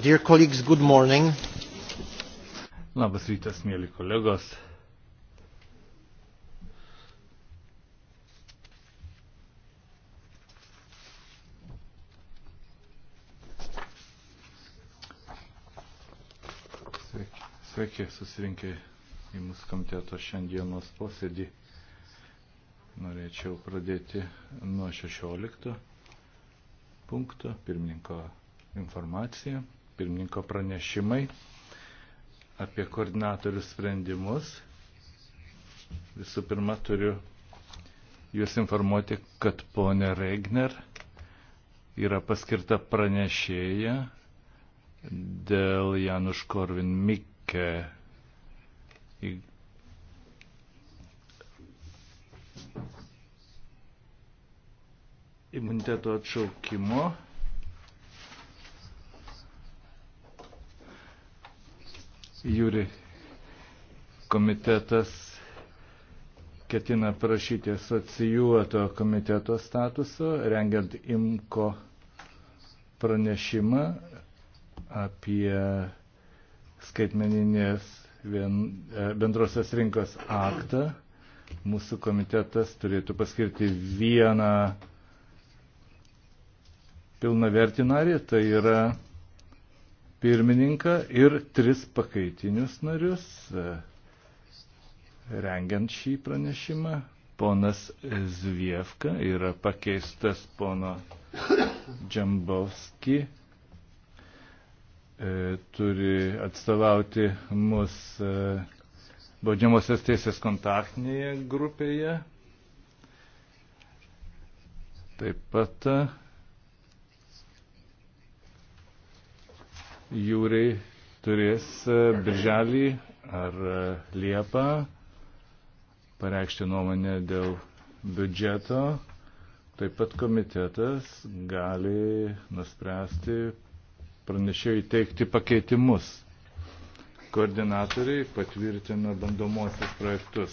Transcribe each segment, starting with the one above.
Dear colleagues, good morning. Labas rytas, mėly kolegos. Sveiki, sveiki susirinkę į mūsų komiteto šiandienos posėdį. Norėčiau pradėti nuo 16 punkto pirmininko informacija pirmininko pranešimai apie koordinatorių sprendimus. Visų pirma, turiu Jūs informuoti, kad ponė Regner yra paskirta pranešėja dėl Januš Korvin Mikke imuniteto atšaukimo Jūri komitetas ketina prašyti asocijuoto komiteto statuso, rengiant imko pranešimą apie skaitmeninės vien, e, bendrosios rinkos aktą. Mūsų komitetas turėtų paskirti vieną pilną vertinarį, tai yra pirmininką ir tris pakaitinius narius, e, rengiant šį pranešimą. Ponas Zviefka yra pakeistas pono Džambovski, e, turi atstovauti mus e, baudžiamosios teisės kontaktinėje grupėje. Taip pat jūrai turės e, birželį ar e, liepą pareikšti nuomonę dėl biudžeto. Taip pat komitetas gali nuspręsti pranešėjai teikti pakeitimus. Koordinatoriai patvirtina bandomuosius projektus.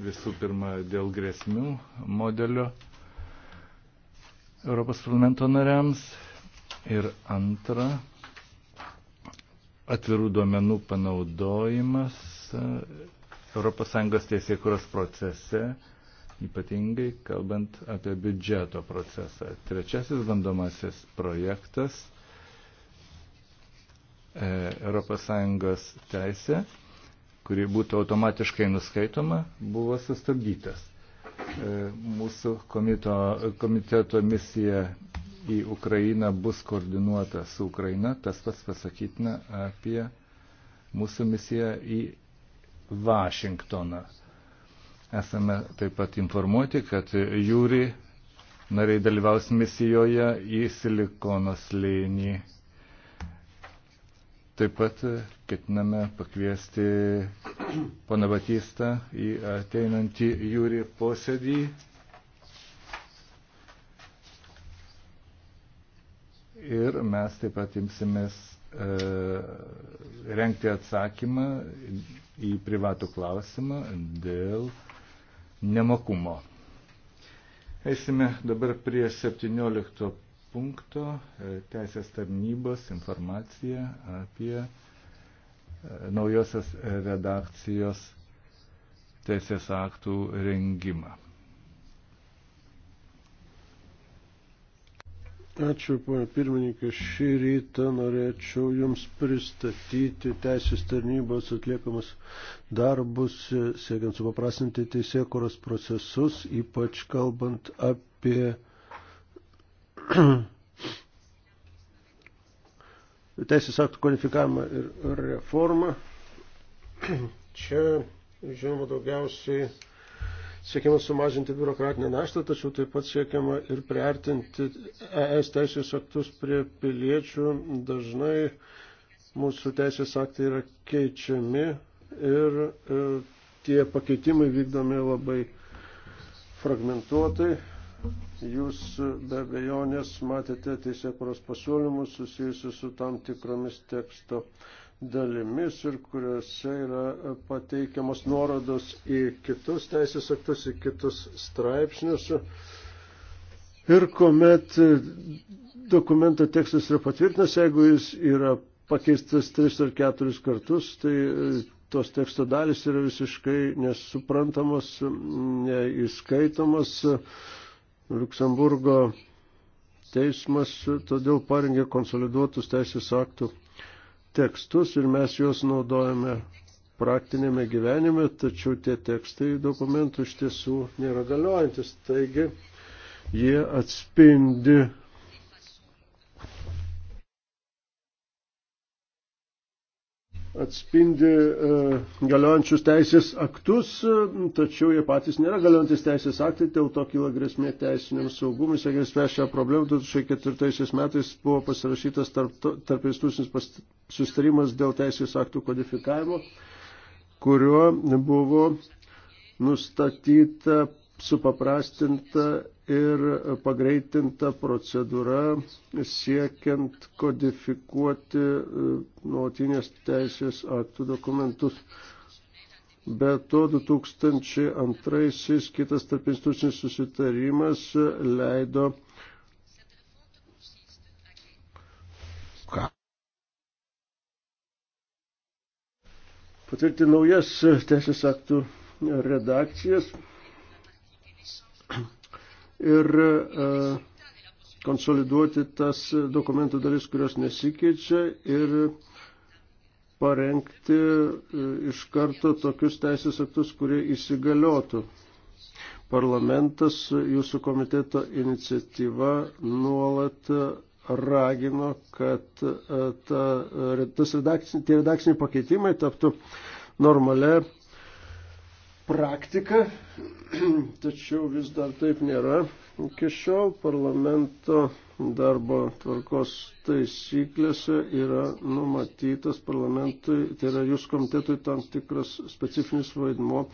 Visų pirma, dėl grėsmių modelio Europos parlamento nariams ir antra, atvirų duomenų panaudojimas ES teisėkuros procese, ypatingai kalbant apie biudžeto procesą. Trečiasis bandomasis projektas ES teisė, kuri būtų automatiškai nuskaitoma, buvo sustabdytas. E, mūsų komito, komiteto misija į Ukrainą bus koordinuota su Ukraina, tas pats pasakytina apie mūsų misiją į Vašingtoną. Esame taip pat informuoti, kad jūri nariai dalyvaus misijoje į Silikono slėnį. Taip pat ketiname pakviesti pana Batystą į ateinantį jūri posėdį ir mes taip pat imsimės e, renkti atsakymą į privatų klausimą dėl nemokumo. Eisime dabar prie 17 punkto e, Teisės tarnybos informacija apie e, naujosios redakcijos teisės aktų rengimą. Ačiū, ponia pirmininkė. Šį rytą norėčiau Jums pristatyti teisės tarnybos atliekamas darbus, siekiant supaprasinti teisėkuros procesus, ypač kalbant apie teisės aktų kvalifikavimą ir reformą. Čia, žinoma, daugiausiai siekiama sumažinti biurokratinę naštą, tačiau taip pat siekiama ir priartinti ES teisės aktus prie piliečių. Dažnai mūsų teisės aktai yra keičiami ir e, tie pakeitimai vykdomi labai fragmentuotai. Jūs be abejonės matėte teisėkuros pasiūlymus susijusius su tam tikromis teksto dalimis ir kuriuose yra pateikiamos nuorodos į kitus teisės aktus, į kitus straipsnius. Ir kuomet dokumento tekstas yra patvirtinas, jeigu jis yra pakeistas tris ar keturis kartus, tai e, tos teksto dalis yra visiškai nesuprantamos, neįskaitomos. Luksemburgo teismas todėl parengė konsoliduotus teisės aktų tekstus ir mes juos naudojame praktinėme gyvenime, tačiau tie tekstai dokumentų iš tiesų nėra galiojantis. Taigi jie atspindi atspindi e, galiojančius teisės aktus, e, tačiau jie patys nėra galiojantis teisės aktai, dėl to kyla grėsmė teisiniam saugumui. Sėkiai spręs šią problemą, 2004 metais buvo pasirašytas tarp, tarp institucinis sustarimas dėl teisės aktų kodifikavimo, kuriuo buvo nustatyta supaprastinta ir pagreitinta procedūra siekiant kodifikuoti e, nuotinės teisės aktų dokumentus. Be to 2002 kitas tarp institucinis susitarimas leido patvirti naujas teisės aktų redakcijas ir e, konsoliduoti tas dokumentų dalis, kurios nesikeičia ir parengti e, iš karto tokius teisės aktus, kurie įsigaliotų. Parlamentas jūsų komiteto iniciatyva nuolat ragino, kad e, ta, tas redakcin, tie redakciniai pakeitimai taptų normale praktika, tačiau vis dar taip nėra. Iki šiol parlamento darbo tvarkos taisyklėse yra numatytas parlamentui, tai yra jūs komitetui tam tikras specifinis vaidmo,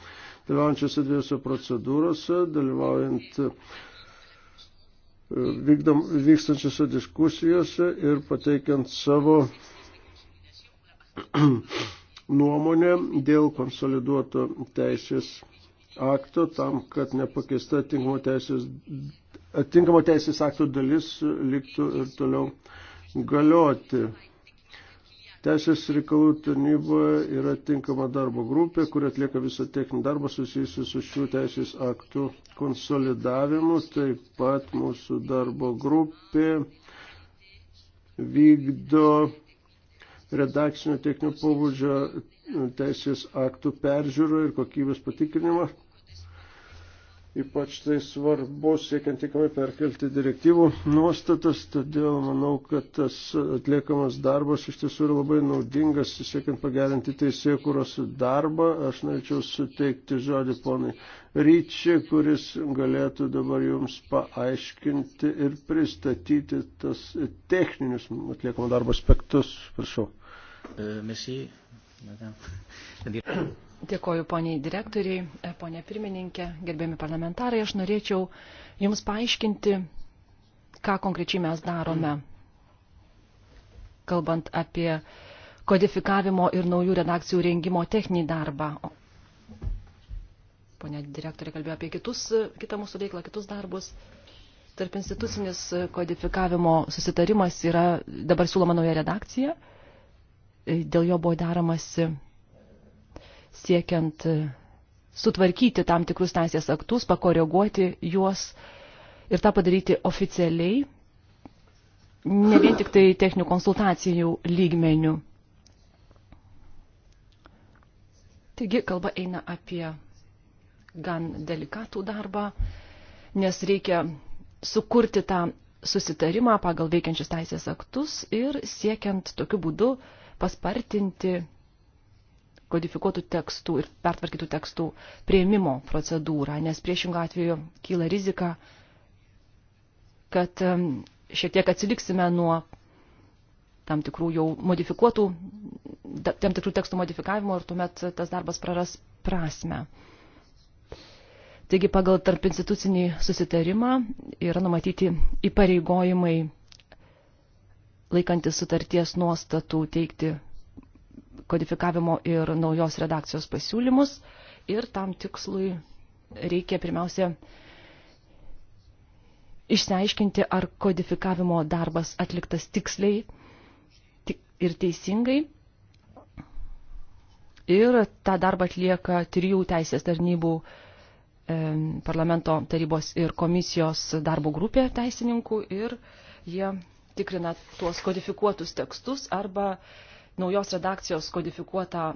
dalyvaujančiose dviejose procedūrose, dalyvaujant e, vykdom, vykstančiose diskusijose ir pateikiant savo nuomonę dėl konsoliduoto teisės akto tam, kad nepakeista atitinkamo teisės, atitinkamo teisės akto dalis liktų ir toliau galioti. Teisės reikalų tarnyboje yra tinkama darbo grupė, kuri atlieka visą techninį darbą susijusiu su šių teisės aktų konsolidavimu. Taip pat mūsų darbo grupė vykdo redakcinio techninio pobūdžio teisės aktų peržiūrą ir kokybės patikrinimą Ypač tai svarbu siekiant tikamai perkelti direktyvų nuostatas, todėl manau, kad tas atliekamas darbas iš tiesų yra labai naudingas siekiant pagerinti teisėkuros darbą. Aš norėčiau suteikti žodį ponai Ryčiai, kuris galėtų dabar jums paaiškinti ir pristatyti tas techninius atliekamo darbo aspektus. Prašau. Eh, merci, madame. Dėkoju poniai direktoriai, e, ponė pirmininkė, gerbėmi parlamentarai. Aš norėčiau Jums paaiškinti, ką konkrečiai mes darome, kalbant apie kodifikavimo ir naujų redakcijų rengimo techninį darbą. Pone direktorė kalbėjo apie kitus, kitą mūsų veiklą, kitus darbus. Tarp institucinis kodifikavimo susitarimas yra dabar siūloma nauja redakcija. Dėl jo buvo deramasi siekiant e, sutvarkyti tam tikrus teisės aktus, pakoreguoti juos ir tą padaryti oficialiai, ne vien tik tai techninių konsultacijų lygmenių. Taigi kalba eina apie gan delikatų darbą, nes reikia sukurti tą susitarimą pagal veikiančius teisės aktus ir siekiant tokiu būdu paspartinti kodifikuotų tekstų ir pertvarkytų tekstų prieimimo procedūrą, nes priešingų atveju kyla rizika, kad šiek tiek atsiliksime nuo tam tikrų jau modifikuotų, tam tikrų tekstų modifikavimo ir tuomet tas darbas praras prasme. Taigi pagal tarp institucinį susitarimą yra numatyti įpareigojimai laikantis sutarties nuostatų teikti kodifikavimo ir naujos redakcijos pasiūlymus ir tam tikslui reikia pirmiausia išsiaiškinti, ar kodifikavimo darbas atliktas tiksliai ir teisingai. Ir tą darbą atlieka trijų teisės tarnybų e, parlamento tarybos ir komisijos darbo grupė teisininkų ir jie tikrina tuos kodifikuotus tekstus arba e, naujos redakcijos kodifikuotą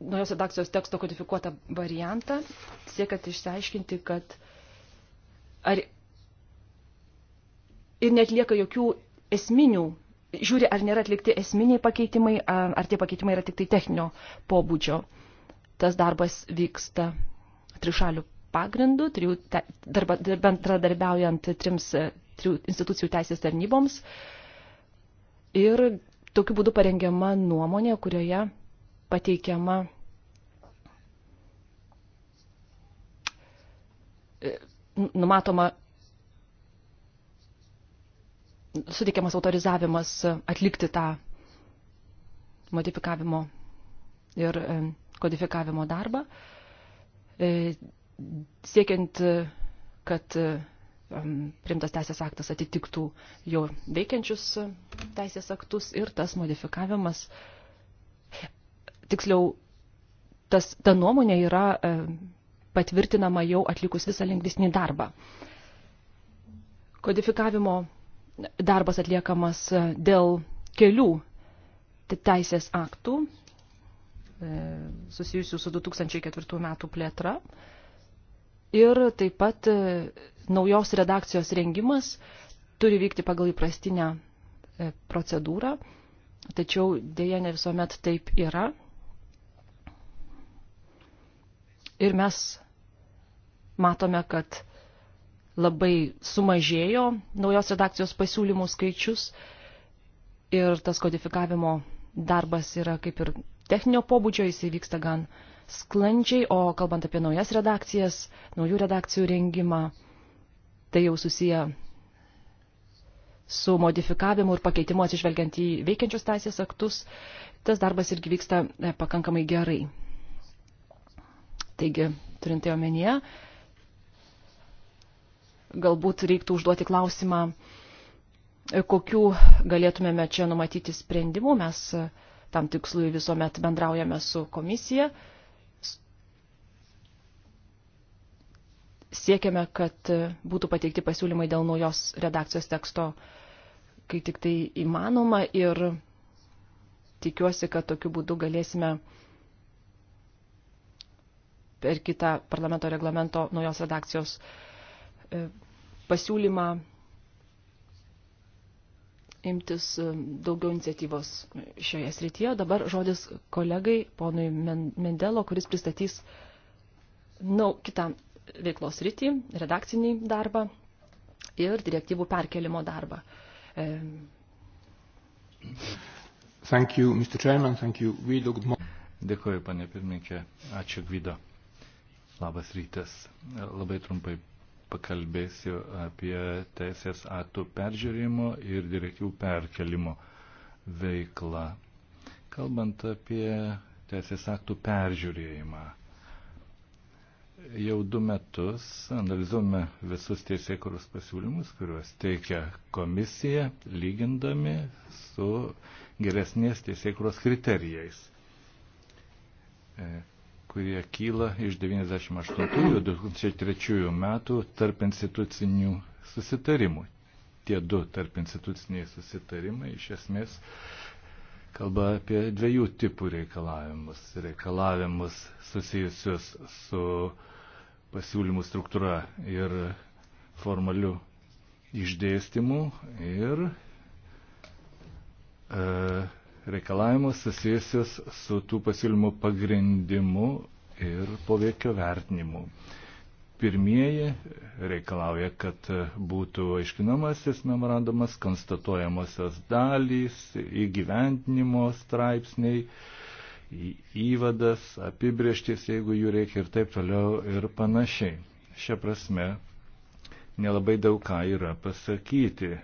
naujos redakcijos teksto kodifikuotą variantą, siekiant išsiaiškinti, kad ar ir netlieka jokių esminių, žiūri, ar nėra atlikti esminiai pakeitimai, ar, ar tie pakeitimai yra tik tai techninio pobūdžio. Tas darbas vyksta trišalių pagrindų, trijų, darba, bendradarbiaujant trims e, trijų institucijų teisės tarnyboms. Ir tokiu būdu parengiama nuomonė, kurioje pateikiama e, numatoma suteikiamas autorizavimas atlikti tą modifikavimo ir e, kodifikavimo darbą, e, siekiant, kad primtas teisės aktas atitiktų jau veikiančius teisės aktus ir tas modifikavimas, tiksliau, tas, ta nuomonė yra e, patvirtinama jau atlikus visą lingvisnį darbą. Kodifikavimo darbas atliekamas e, dėl kelių teisės aktų e, susijusių su 2004 metų plėtra ir taip pat e, naujos redakcijos rengimas turi vykti pagal įprastinę e, procedūrą, tačiau dėja ne visuomet taip yra. Ir mes matome, kad labai sumažėjo naujos redakcijos pasiūlymų skaičius ir tas kodifikavimo darbas yra kaip ir techninio pobūdžio, jis įvyksta gan uh, sklandžiai, o kalbant apie naujas redakcijas, naujų redakcijų rengimą, tai jau susiję su modifikavimu ir pakeitimu atsižvelgiant į veikiančius teisės aktus, tas darbas irgi vyksta e, pakankamai gerai. Taigi, turint tai omenyje, galbūt reiktų užduoti klausimą, e, kokių galėtumėme čia numatyti sprendimų. Mes e, tam tikslui visuomet bendraujame su komisija, siekiame, kad būtų pateikti pasiūlymai dėl naujos redakcijos teksto, kai tik tai įmanoma ir tikiuosi, kad tokiu būdu galėsime per kitą parlamento reglamento naujos redakcijos e, pasiūlymą imtis e, daugiau iniciatyvos šioje srityje. Dabar žodis kolegai, ponui Mendelo, kuris pristatys nau, kitą veiklos rytį, redakcinį darbą ir direktyvų perkelimo darbą. E, thank you, Mr. Chairman, thank you, Guido. Dėkuoju, panė pirmininkė. Ačiū, Gvido. Labas rytas. Labai trumpai pakalbėsiu apie teisės aktų peržiūrimo ir direktyvų perkelimo veiklą. Kalbant apie teisės aktų peržiūrėjimą, jau du metus analizuome visus teisėkurus pasiūlymus, kuriuos teikia komisija, lygindami su geresnės teisėkuros kriterijais, e, kurie kyla iš 98-2003 metų tarp institucinių susitarimų. Tie du tarp instituciniai susitarimai iš esmės kalba apie dviejų tipų reikalavimus. Reikalavimus susijusius su uh, pasiūlymų struktūra ir formaliu išdėstymu ir e, reikalavimus susijusius su tų pasiūlymų pagrindimu ir poveikio vertinimu. Pirmieji reikalauja, kad būtų aiškinamasis memorandumas, konstatuojamosios dalys, įgyvendinimo straipsniai, įvadas, apibrieštis, jeigu jų reikia ir taip toliau ir panašiai. Šia prasme nelabai daug ką yra pasakyti,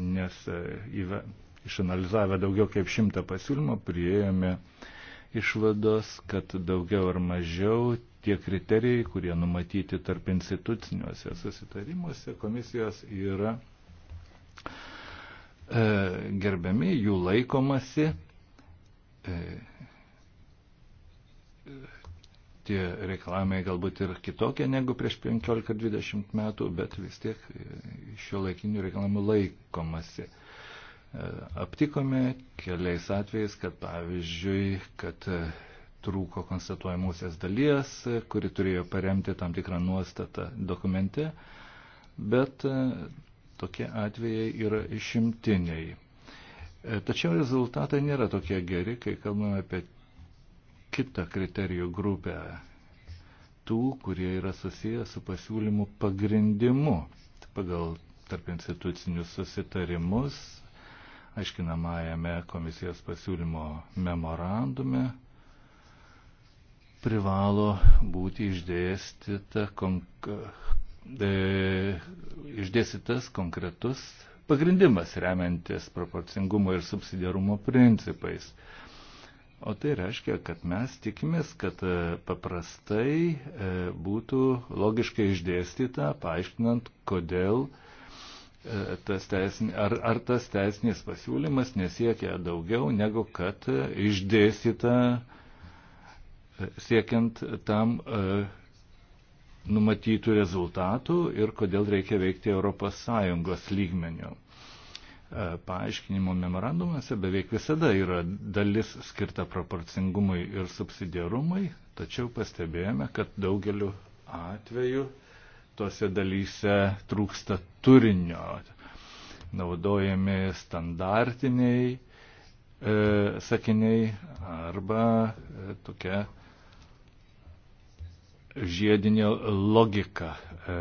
nes e, įve, išanalizavę daugiau kaip šimtą pasiūlymų prieėjome išvados, kad daugiau ar mažiau tie kriterijai, kurie numatyti tarp instituciniuose susitarimuose komisijos yra e, gerbiami, jų laikomasi. E, tie reikalavimai galbūt ir kitokie negu prieš 15-20 metų, bet vis tiek e, šio laikinių reikalavimų laikomasi. E, aptikome keliais atvejais, kad pavyzdžiui, kad e, trūko konstatuojamusias dalies, kuri turėjo paremti tam tikrą nuostatą dokumente, bet tokie atvejai yra išimtiniai. Tačiau rezultatai nėra tokie geri, kai kalbame apie kitą kriterijų grupę tų, kurie yra susiję su pasiūlymų pagrindimu pagal tarp institucinius susitarimus, aiškinamajame komisijos pasiūlymo memorandume privalo būti išdėstyta konk e, išdėstytas konkretus pagrindimas remiantis proporcingumo ir subsidiarumo principais. E, O tai reiškia, kad mes tikimės, kad e, paprastai e, būtų logiškai išdėstyta, paaiškinant, kodėl e, tas teisinė, ar, ar tas teisinės pasiūlymas nesiekia daugiau, negu kad išdėstyta siekiant tam numatytų rezultatų ir kodėl reikia veikti ES lygmenio. E, paaiškinimo memorandumuose beveik visada yra dalis skirta proporcingumui ir subsidiarumui, tačiau pastebėjome, kad daugeliu atveju tose dalyse trūksta turinio. Naudojami standartiniai e, sakiniai arba e, tokia žiedinė logika, e,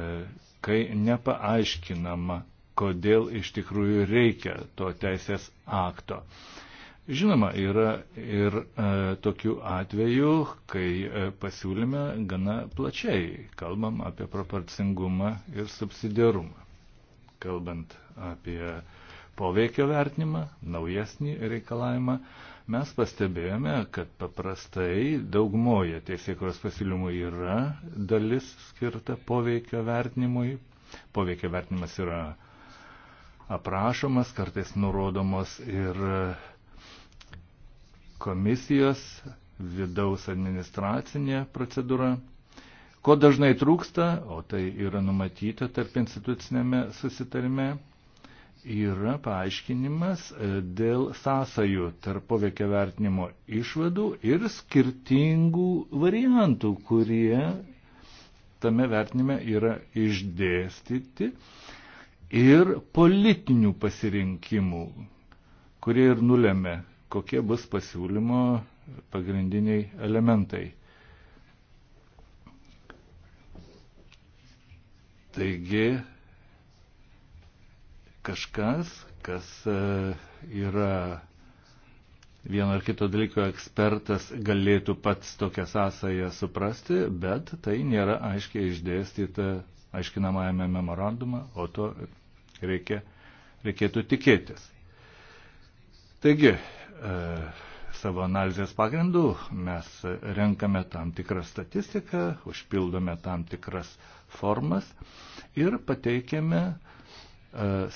kai nepaaiškinama kodėl iš tikrųjų reikia to teisės akto. Žinoma, yra ir e, tokių atvejų, kai e, pasiūlyme gana plačiai kalbam apie proporcingumą ir subsidiarumą. Kalbant apie poveikio vertinimą, naujesnį reikalavimą, mes pastebėjome, kad paprastai daugumoje teisėkros pasiūlymų yra dalis skirta poveikio vertinimui. Poveikio vertinimas yra aprašomas, kartais nurodomos ir komisijos vidaus administracinė procedūra. Ko dažnai trūksta, o tai yra numatyta tarp institucinėme susitarime, yra paaiškinimas e, dėl sąsajų tarp poveikia vertinimo išvadų ir skirtingų variantų, kurie tame vertinime yra išdėstyti ir politinių pasirinkimų, kurie ir nulėmė, kokie bus pasiūlymo pagrindiniai elementai. Taigi kažkas, kas e, yra vieno ar kito dalyko ekspertas, galėtų pats tokią sąsąją suprasti, bet tai nėra aiškiai išdėstyta aiškinamajame memorandume, o to reikia, reikėtų tikėtis. Taigi, e, savo analizės pagrindų mes renkame tam tikrą statistiką, užpildome tam tikras formas ir pateikėme e,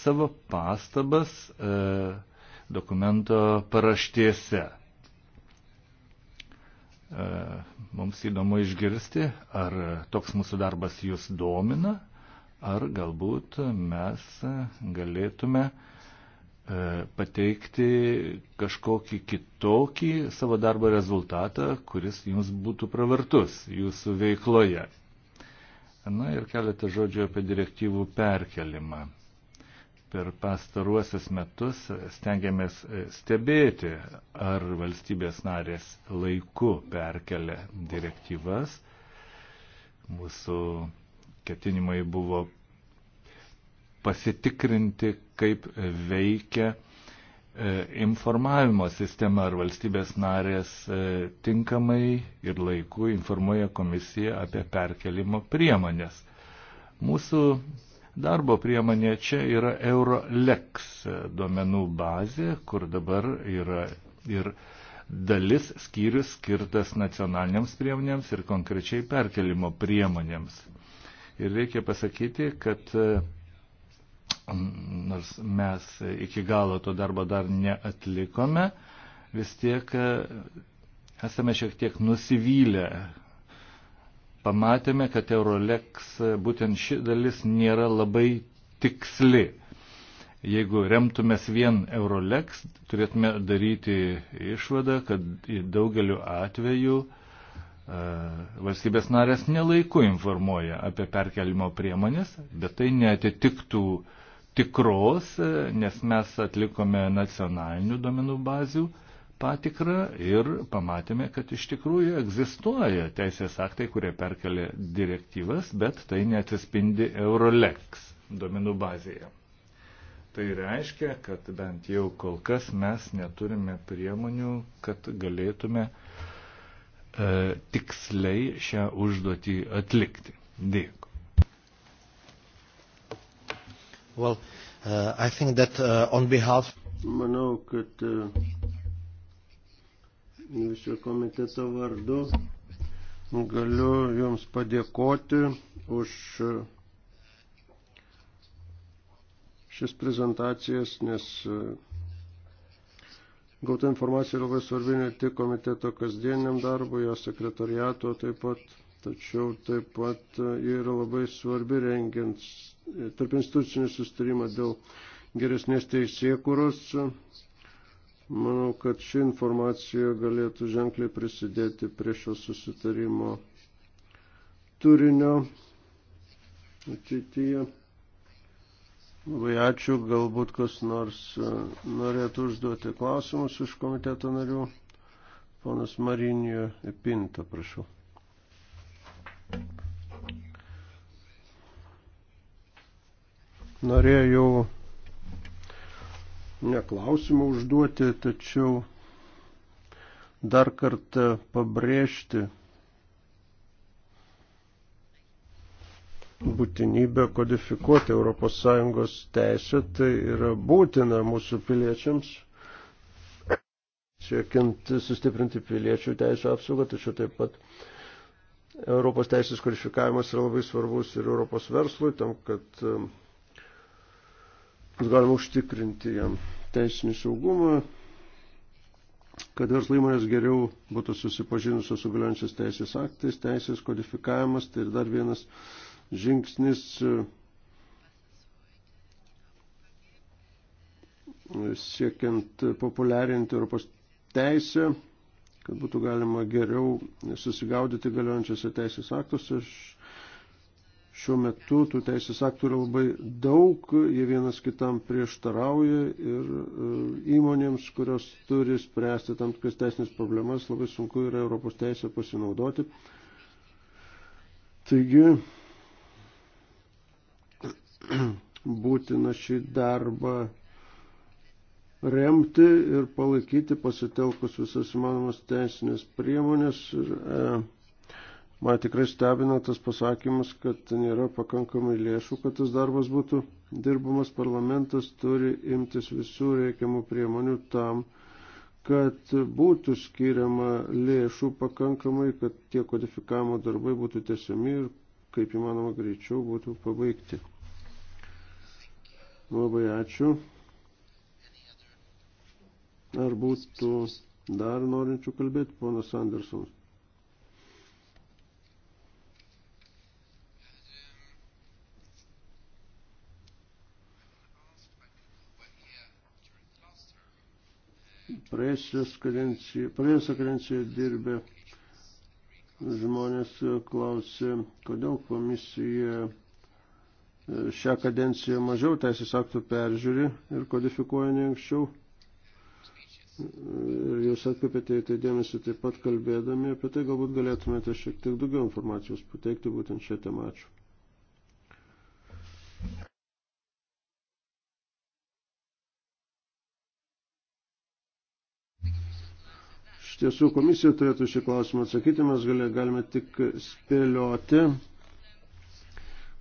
savo pastabas e, dokumento paraštėse. E, mums įdomu išgirsti, ar toks mūsų darbas jūs domina, ar galbūt mes galėtume e, pateikti kažkokį kitokį savo darbo rezultatą, kuris jums būtų pravartus jūsų veikloje. Na ir keletą žodžių apie direktyvų perkelimą per pastaruosius metus stengiamės stebėti, ar valstybės narės laiku perkelia direktyvas. Mūsų ketinimai buvo pasitikrinti, kaip veikia e, informavimo sistema ar valstybės narės e, tinkamai ir laiku informuoja komisiją apie perkelimo priemonės. Mūsų Darbo priemonė čia yra Eurolex duomenų bazė, kur dabar yra ir dalis skyrius skirtas nacionaliniams priemonėms ir konkrečiai perkelimo priemonėms. Ir reikia pasakyti, kad mm, nors mes iki galo to darbo dar neatlikome, vis tiek e, esame šiek tiek nusivylę pamatėme, kad Eurolex būtent ši dalis nėra labai tiksli. Jeigu remtumės vien Eurolex, turėtume daryti išvadą, kad daugeliu atveju e, valstybės narės nelaiku informuoja apie perkelimo priemonės, bet tai netitiktų tikros, e, nes mes atlikome nacionalinių domenų bazių patikrą ir pamatėme, kad iš tikrųjų egzistuoja teisės aktai, kurie perkelia direktyvas, bet tai neatsispindi Eurolex duomenų bazėje. Tai reiškia, kad bent jau kol kas mes neturime priemonių, kad galėtume e, tiksliai šią užduotį atlikti. Dėkui. Well, uh, I think that uh, on behalf. Manau, kad uh, šio komiteto vardu galiu Jums padėkoti už šis prezentacijas, nes gauta informacija yra labai svarbi ne tik komiteto kasdieniam darbui, jo sekretariato taip pat, tačiau taip pat yra labai svarbi rengiant tarp institucinį sustarimą dėl geresnės teisėkuros. Tai Manau, kad ši informacija galėtų ženkliai prisidėti prie šio susitarimo turinio ateityje. Labai ačiū, galbūt kas nors e, norėtų užduoti klausimus iš komiteto narių. Ponas Marinio Pinta, prašau. Norėjau neklausimą užduoti, tačiau dar kartą pabrėžti būtinybę kodifikuoti ES teisę, tai yra būtina mūsų piliečiams, siekiant sustiprinti piliečių teisų apsaugą, tačiau taip pat Europos teisės kodifikavimas yra labai svarbus ir Europos verslui, tam, kad kad galima užtikrinti jam teisinį saugumą, kad verslo įmonės geriau būtų susipažinusios su galiojančiais teisės aktais, teisės kodifikavimas, tai dar vienas žingsnis e, siekiant populiarinti Europos teisę, kad būtų galima geriau susigaudyti galiojančiose teisės aktuose. Aš Šiuo metu tų teisės aktų yra labai daug, jie vienas kitam prieštarauja ir e, įmonėms, kurios turi spręsti tam tikras teisinės problemas, labai sunku yra Europos teisę pasinaudoti. Taigi, būtina šį darbą remti ir palaikyti pasitelkus visas įmanomas teisinės priemonės. Ir, e, Man tikrai stebina tas pasakymas, kad nėra pakankamai lėšų, kad tas darbas būtų dirbamas. Parlamentas turi imtis visų reikiamų priemonių tam, kad būtų skiriama lėšų pakankamai, kad tie kodifikavimo darbai būtų tesiami ir kaip įmanoma greičiau būtų pabaigti. Labai ačiū. Ar būtų dar norinčių kalbėti, ponas Andersonas? Praėjusios kadencijoje, praėjusios kadencijoje dirbę žmonės klausė, kodėl komisija e, šią kadenciją mažiau teisės aktų peržiūri ir kodifikuoja ne anksčiau. Ir jūs atkapėte į tai dėmesį taip pat kalbėdami, apie tai galbūt galėtumėte šiek tiek daugiau informacijos pateikti būtent šią temą. Ačiū. Iš tiesų komisija turėtų šį klausimą atsakyti, mes galime tik spėlioti,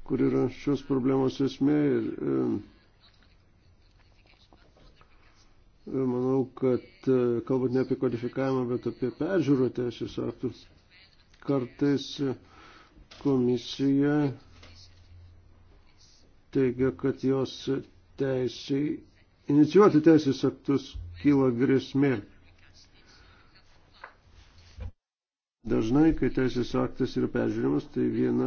kur yra šios problemos esmė. Ir, ir e, e, manau, kad e, kalbant ne apie kodifikavimą, bet apie peržiūrą teisės aktų, kartais komisija teigia, kad jos teisiai, inicijuoti teisės aktus kyla grėsmė. Dažnai, kai teisės aktas yra peržiūrimas, tai viena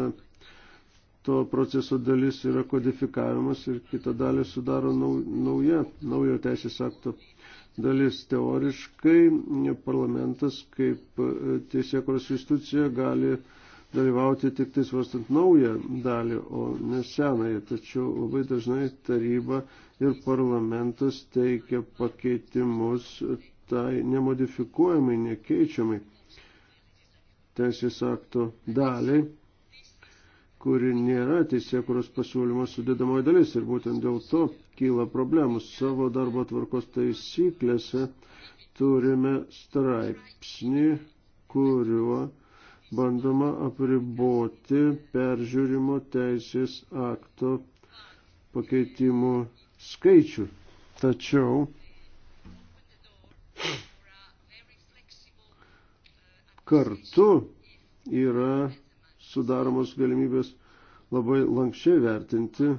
to proceso dalis yra kodifikavimas ir kita dalis sudaro nauja, naujo teisės akto dalis. Teoriškai parlamentas kaip e, teisėkuros institucija gali dalyvauti tik tai svarstant naują dalį, o ne senąją. Tačiau labai dažnai taryba ir parlamentas teikia pakeitimus tai nemodifikuojamai, nekeičiamai teisės akto daliai, kuri nėra teisėkuros pasiūlymo sudėdamoji dalis ir būtent dėl to kyla problemų. Savo darbo tvarkos taisyklėse turime straipsnį, kuriuo bandoma apriboti peržiūrimo teisės akto pakeitimų skaičių. Tačiau kartu yra sudaromos galimybės labai lankščiai vertinti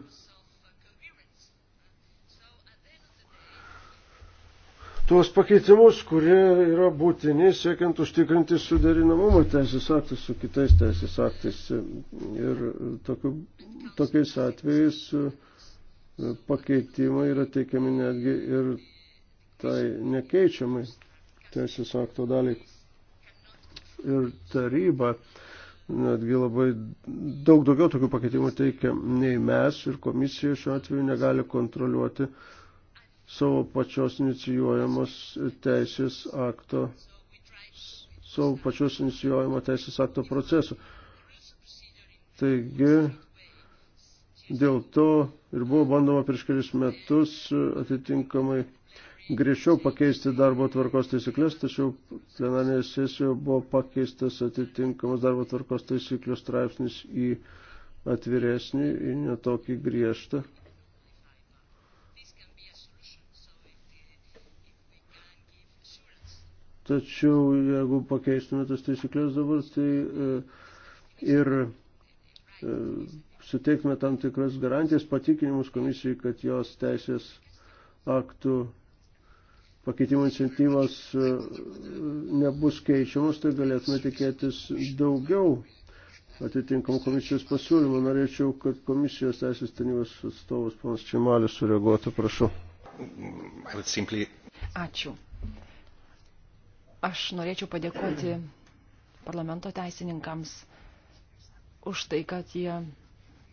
tuos pakeitimus, kurie yra būtini siekiant užtikrinti suderinamumą teisės aktais su kitais teisės aktais. Ir tokiu, tokiais atvejais pakeitimai yra teikiami netgi ir tai nekeičiamai teisės akto daliai ir taryba netgi labai daug daugiau tokių pakeitimų teikia nei mes ir komisija šiuo atveju negali kontroliuoti savo pačios inicijuojamos teisės akto savo pačios inicijuojamo teisės akto procesu. Taigi, dėl to ir buvo bandoma prieš kelis metus atitinkamai griežčiau pakeisti darbo tvarkos taisyklės, tačiau plenarinėje sesijoje buvo pakeistas atitinkamas darbo tvarkos taisyklių straipsnis į atviresnį, į netokį griežtą. Tačiau jeigu pakeistume tas taisyklės dabar, tai e, ir e, suteiktume tam tikras garantijas patikinimus komisijai, kad jos teisės aktų pakeitimo iniciatyvos e, nebus keičiamos, tai galėtume tikėtis daugiau atitinkamų komisijos pasiūlymų. Norėčiau, kad komisijos teisės tarnybos atstovas panas Čemalis sureaguotų, prašau. Simply... Ačiū. Aš norėčiau padėkoti parlamento teisininkams už tai, kad jie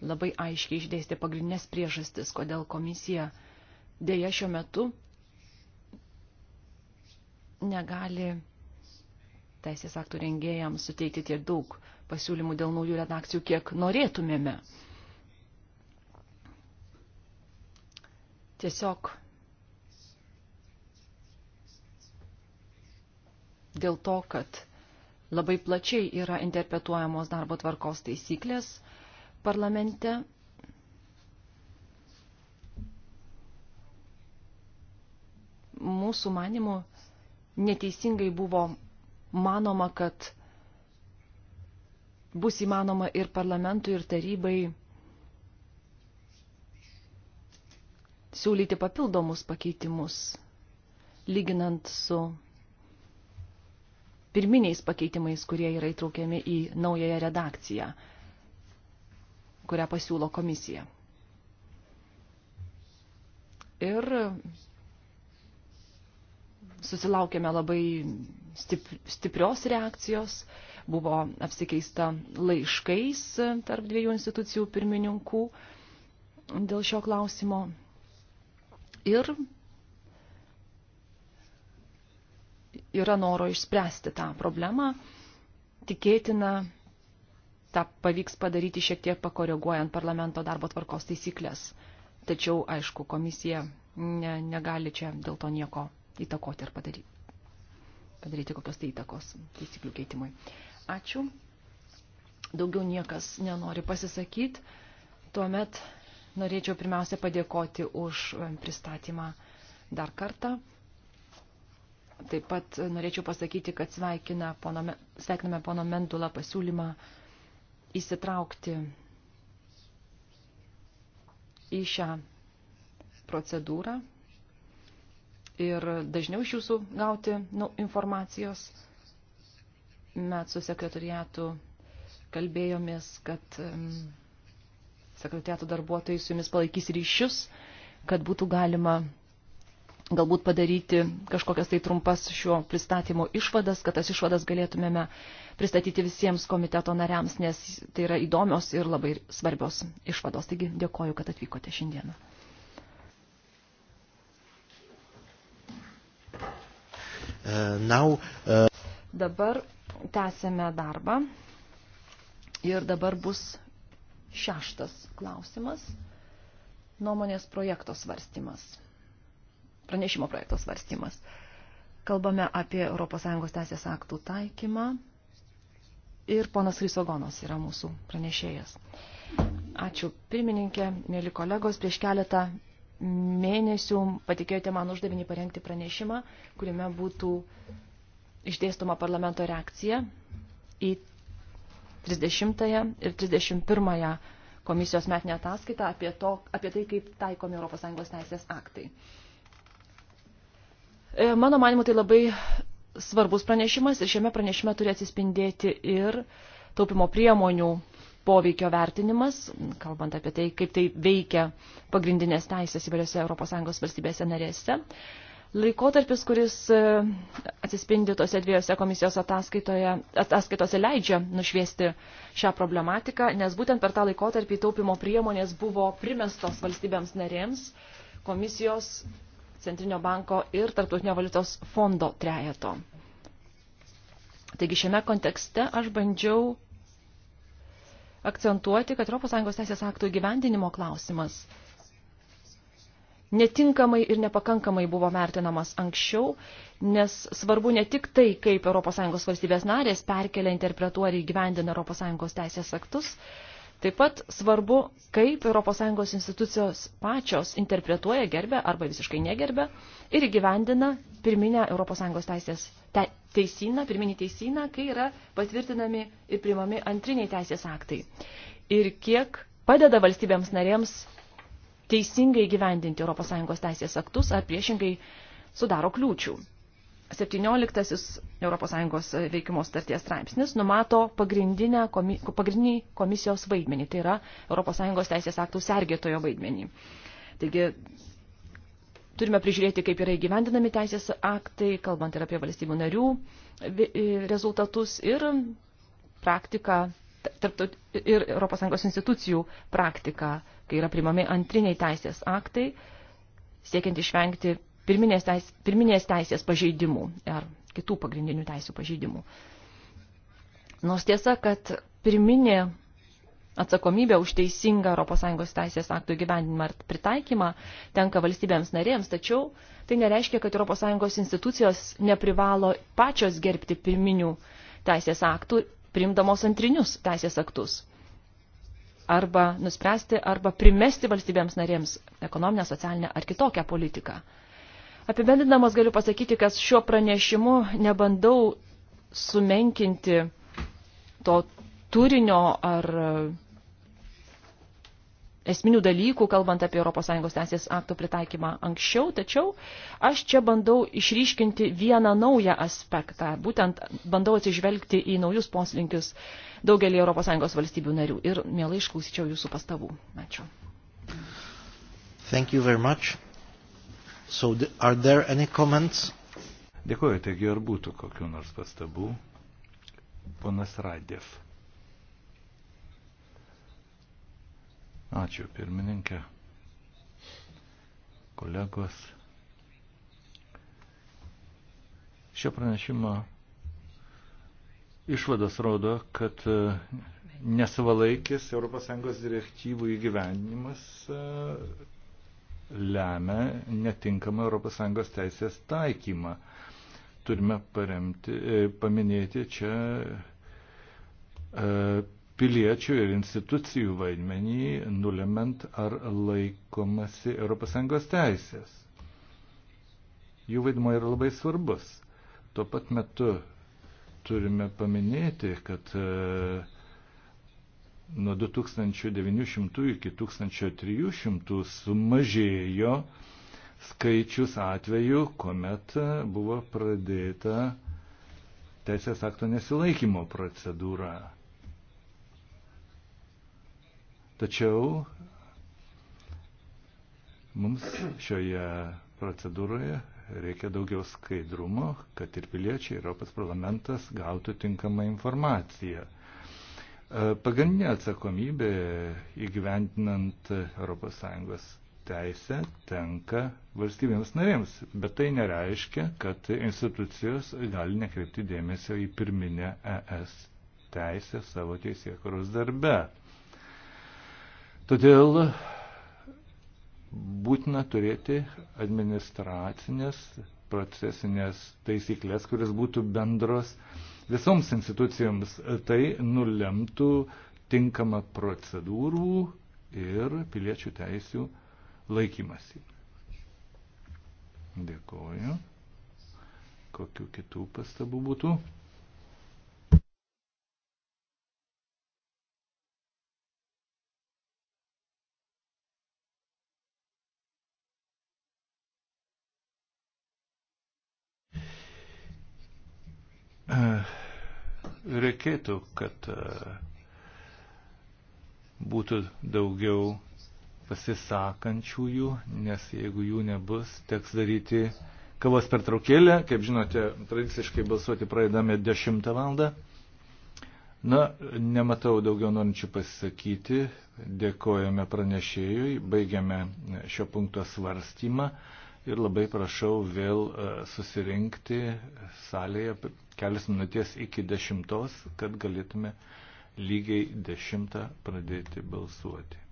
labai aiškiai išdėstė pagrindinės priežastis, kodėl komisija dėja šiuo metu negali teisės aktų rengėjams suteikti tiek daug pasiūlymų dėl naujų redakcijų, kiek norėtumėme. Tiesiog dėl to, kad labai plačiai yra interpretuojamos darbo tvarkos taisyklės parlamente. Mūsų manimu, neteisingai buvo manoma, kad bus įmanoma ir parlamentui, ir tarybai siūlyti papildomus pakeitimus, lyginant su pirminiais pakeitimais, kurie yra įtraukiami į naująją redakciją, kurią pasiūlo komisija. Ir susilaukėme labai stiprios reakcijos, buvo apsikeista laiškais tarp dviejų institucijų pirmininkų dėl šio klausimo. Ir yra noro išspręsti tą problemą. Tikėtina, tą pavyks padaryti šiek tiek pakoreguojant parlamento darbo tvarkos taisyklės. Tačiau, aišku, komisija ne, negali čia dėl to nieko įtakoti ar padaryti, padaryti kokios tai įtakos taisyklių keitimui. Ačiū. Daugiau niekas nenori pasisakyti. Tuomet norėčiau pirmiausia padėkoti už pristatymą dar kartą. Taip pat norėčiau pasakyti, kad pono, sveikiname pono Mendulą pasiūlymą įsitraukti į šią procedūrą ir dažniau iš jūsų gauti nu, informacijos. Mes su sekretariatu kalbėjomės, kad um, sekretariato darbuotojai su jumis palaikys ryšius, kad būtų galima galbūt padaryti kažkokias tai trumpas šio pristatymo išvadas, kad tas išvadas galėtumėme pristatyti visiems komiteto nariams, nes tai yra įdomios ir labai svarbios išvados. Taigi dėkoju, kad atvykote šiandieną. Uh, now, uh... Dabar tęsėme darbą ir dabar bus šeštas klausimas – nuomonės projekto svarstymas, pranešimo projekto svarstymas. Kalbame apie ES teisės aktų taikymą ir ponas Rysogonos yra mūsų pranešėjas. Ačiū pirmininkė, mėly kolegos, prieš keletą mėnesių patikėjote man uždavinį parengti pranešimą, kuriame būtų išdėstoma parlamento reakcija į 30 ir 31 komisijos metinę ataskaitą apie, to, apie tai, kaip taikomi ES teisės aktai. E, mano manimu, tai labai svarbus pranešimas ir šiame pranešime turi atsispindėti ir taupimo priemonių poveikio vertinimas, kalbant apie tai, kaip tai veikia pagrindinės teisės įvairiose ES valstybėse narėse. Laikotarpis, kuris e, atsispindi tose dviejose komisijos ataskaitose, leidžia nušviesti šią problematiką, nes būtent per tą laikotarpį taupimo priemonės buvo primestos valstybėms narėms komisijos Centrinio banko ir Tarptautinio valiutos fondo trejeto. Taigi šiame kontekste aš bandžiau akcentuoti, kad ES teisės aktų įgyvendinimo klausimas netinkamai ir nepakankamai buvo vertinamas anksčiau, nes svarbu ne tik tai, kaip ES valstybės narės perkelia, interpretuoja ir įgyvendina ES teisės aktus, Taip pat svarbu, kaip ES institucijos pačios interpretuoja, gerbė arba visiškai negerbė ir įgyvendina pirminę ES teisės te, teisyną, pirminį teisyną, kai yra patvirtinami ir primami antriniai teisės aktai. Ir kiek padeda valstybėms narėms teisingai gyvendinti ES teisės aktus ar priešingai sudaro kliūčių. 17 ES veikimo starties straipsnis numato komi, pagrindinį komisijos vaidmenį, tai yra ES teisės aktų sergėtojo vaidmenį. Taigi turime prižiūrėti, kaip yra įgyvendinami teisės aktai, kalbant ir apie valstybių narių rezultatus ir praktiką ir ES institucijų praktiką, kai yra primami antriniai teisės aktai, siekiant išvengti pirminės, teis, pirminės teisės pažeidimų ar kitų pagrindinių teisų pažeidimų. Nors tiesa, kad pirminė atsakomybė už teisingą ES teisės aktų gyvenimą ar pritaikymą tenka valstybėms narėms, tačiau tai nereiškia, kad ES institucijos neprivalo pačios gerbti pirminių teisės aktų, priimdamos antrinius teisės aktus arba nuspręsti arba primesti valstybėms narėms ekonominę, socialinę ar kitokią politiką. Apibendinamas galiu pasakyti, kad šiuo pranešimu nebandau sumenkinti to turinio ar e, esminių dalykų, kalbant apie ES teisės aktų pritaikymą anksčiau, tačiau aš čia bandau išryškinti vieną naują aspektą, būtent bandau atsižvelgti į naujus poslinkius daugelį ES valstybių narių ir mielai išklausyčiau jūsų pastabų. Ačiū. Thank you very much. So the, are there any comments? Dėkuoju, taigi ar būtų kokiu nors pastabų? Ponas Radėv. Ačiū pirmininkė, kolegos. Šio pranešimo išvadas rodo, kad e, nesavalaikis ES direktyvų įgyvenimas e, lemia netinkamą ES teisės taikymą. Turime paremti, e, paminėti čia e, piliečių ir institucijų vaidmenį, nulemant ar laikomasi ES teisės. Jų vaidmo yra labai svarbus. Tuo pat metu turime paminėti, kad uh, nuo 2900 iki 1300 sumažėjo skaičius atvejų, kuomet buvo pradėta teisės akto nesilaikymo procedūra. Tačiau mums šioje procedūroje reikia daugiau skaidrumo, kad ir piliečiai Europos parlamentas gautų tinkamą informaciją. Pagrindinė atsakomybė įgyventinant ES teisę tenka valstybėms narėms, bet tai nereiškia, kad institucijos gali nekreipti dėmesio į pirminę ES teisę savo teisėkuros darbe. Todėl būtina turėti administracinės procesinės taisyklės, kuris būtų bendros uh, visoms institucijoms tai nulemtų tinkamą procedūrų ir piliečių teisių laikymasi. Dėkoju. Kokiu kitų pastabų būtų? reikėtų, kad būtų daugiau pasisakančiųjų, nes jeigu jų nebus, teks daryti kavos pertraukėlę. Kaip žinote, tradiciškai balsuoti praeidame 10 valandą. Na, nematau daugiau norinčių pasisakyti. Dėkojame pranešėjui, baigiame šio punkto svarstymą ir labai prašau vėl e, susirinkti salėje kelias minutės iki dešimtos, kad galėtume lygiai dešimtą pradėti balsuoti.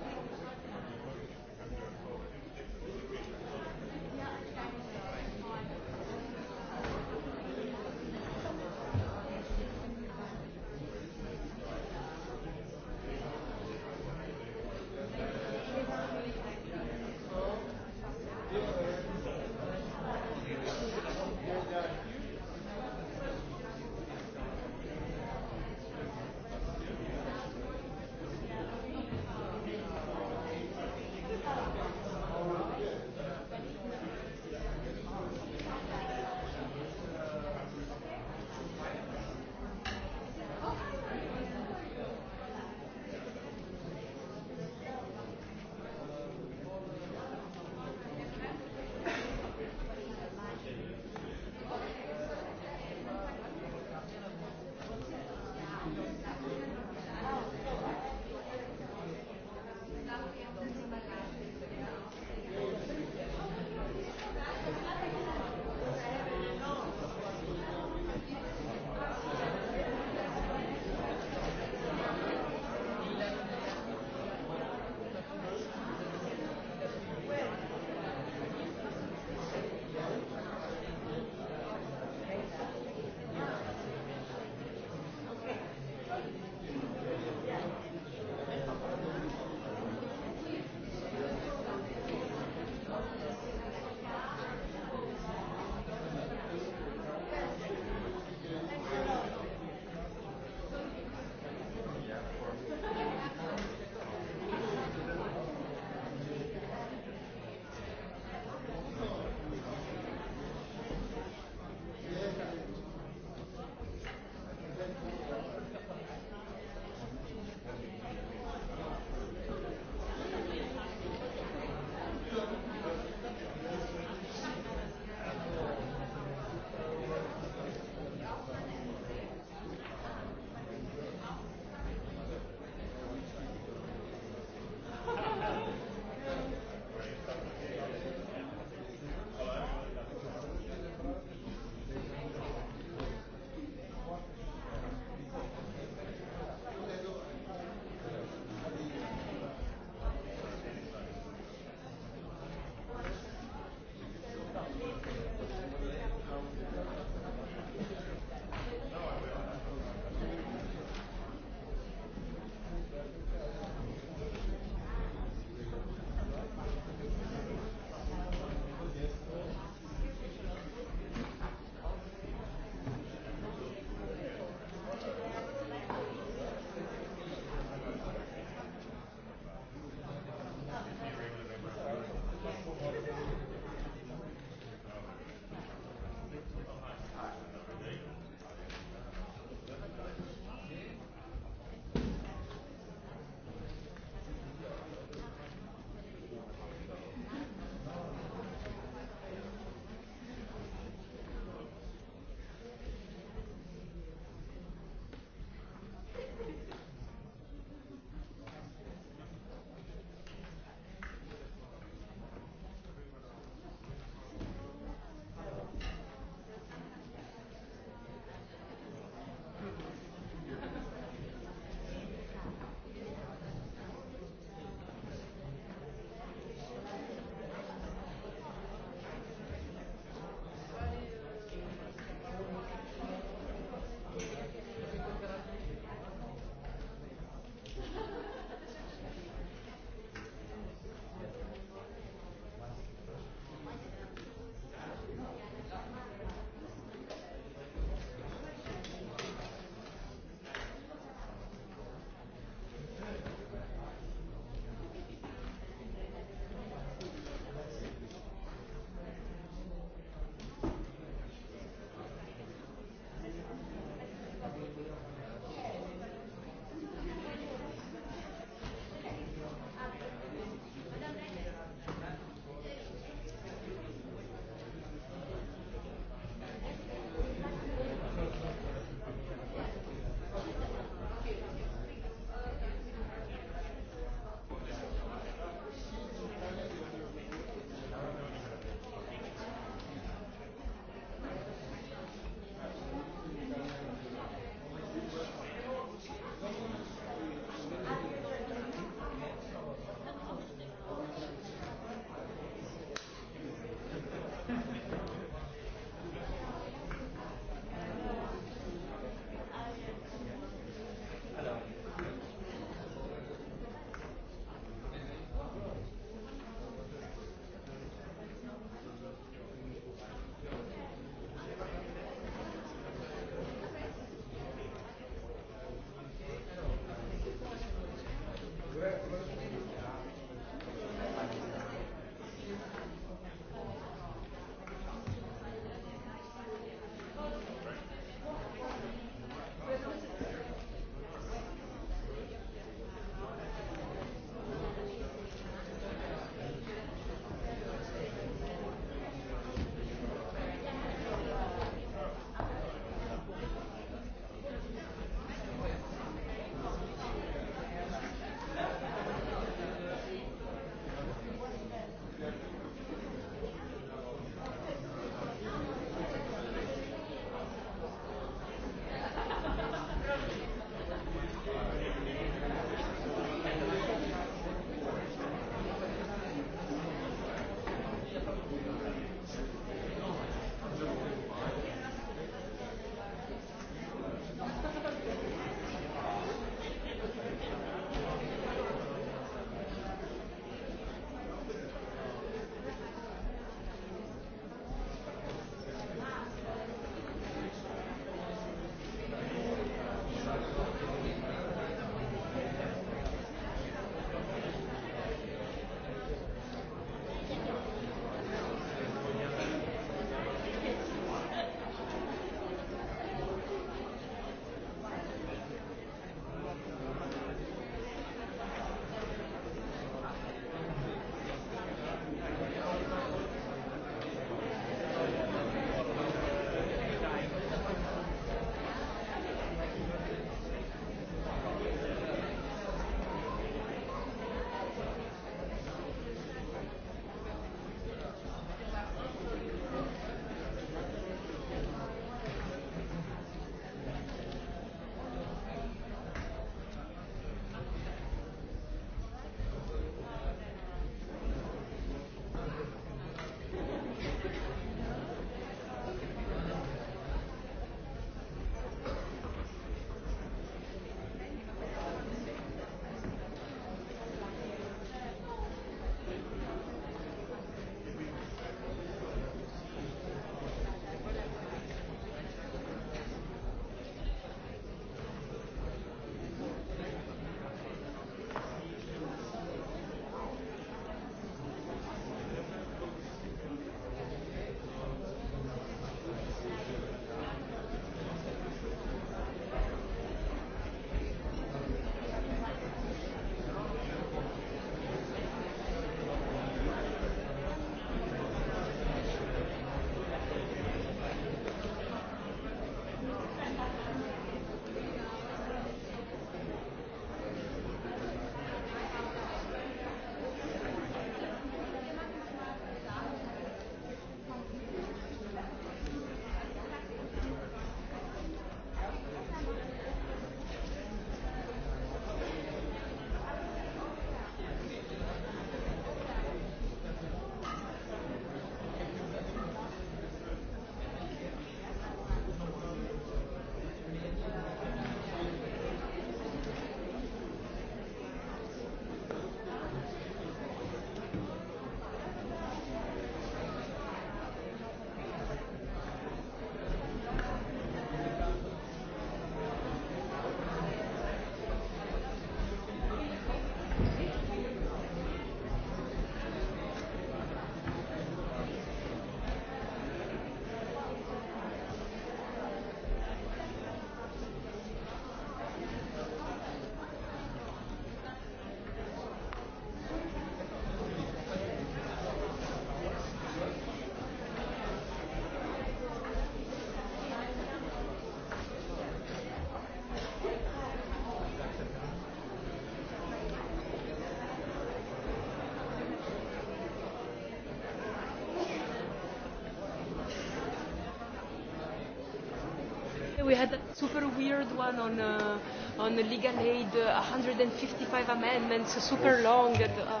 super weird one on uh, on the legal aid, uh, 155 amendments, uh, super Oof. long. And, uh,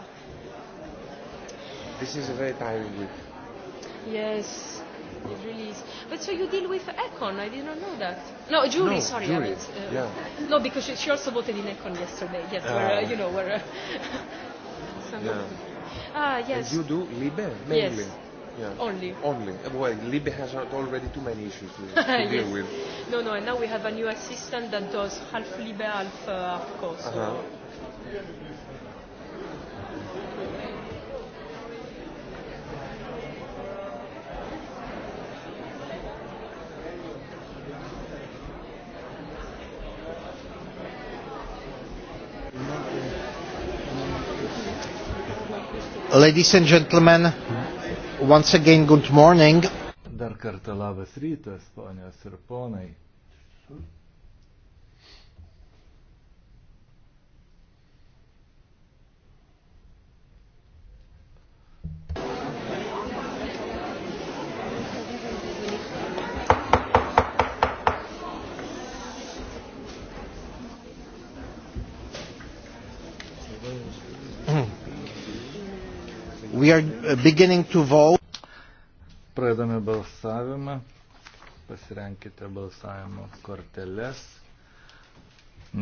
this is a very tiring week. Yes, it really is. But so you deal with Econ? I did not know that. No, jury. No, sorry, jury. I meant, uh, yeah. No, because she, she also voted in Econ yesterday. Yes, uh, where uh, ah. you know where. Uh, so yeah. Ah yes. And you do Libe mainly. Yes. Yeah. Only. Only. Well, Libya has already too many issues to, to yes. deal with. No, no, and now we have a new assistant that does half Libe, half uh, AFCO. So. Uh-huh. Ladies and gentlemen, once again, good morning kartą labas rytas, ponios ir ponai. We are beginning to vote. Pradedame balsavimą. Pasirenkite balsavimo korteles.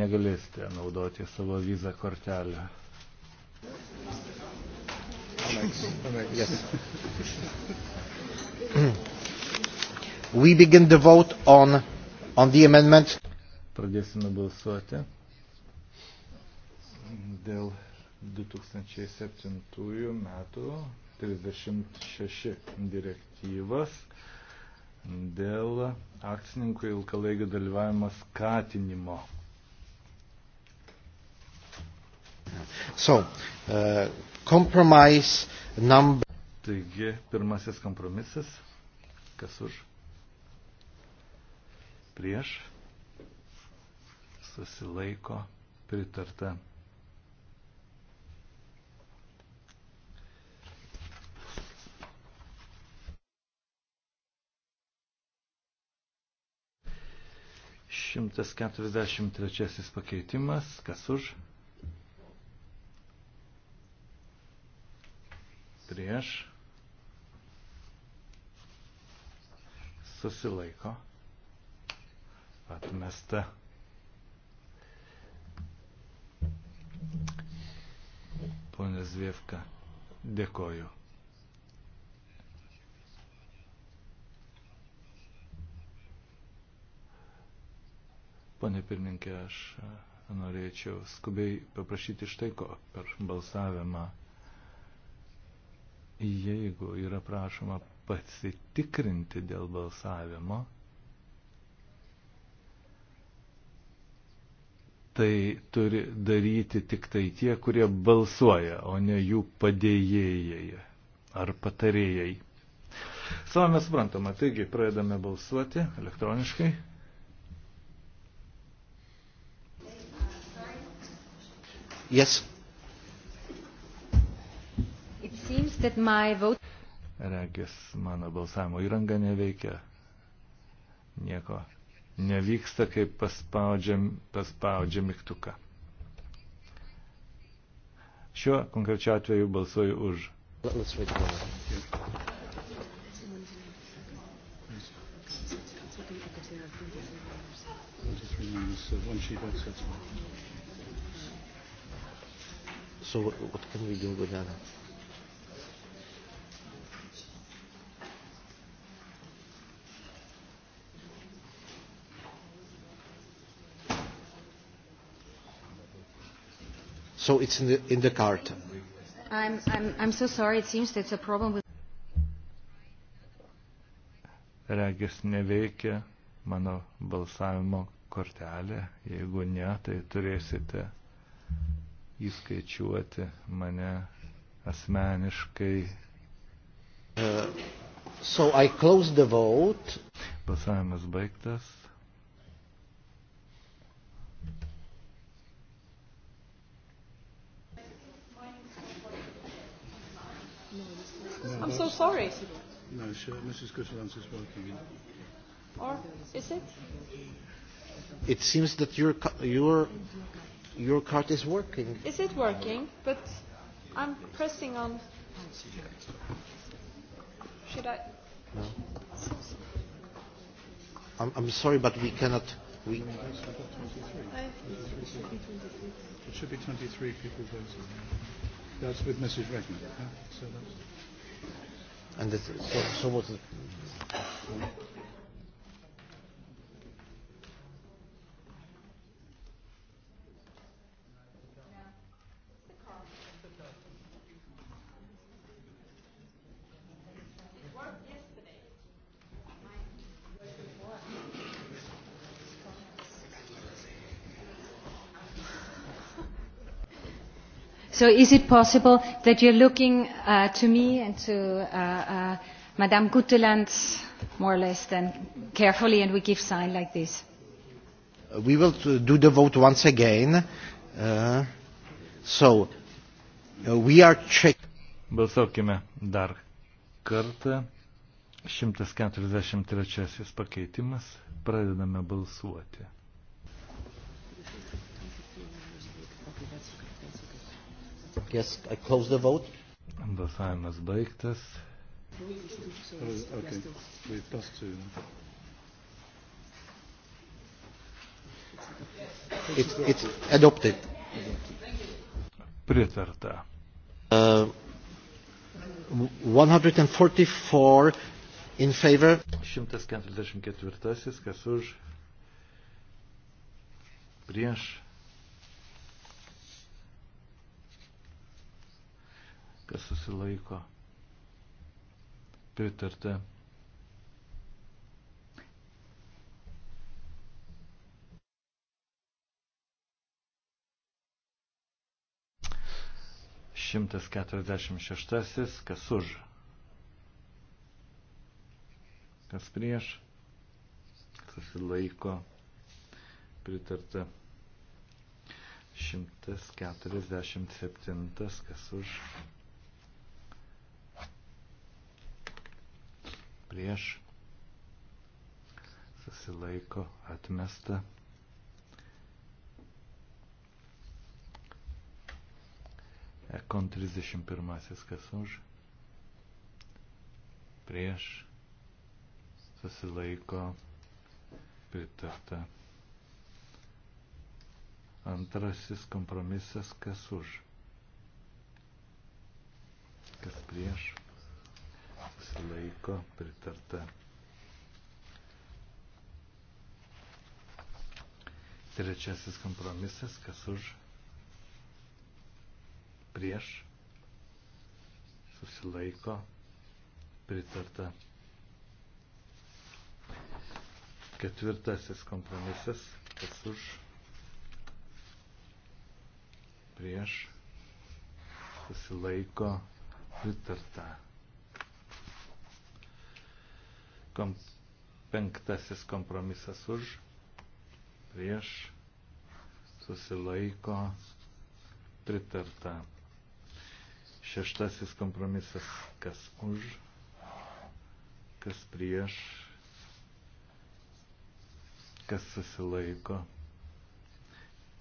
Negalėsite naudoti savo vizą kortelę. Yes. We begin the vote on, on the amendment. Pradėsime balsuoti dėl 2007 metų 36 direktyvas dėl akcininkų ilgalaikio dalyvavimo skatinimo. So, uh, compromise number. Taigi, pirmasis kompromisas. Kas už? Prieš. Susilaiko. Pritarta. 143 pakeitimas, kas už? Prieš. Susilaiko. Atmesta. Pone Zvievka, dėkoju. Pane pirmininkė, aš e, norėčiau skubiai paprašyti štai ko per balsavimą. Jeigu yra prašoma pasitikrinti dėl balsavimo, tai turi daryti tik tai tie, kurie balsuoja, o ne jų padėjėjai ar patarėjai. Savame suprantama, taigi pradedame balsuoti elektroniškai. Yes. Vote... Regis, mano balsavimo įranga neveikia. Nieko nevyksta, kai paspaudžiam, paspaudžiam mygtuką. Šiuo konkrečiu atveju balsuoju už. Let's read it. remembers uh, one she votes, that's one. So what, what can we do with that? So it's in the, in the card. I'm, I'm, I'm so sorry. It seems that's a problem with. Regis neveikia mano balsavimo kortelė. Jeigu ne, tai turėsite įskaičiuoti mane asmeniškai. Uh, so I close the vote. Balsavimas baigtas. I'm so sorry. No, sure, Mrs. Gutterlands is working. Or is it? It seems that your your Your card is working. Is it working? But I'm pressing on. Should I? No. I'm, I'm sorry, but we cannot. We. I... It should be 23 people voting. That's with Mrs. Reagan. Yeah? So that's... And this, so, so what's the. So is it possible that you're looking uh, to me and to uh, uh, Madame Guteland more or less then carefully and we give sign like this? Uh, we will uh, do the vote once again. Uh, so uh, we are checking. Balsuokime dar kartą. 143 pakeitimas. Pradedame balsuoti. Yes, I close the vote. Balsavimas baigtas. Okay. We plus two. It's, it's adopted. Pritarta. Uh, 144 in favor. 144, kas už, prieš, kas susilaiko pritarta. Šimtas keturiasdešimt šeštasis, kas už, kas prieš, susilaiko pritarta. 147, kas už prieš, susilaiko atmesta. Ekon 31 kas už, prieš, susilaiko pritarta. Antrasis kompromisas kas už, kas prieš susilaiko pritarta. Trečiasis kompromisas, kas už prieš susilaiko pritarta. Ketvirtasis kompromisas, kas už prieš susilaiko pritarta. Kom, penktasis kompromisas už, prieš, susilaiko, pritarta. Šeštasis kompromisas, kas už, kas prieš, kas susilaiko,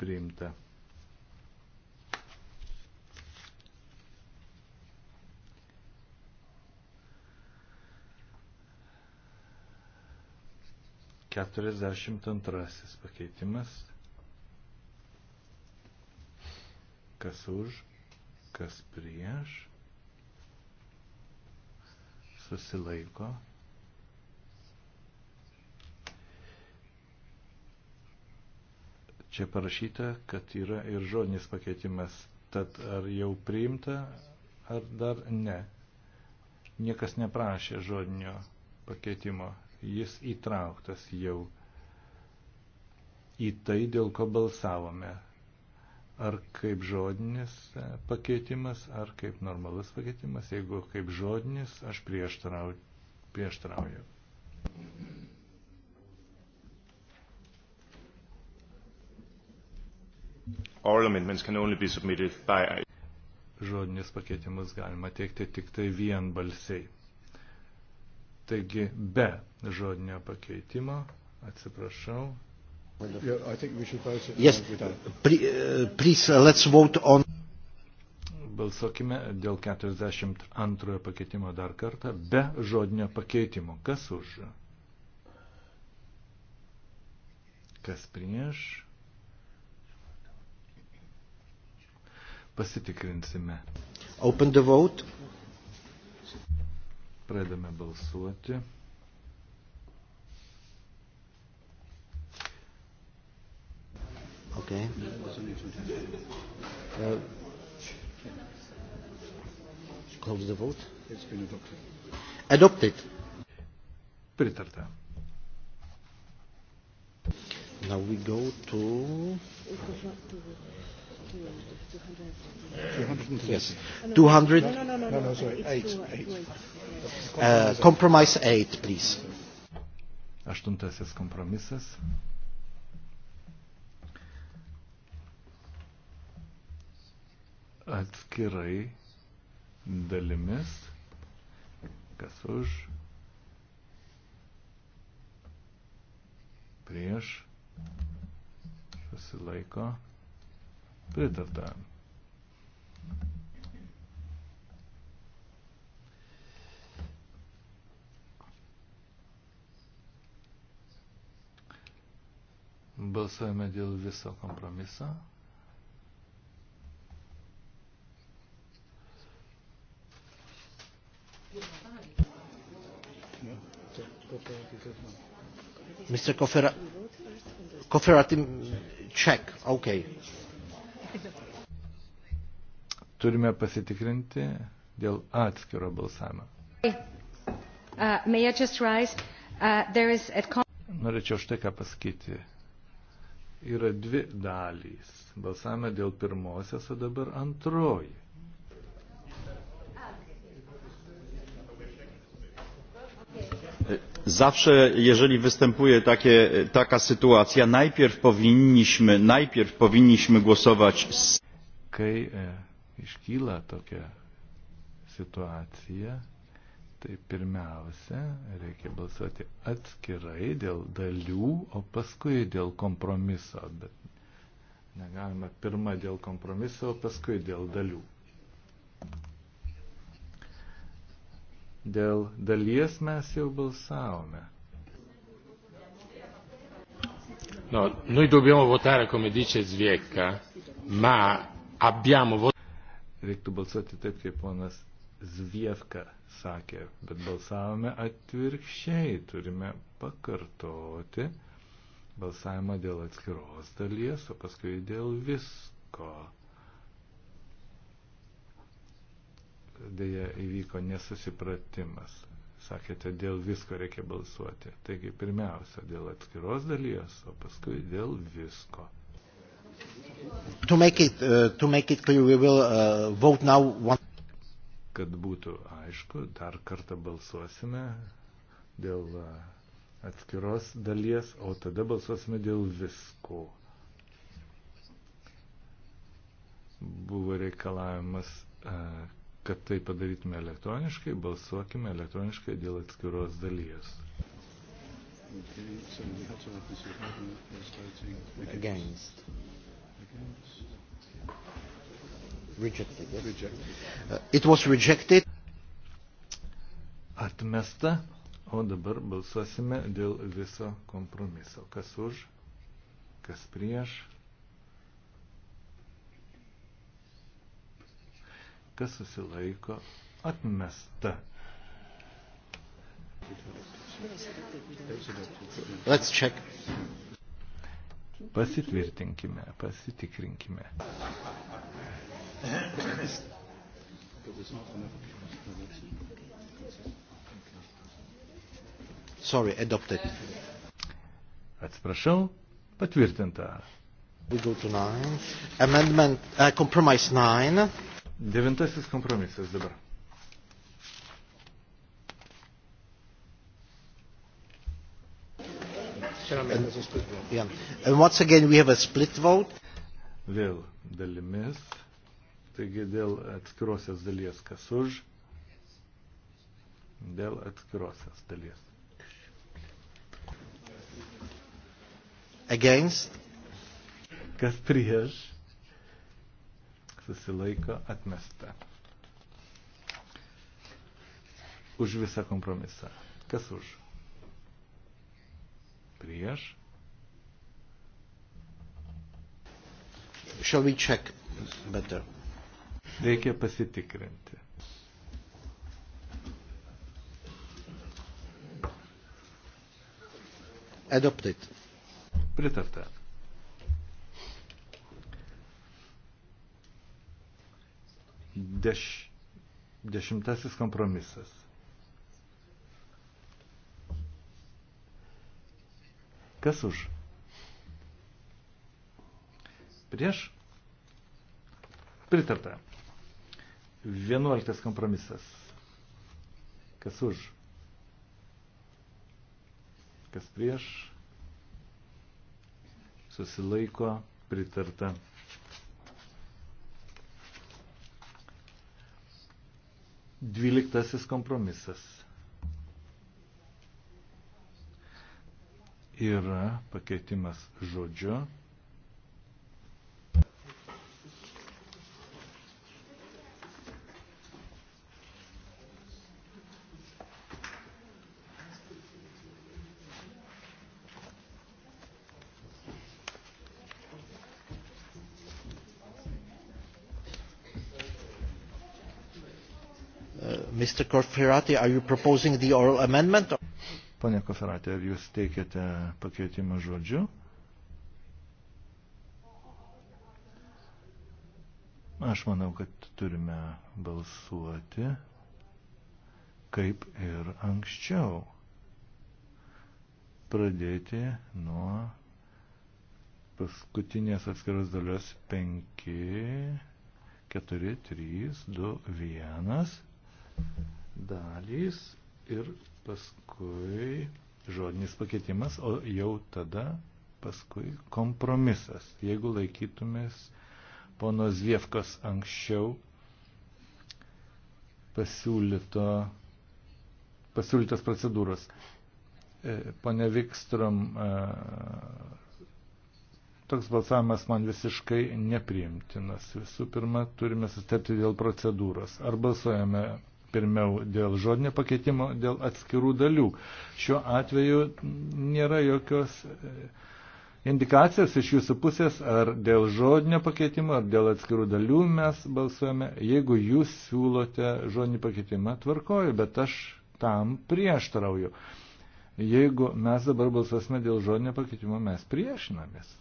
priimta. 42 pakeitimas. Kas už, kas prieš. Susilaiko. Čia parašyta, kad yra ir žodinis pakeitimas. Tad ar jau priimta, ar dar ne. Niekas neprašė žodinio pakeitimo jis įtrauktas jau į tai, dėl ko balsavome. Ar kaip žodinis pakeitimas, ar kaip normalus pakeitimas. Jeigu kaip žodinis, aš prieštarauju. prieštarauju. Oral amendments can only be submitted by žodinius pakeitimus galima teikti tik tai vienbalsiai. Taigi be žodinio pakeitimo, atsiprašau. Yes, uh, please, uh, let's vote on. Balsuokime dėl 42 pakeitimo dar kartą, be žodinio pakeitimo. Kas už? Kas prieš? Pasitikrinsime. Open the vote. Pradame balsuoti. Okay. Uh, close the vote. It's been adopted. Adopted. Pritarta. Now we go to Yes. 200. No, no, no, no, no, no sorry. Eight. Eight. Uh, compromise 8, please. Aštuntasis kompromisas. Atskirai dalimis, kas už, prieš, susilaiko. Pritarta. Balsuojame dėl viso kompromiso. Mr. Kofera, Koferati, check, okay. Turime pasitikrinti dėl atskiro balsavimo. Uh, uh, Norėčiau štai ką pasakyti. Yra dvi dalys. Balsavime dėl pirmosios, o dabar antroji. zawsze jeżeli występuje takie, taka sytuacja najpierw powinniśmy najpierw powinniśmy głosować z... kai e, iškyla tokia situacija tai pirmiausia reikia balsuoti atskirai dėl dalių o paskui dėl kompromiso bet negalima pirma dėl kompromiso o paskui dėl dalių Dėl dalies mes jau balsavome. No, noi dobbiamo votare, come dice Zviecka, ma abbiamo votato. Reiktų balsuoti taip, kaip ponas Zvievka sakė, bet balsavome atvirkščiai, turime pakartoti balsavimą dėl atskiros dalies, o paskui dėl visko. dėja įvyko nesusipratimas. Sakėte, dėl visko reikia balsuoti. Taigi pirmiausia, dėl atskiros dalies, o paskui dėl visko. To make it, uh, to make it clear, we will uh, vote now one... Kad būtų aišku, dar kartą balsuosime dėl uh, atskiros dalies, o tada balsuosime dėl visko. Buvo reikalavimas, uh, kad tai padarytume elektroniškai, balsuokime elektroniškai dėl atskiros dalies. Okay, so we have to have this voting against. Against. Rejected. Yes? Rejected. Uh, it was rejected. Atmesta. O dabar balsuosime dėl viso kompromiso. Kas už, kas prieš. kas susilaiko atmesta. Let's check. Pasitvirtinkime, pasitikrinkime. Sorry, adopted. Atsiprašau, patvirtinta. We go to nine. Amendment, uh, compromise nine. Devintasis kompromisas dabar. Vėl dalimis. Taigi dėl atskirosios dalies kas už. Dėl atskirosios dalies. Against. Kas prieš? susilaiko atmesta. Už visą kompromisą. Kas už? Prieš. Shall we check better? Reikia pasitikrinti. Adopted. Pritarta. Deš, dešimtasis kompromisas. Kas už? Prieš? Pritarta. Vienuoliktas kompromisas. Kas už? Kas prieš? Susilaiko pritarta. Dvyliktasis kompromisas. Yra pakeitimas žodžio Mr. Koferati, are you proposing the oral amendment? Pane Koferati, ar jūs teikiate pakeitimą žodžiu? Aš manau, kad turime balsuoti kaip ir anksčiau. Pradėti nuo paskutinės atskiros dalios 5, 4, 3, 2, 1 dalys ir paskui žodinis pakeitimas, o jau tada paskui kompromisas. Jeigu laikytumės pono Zviefkos anksčiau pasiūlyto, pasiūlytos procedūros. E, pone Vikstrom, e, toks balsavimas man visiškai nepriimtinas. Visų pirma, turime sustarti dėl procedūros. Ar balsuojame pirmiau dėl žodinio pakeitimo, dėl atskirų dalių. Šiuo atveju nėra jokios e, indikacijos iš jūsų pusės, ar dėl žodinio pakeitimo, ar dėl atskirų dalių mes balsuojame. Jeigu jūs siūlote žodinį pakeitimą, tvarkoju, bet aš tam prieštarauju. Jeigu mes dabar balsuosime dėl žodinio pakeitimo, mes priešinamės.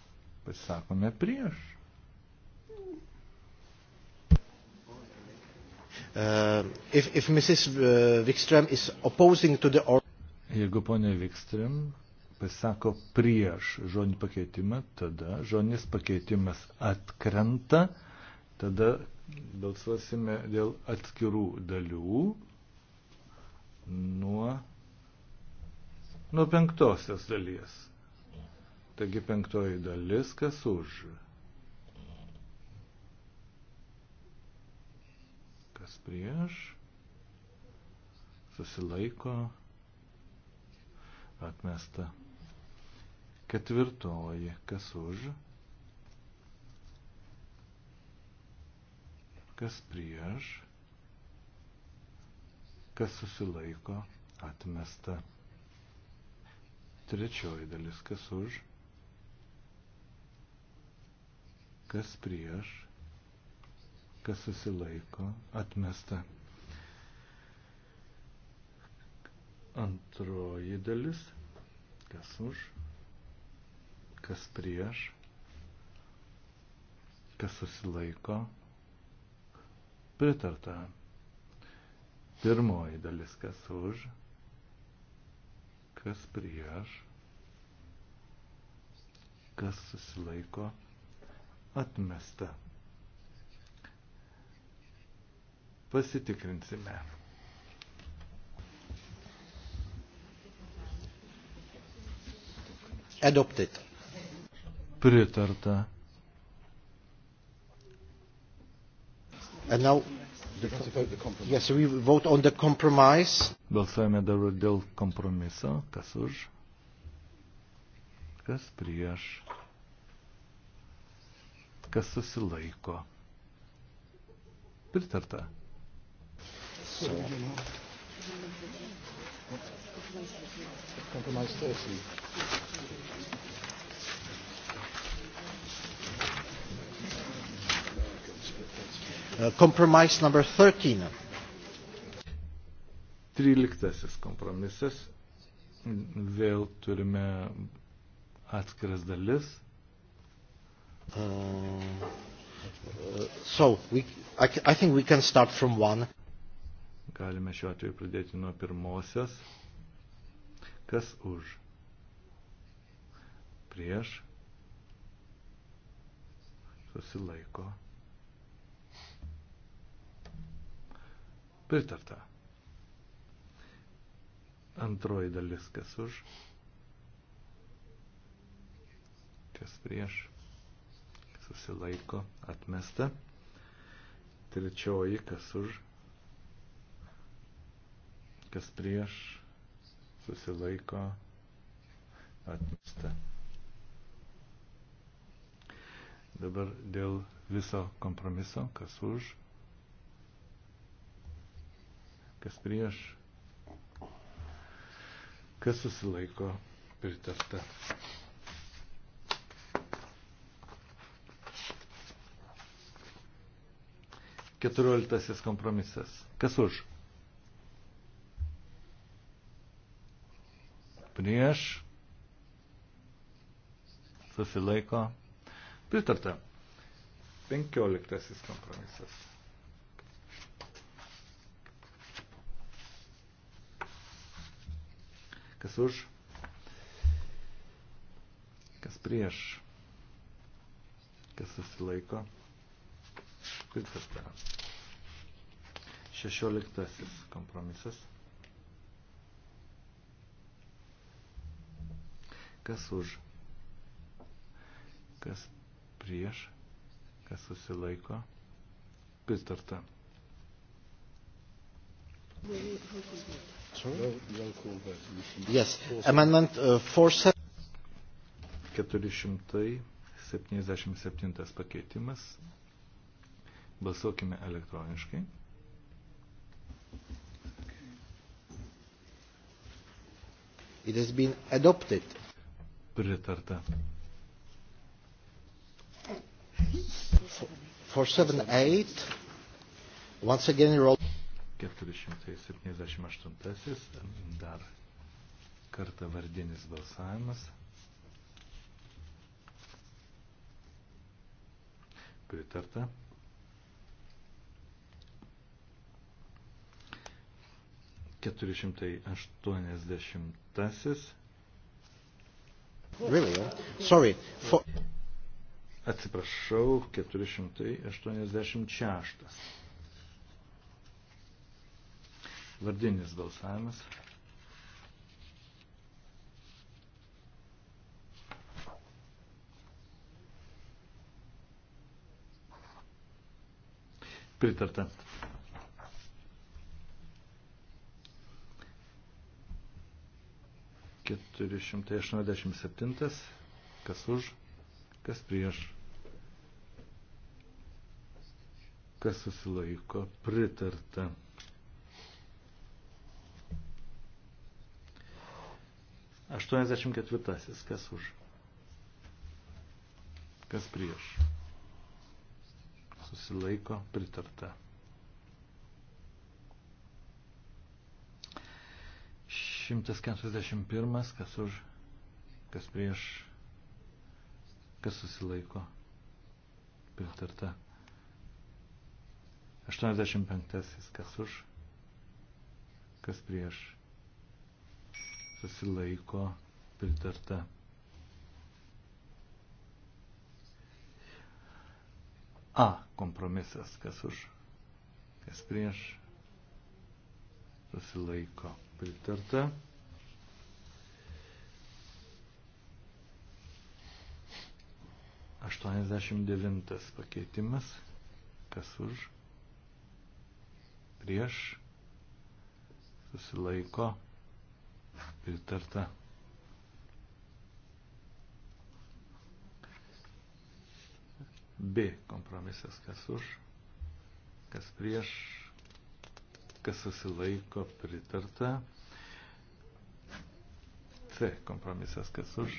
Pasisakome prieš. Uh, if, if Mrs. Uh, Wikström is opposing to the or Jeigu ponia Wikström pasako prieš žodinį pakeitimą, tada žodinis pakeitimas atkrenta, tada balsuosime dėl atskirų dalių nuo, nuo penktosios dalies. Taigi penktoji dalis, kas už? kas prieš, susilaiko, atmesta. Ketvirtoji, kas už, kas prieš, kas susilaiko, atmesta. Trečioji dalis, kas už, kas prieš, kas susilaiko, atmesta. Antroji dalis, kas už, kas prieš, kas susilaiko, pritarta. Pirmoji dalis, kas už, kas prieš, kas susilaiko, atmesta. Pasitikrinsime. Adopted. Pritarta. And now Yes, we vote on the compromise. Balsuojame dabar dėl kompromiso. Kas už? Kas prieš? Kas susilaiko? Pritarta. So. Compromise 30. Uh, compromise number 13. 13 kompromisas. Vėl turime atskiras dalis. Uh, uh, so, we, I, I think we can start from one. Galime šiuo atveju pradėti nuo pirmosios. Kas už? Prieš. Susilaiko. Pritarta. Antroji dalis, kas už. Kas prieš. Susilaiko. Atmesta. Trečioji, kas už kas prieš, susilaiko, atmesta. Dabar dėl viso kompromiso, kas už, kas prieš, kas susilaiko, pritarta. Keturioliktasis kompromisas. Kas už? prieš, susilaiko, pritarta. 15 kompromisas. Kas už? Kas prieš? Kas susilaiko? Pritarta. 16 kompromisas. Kas už? Kas prieš? Kas susilaiko? Pritarta. Yes. Amendment uh, 477 pakeitimas. Balsuokime elektroniškai. It has been adopted pritarta. For 78, once again, roll. 478 dar kartą vardinis balsavimas. Pritarta. Keturišimtai aštuoniasdešimtasis Really? Sorry. For... Atsiprašau, 486. Vardinis balsavimas. Pritarta. 487, kas už, kas prieš, kas susilaiko, pritarta. Aštuoniasdešimt ketvirtasis, kas už, kas prieš, susilaiko, pritarta. 141, kas už, kas prieš, kas susilaiko. Pritarta. 85, kas už, kas prieš, susilaiko. Pritarta. A kompromisas, kas už, kas prieš, susilaiko pritarta. Aštuoniasdešimt devintas pakeitimas. Kas už? Prieš. Susilaiko. Pritarta. B kompromisas, kas už, kas prieš, kas susilaiko pritarta. C kompromisas, kas už,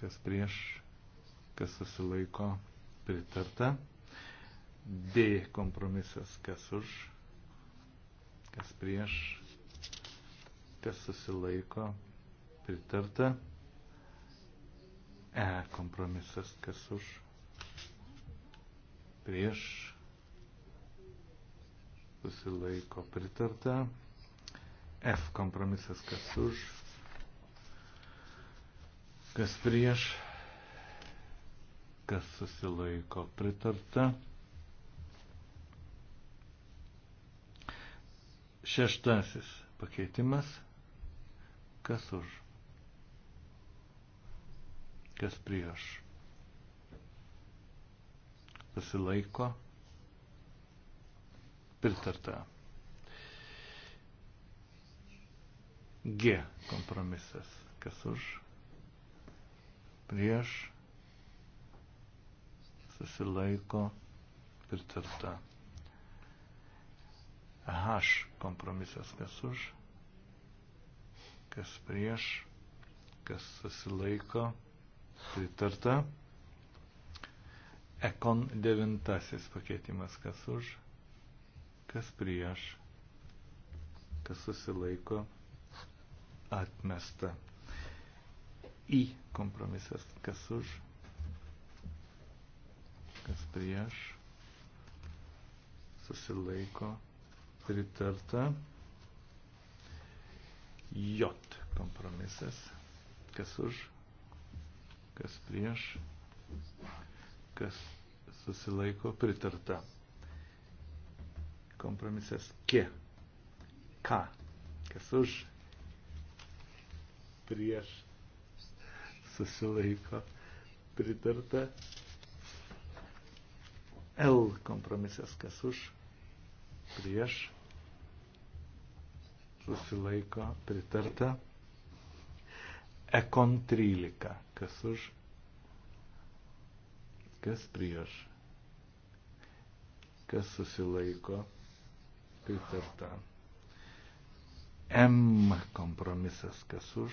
kas prieš, kas susilaiko pritarta. D kompromisas, kas už, kas prieš, kas susilaiko pritarta. E kompromisas, kas už, prieš, susilaiko pritarta. F kompromisas kas už, kas prieš, kas susilaiko pritarta. Šeštasis pakeitimas, kas už, kas prieš, pasilaiko pritarta Pritarta. G kompromisas. Kas už? Prieš. Susilaiko. Pritarta. H kompromisas. Kas už? Kas prieš? Kas susilaiko? Pritarta. Ekon devintasis pakeitimas. Kas už? kas prieš, kas susilaiko, atmesta. Į kompromisas, kas už, kas prieš, susilaiko, pritarta. J kompromisas, kas už, kas prieš, kas susilaiko, pritarta. Kompromisas K. K. Kas už prieš susilaiko pritarta. L kompromisas kas už prieš susilaiko pritarta. Ekon 13 kas už kas prieš kas susilaiko pritarta. M kompromisas, kas už,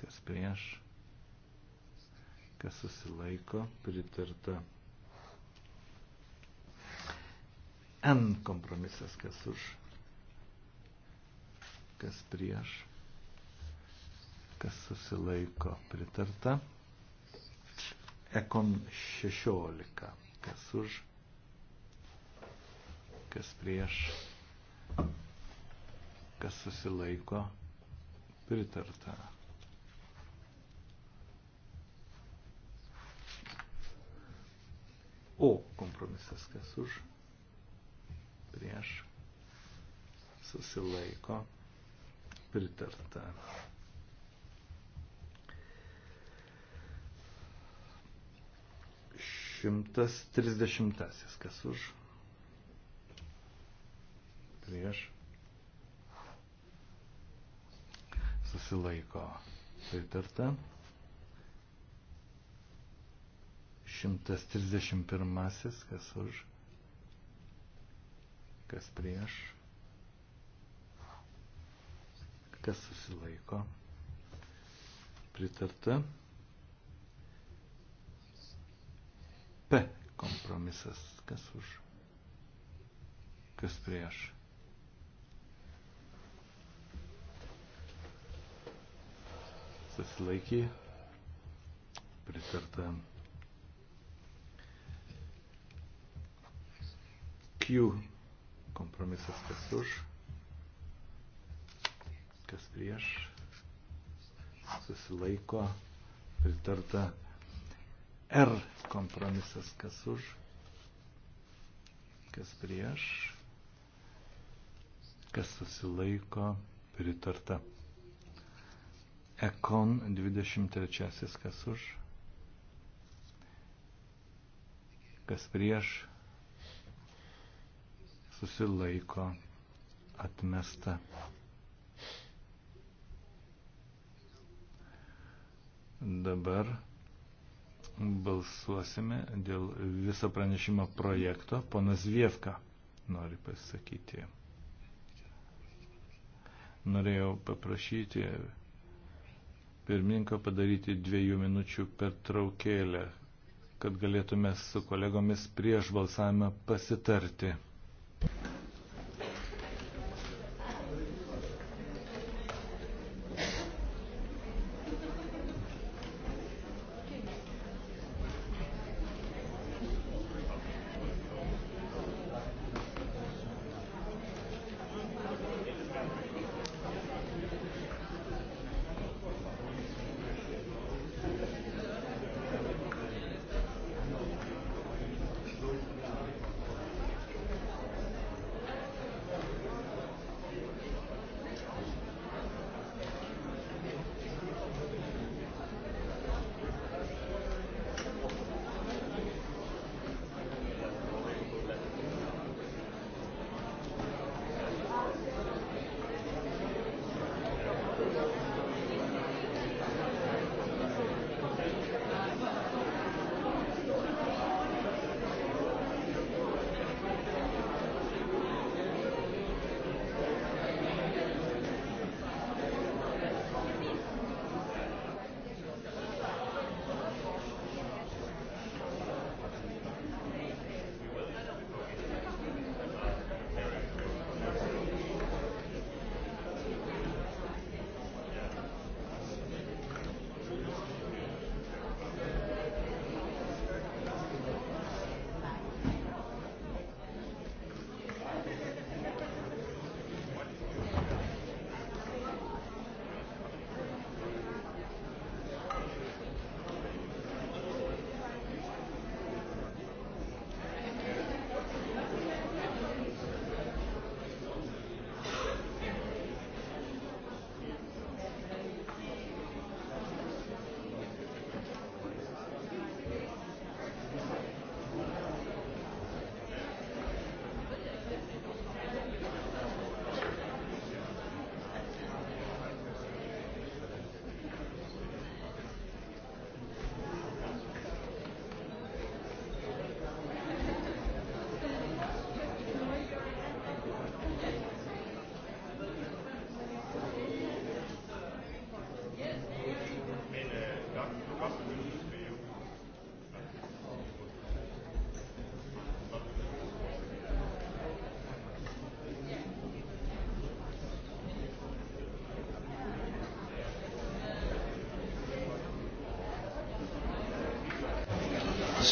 kas prieš, kas susilaiko, pritarta. N kompromisas, kas už, kas prieš, kas susilaiko, pritarta. Ekon 16, kas už, kas prieš, kas susilaiko, pritarta. O kompromisas, kas už, prieš, susilaiko, pritarta. Šimtas trisdešimtasis, kas už, prieš susilaiko pritarta. 131 kas už, kas prieš, kas susilaiko pritarta. P kompromisas, kas už, kas prieš susilaikė, pritarta. Q kompromisas kas už, kas prieš, susilaiko, pritarta. R kompromisas kas už, kas prieš, kas susilaiko, pritarta. Ekon 23, kas už, kas prieš, susilaiko, atmesta. Dabar balsuosime dėl viso pranešimo projekto. Ponas Vievka nori pasakyti. Norėjau paprašyti pirmininko padaryti dviejų minučių pertraukėlę, kad galėtume su kolegomis prieš balsavimą pasitarti.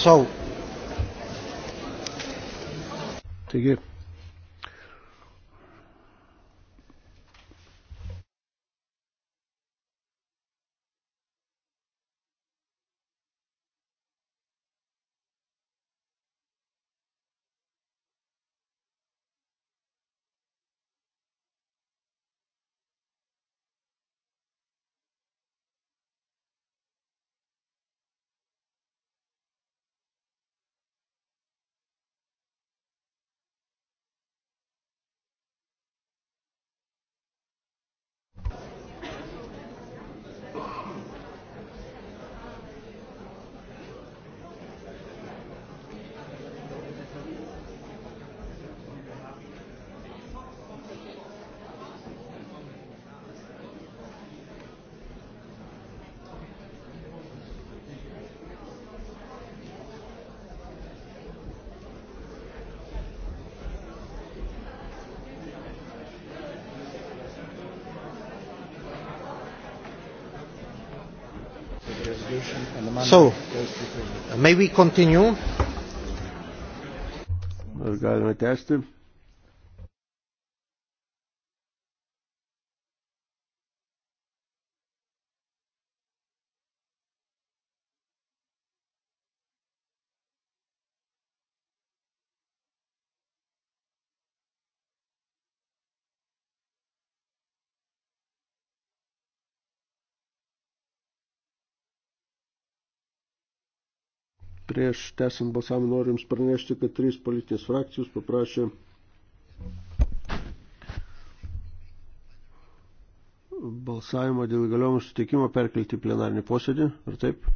So. Taigi, So, may we continue? Ar galime tęsti? Prieš tęsiant balsavimą noriu Jums pranešti, kad trys politinės frakcijos paprašė balsavimą dėl galiojimų sutikimo perkelti į plenarinį posėdį, ar taip?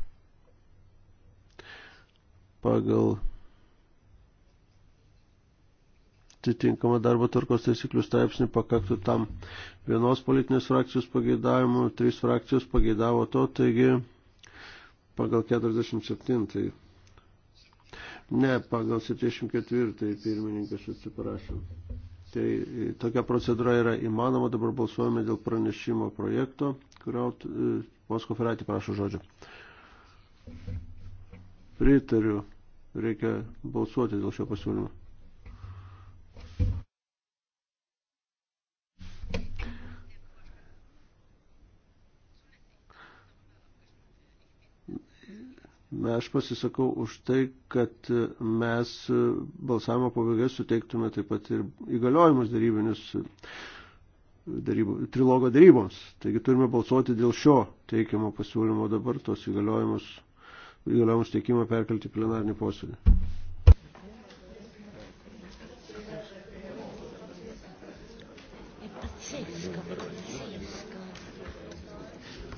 Pagal atitinkamą darbo tvarkos taisyklių straipsnį pakaktų tam vienos politinės frakcijos pageidavimų, trys frakcijos pageidavo to, taigi pagal 47. Ne, pagal 74 tai pirmininkas atsiprašau. Tai tokia procedūra yra įmanoma, dabar balsuojame dėl pranešimo projekto, kurio e, Vosko Ferati prašo žodžio. Pritariu, reikia balsuoti dėl šio pasiūlymo. Aš pasisakau už tai, kad mes balsavimo pabaigai suteiktume taip pat ir įgaliojimus darybinius darybų, trilogo daryboms. Taigi turime balsuoti dėl šio teikiamo pasiūlymo dabar tos įgaliojimus, įgaliojimus teikimo perkelti plenarnį posėdį.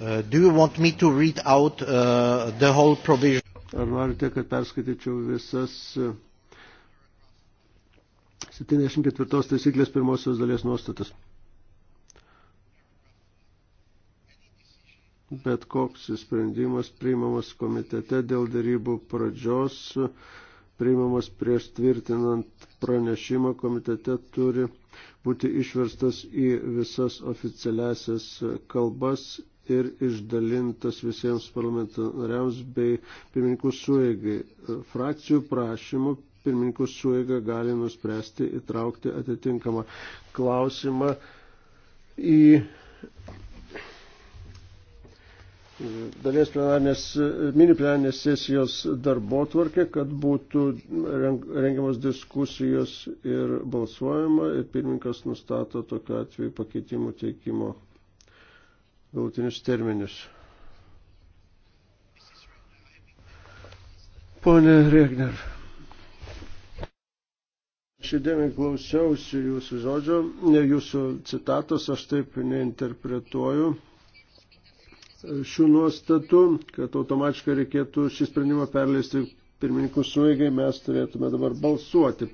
Uh, do you want me to read out uh, the whole provision? Ar norite, kad perskaityčiau visas 74 uh, taisyklės pirmosios dalies nuostatas? Bet koks sprendimas priimamas komitete dėl darybų pradžios, priimamas prieš tvirtinant pranešimą komitete turi būti išverstas į visas oficialiasias kalbas ir išdalintas visiems parlamentariams bei pirmininkų suėgai. Frakcijų prašymų pirmininkų suėga gali nuspręsti įtraukti atitinkamą klausimą į dalies plenarnės, mini plenarnės sesijos darbo tvarkė, kad būtų rengiamos diskusijos ir balsuojama ir pirmininkas nustato tokiu atveju pakeitimų teikimo gautinius terminius. Pone Regner. Aš įdėmiai klausiausi jūsų žodžio, ne jūsų citatos, aš taip neinterpretuoju šių nuostatų, kad automatiškai reikėtų šį sprendimą perleisti pirmininkų suėgai, mes turėtume dabar balsuoti.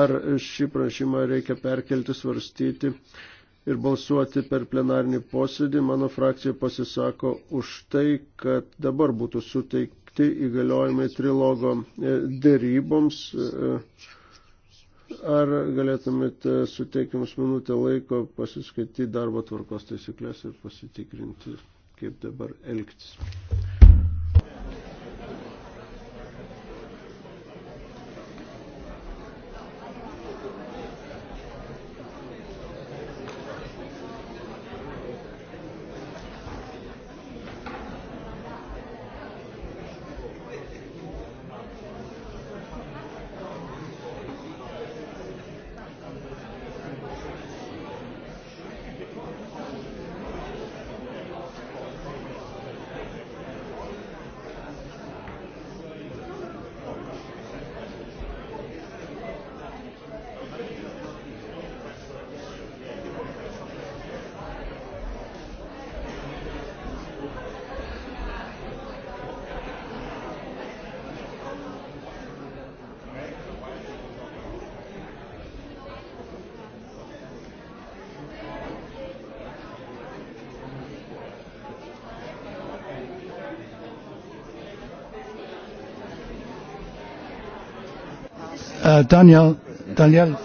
Ar šį prašymą reikia perkelti, svarstyti ir balsuoti per plenarinį posėdį. Mano frakcija pasisako už tai, kad dabar būtų suteikti įgaliojimai trilogo e, dėryboms. E, e, ar galėtumėte suteikimus minutę laiko pasiskaityti darbo tvarkos taisyklės ir pasitikrinti, kaip dabar elgtis? Uh, Daniel, Daniel,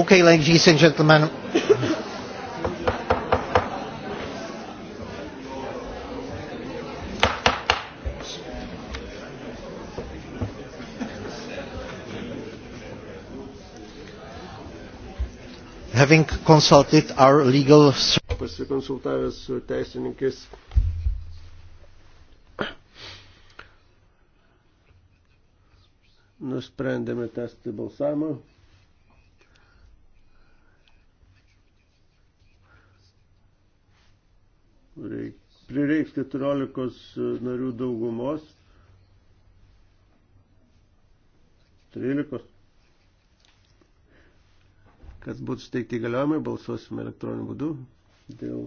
Okay, ladies and gentlemen. Having consulted our legal pasikonsultavęs su teisininkais nusprendėme tęsti balsavimą. 14 e, narių daugumos. 13. Kad būtų steigti įgaliojimai, balsuosime elektroniniu būdu dėl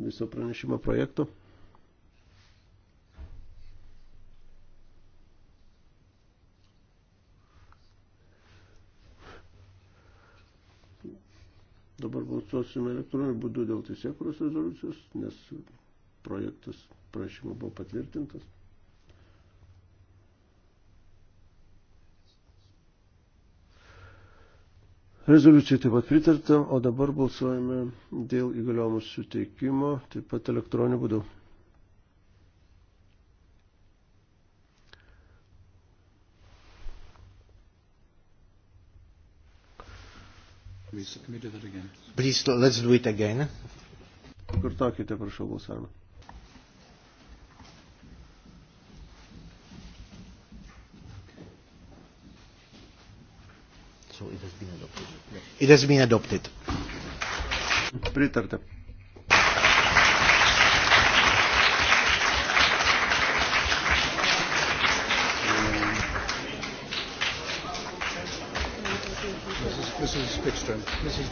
viso pranešimo projekto. Dabar balsuosime elektroniniu būdu dėl teisėkuros rezoliucijos, nes projektas prašymo buvo patvirtintas. Rezoliucijai taip pat pritarta, o dabar balsuojame dėl įgaliojimų suteikimo, taip pat elektroniniu būdu. Please, let's do it again. Kartokite, prašau, balsavimą. It has been adopted. Pritarta. Mrs. Wikström.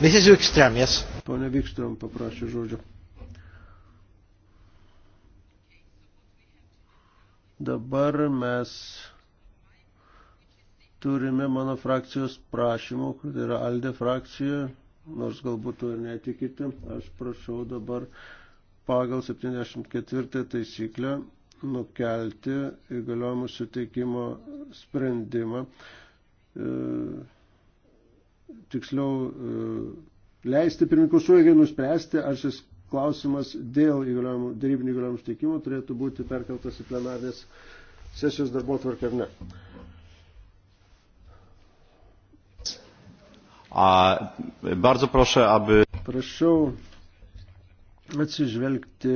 Mrs. Wikström, yes. Pone Wikström paprašė žodžio. Dabar mes turime mano frakcijos prašymų, kad tai yra Alde frakcija, nors galbūt to ir netikite. Aš prašau dabar pagal 74 taisyklę nukelti įgaliojimų suteikimo sprendimą. E, tiksliau, e, leisti pirmininkų suėgiai nuspręsti, ar šis klausimas dėl įgaliojimų, dėrybinių įgaliojimų suteikimo turėtų būti perkeltas į plenarės sesijos darbo tvarkę ar ne. A bardzo proszę, aby. Prašau atsižvelgti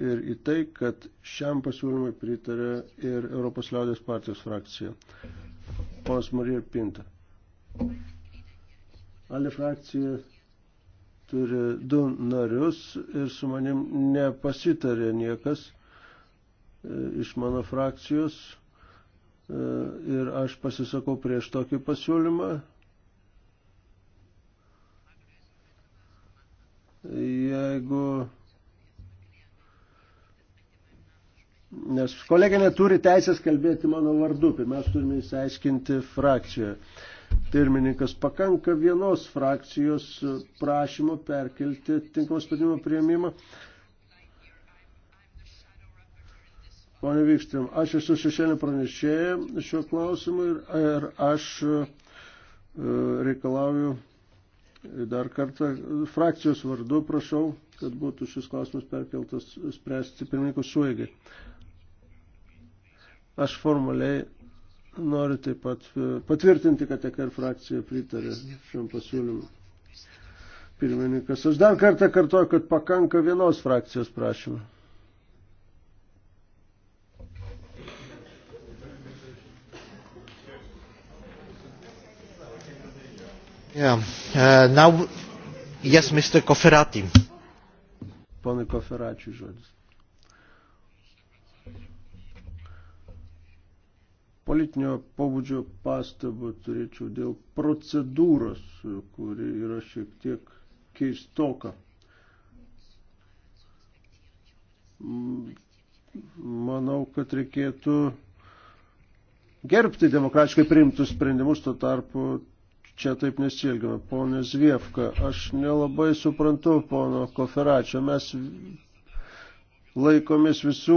ir į tai, kad šiam pasiūlymui pritarė ir Europos liaudės partijos frakcija. Ponas Marija Pinta. Ali frakcija turi du narius ir su manim nepasitarė niekas e, iš mano frakcijos e, ir aš pasisakau prieš tokį pasiūlymą jeigu Nes kolegė neturi teisės kalbėti mano vardu, pirmiausia tai turime įsiaiškinti frakciją. Pirmininkas pakanka vienos frakcijos prašymo perkelti tinkamą sprendimo prieimimą. Pone Vykstrim, aš esu šešėlė pranešėja šiuo klausimu ir, ir aš e, reikalauju Dar kartą frakcijos vardu prašau, kad būtų šis klausimas perkeltas spręsti pirmininkų suėgai. Aš formaliai noriu taip pat e, patvirtinti, kad EKR frakcija pritarė šiam pasiūlymui. Pirmininkas, aš dar kartą kartuoju, kad pakanka vienos frakcijos prašymą. Yeah. Uh, now, yes, Mr. Koferati. Pone Koferačiui žodis. politinio pobūdžio pastabą turėčiau dėl procedūros, kuri yra šiek tiek keistoka. Manau, kad reikėtų gerbti demokratiškai priimtus sprendimus, tuo tarpu čia taip nesielgiame. Pone Zviefka, aš nelabai suprantu, pono Koferačio, mes laikomės visų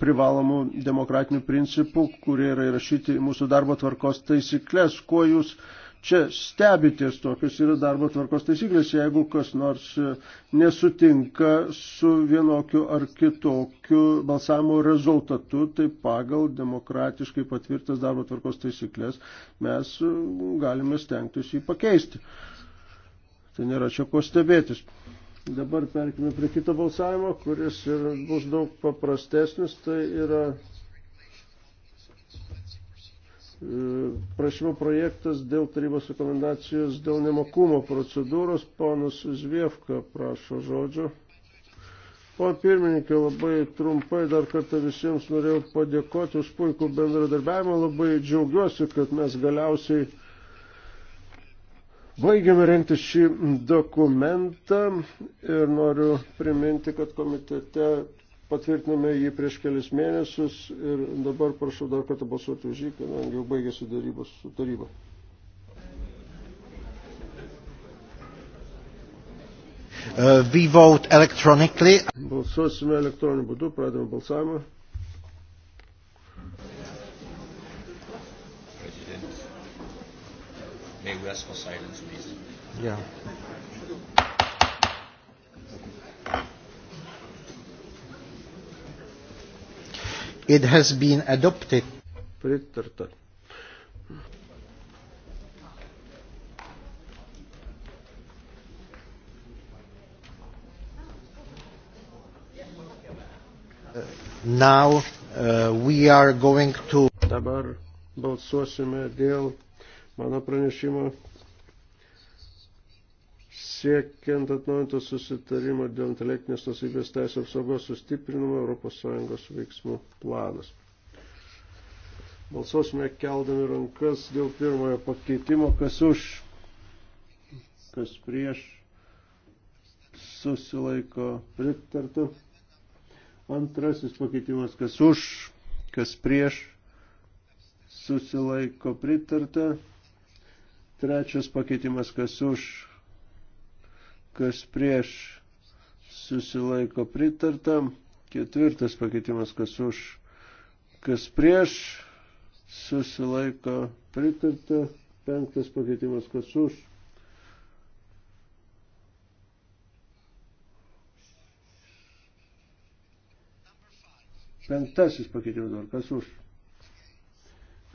privalomų demokratinių principų, kurie yra įrašyti į mūsų darbo tvarkos taisyklės, kuo jūs čia stebitės, tokios yra darbo tvarkos taisyklės, jeigu kas nors e, nesutinka su vienokiu ar kitokiu balsavimo rezultatu, tai pagal demokratiškai patvirtas darbo tvarkos taisyklės mes e, galime stengtis jį pakeisti. Tai nėra čia ko stebėtis. Dabar perkime prie kito balsavimo, kuris ir bus daug paprastesnis, tai yra prašymo projektas dėl tarybos rekomendacijos dėl nemokumo procedūros. Ponas Zviefka prašo žodžio. Pana pirmininkė, labai trumpai dar kartą visiems norėjau padėkoti už puikų bendradarbiavimą. Labai džiaugiuosi, kad mes galiausiai baigiame renkti šį dokumentą ir noriu priminti, kad komitete patvirtinome jį prieš kelis mėnesius ir dabar prašau dar kartą balsuoti už jį, kadangi jau baigėsi darybos su taryba. Uh, we vote electronically. Balsuosime elektroniniu būdu, pradėme balsavimą. President, may we ask for silence, please? Yeah. It has been adopted. Pritarta. Now uh, we are going to. Dabar balsuosime dėl mano pranešimo siekiant atnaujinto susitarimo dėl intelektinės nusavybės teisės apsaugos sustiprinimo ES veiksmų planas. Balsuosime keldami rankas dėl pirmojo pakeitimo, kas už, kas prieš, susilaiko pritartų. Antrasis pakeitimas, kas už, kas prieš, susilaiko pritarta. Trečias pakeitimas, kas už, kas prieš susilaiko pritarta, ketvirtas pakeitimas, kas už, kas prieš susilaiko pritarta, penktas pakeitimas, kas už. Penktasis pakeitimas dabar, kas už,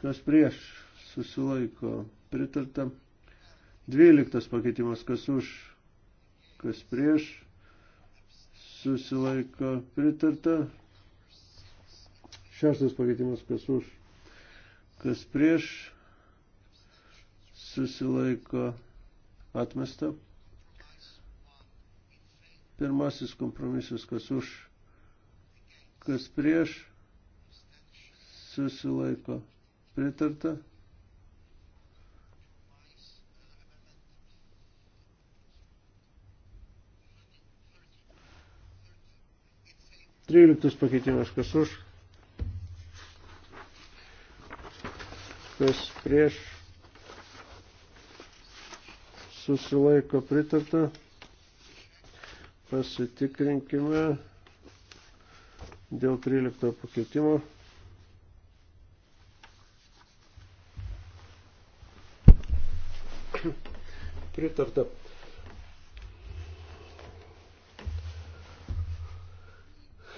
kas prieš susilaiko pritarta, dvyliktas pakeitimas, kas už kas prieš, susilaiko pritarta. Šeštas pakeitimas, kas už, kas prieš, susilaiko atmesta. Pirmasis kompromisas, kas už, kas prieš, susilaiko pritarta. 13 pakeitimas, kas už, kas prieš, susilaiko pritarta, pasitikrinkime dėl 13 pakeitimo. Pritarta.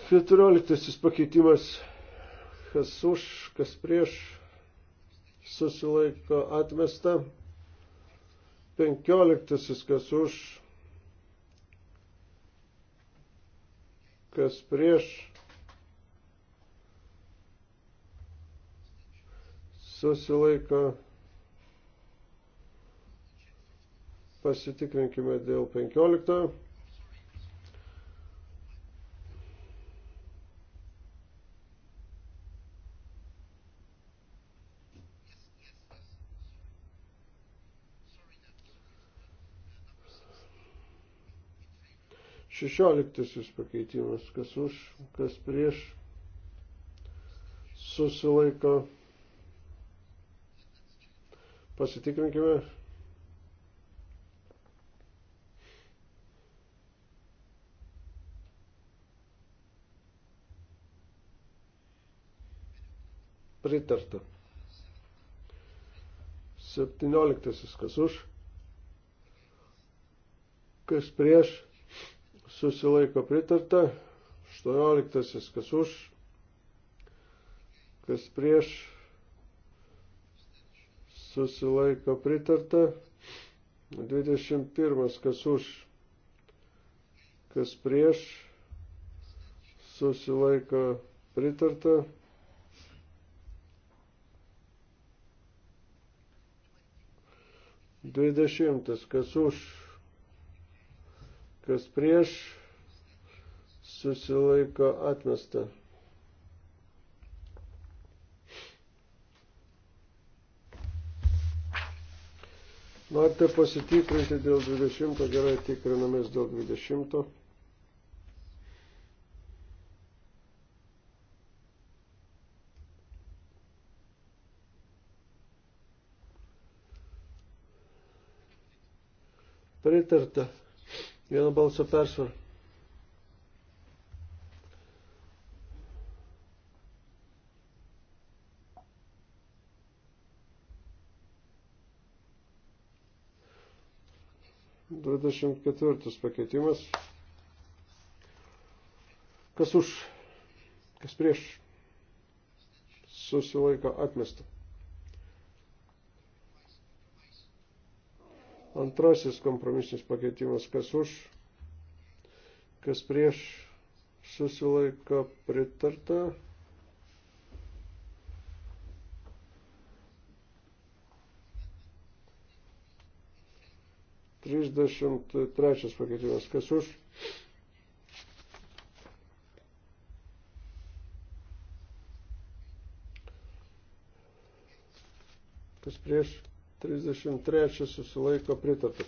Keturioliktasis pakeitimas, kas už, kas prieš, susilaiko atmesta. Penkioliktasis, kas už, kas prieš, susilaiko atmesta. pasitikrinkime dėl 15. 16 pakeitimas, kas už, kas prieš, susilaiko. Pasitikrinkime. Pritarta. 17. Kas už, kas prieš, susilaiko pritarta, 18 kas už, kas prieš, susilaiko pritarta, 21 kas už, kas prieš, susilaiko pritarta. Dvidešimtas, kas už kas prieš susilaiko atmesta. Norite pasitikrinti dėl 20, gerai tikrinamės dėl 20. Pritarta. Vieno balso persvarą. Dvidešimt ketvirtas pakeitimas. Kas už, kas prieš, susilaiko atmestą. Antrasis kompromisinis pakeitimas, kas už, kas prieš susilaiko pritarta. Trisdešimt trečias pakeitimas, kas už. Kas prieš? 33 susilaiko pritarta.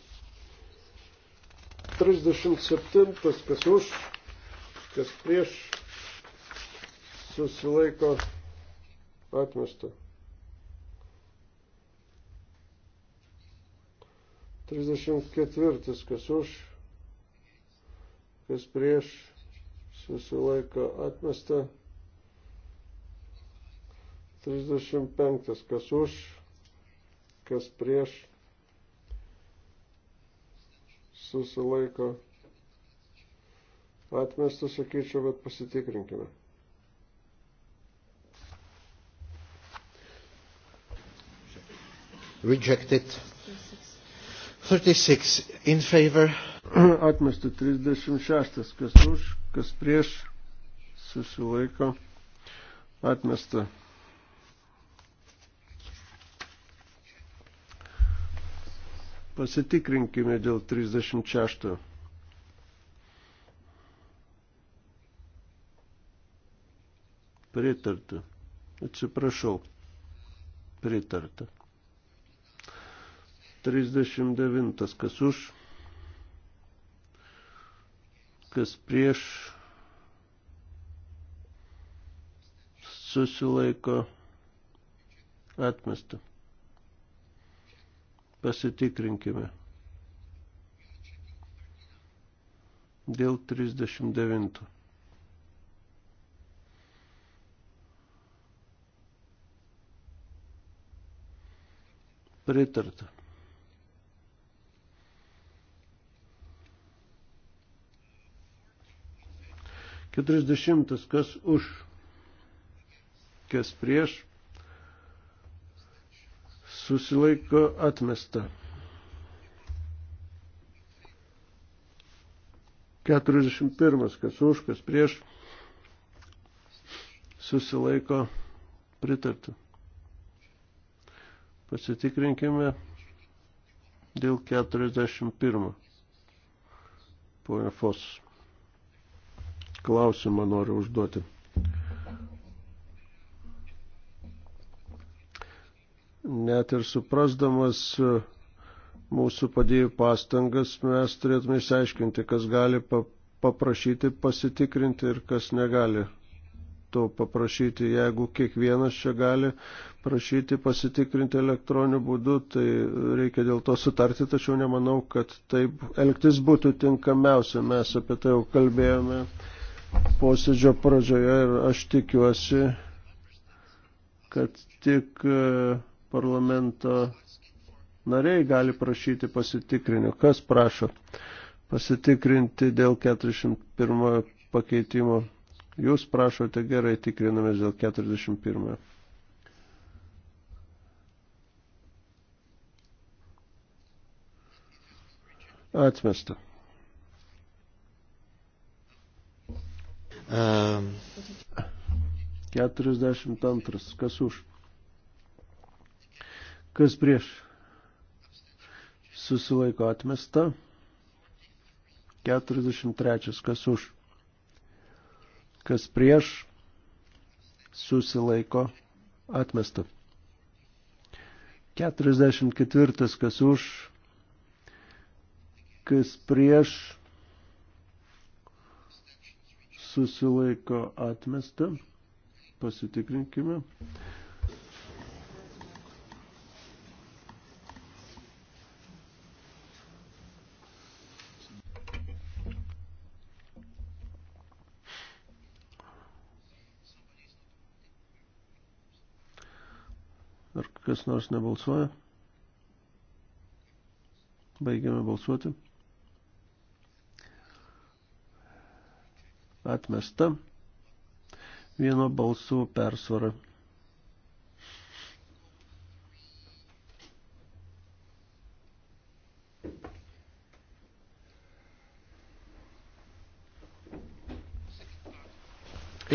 37 kas už, kas prieš susilaiko atmesta. 34 kas už, kas prieš susilaiko atmesta. 35 kas už, kas prieš susilaiko atmestų, sakyčiau, bet pasitikrinkime. Rejected. 36 in favor. Atmestų 36, kas už, kas prieš susilaiko atmestų. Pasitikrinkime dėl 36. Pritarta. Atsiprašau. Pritarta. 39. Kas už? Kas prieš? Susilaiko. Atmesta. Pasitikrinkime. Dėl 39. Pritarta. Keturiasdešimtas, kas už, kas prieš, susilaiko atmesta. 41. Kas už, kas prieš susilaiko pritartų. Pasitikrinkime dėl 41. Pone Fos, klausimą noriu užduoti. net ir suprasdamas mūsų padėjų pastangas, mes turėtume išsiaiškinti, kas gali paprašyti pasitikrinti ir kas negali to paprašyti. Jeigu kiekvienas čia gali prašyti pasitikrinti elektroniniu būdu, tai reikia dėl to sutarti, tačiau nemanau, kad taip elgtis būtų tinkamiausia. Mes apie tai jau kalbėjome posėdžio pradžioje ir aš tikiuosi, kad tik parlamento nariai gali prašyti pasitikrinio. Kas prašo pasitikrinti dėl 41 pakeitimo? Jūs prašote gerai, tikrinamės dėl 41. Atmesta. Um. 42. Kas už? Kas prieš? Susilaiko atmesta. 43. Kas už? Kas prieš? Susilaiko atmesta. 44. Kas už? Kas prieš? Susilaiko atmesta. Pasitikrinkime. Kas nors nebalsuoja? Baigiame balsuoti. Atmesta. Vieno balsų persvara.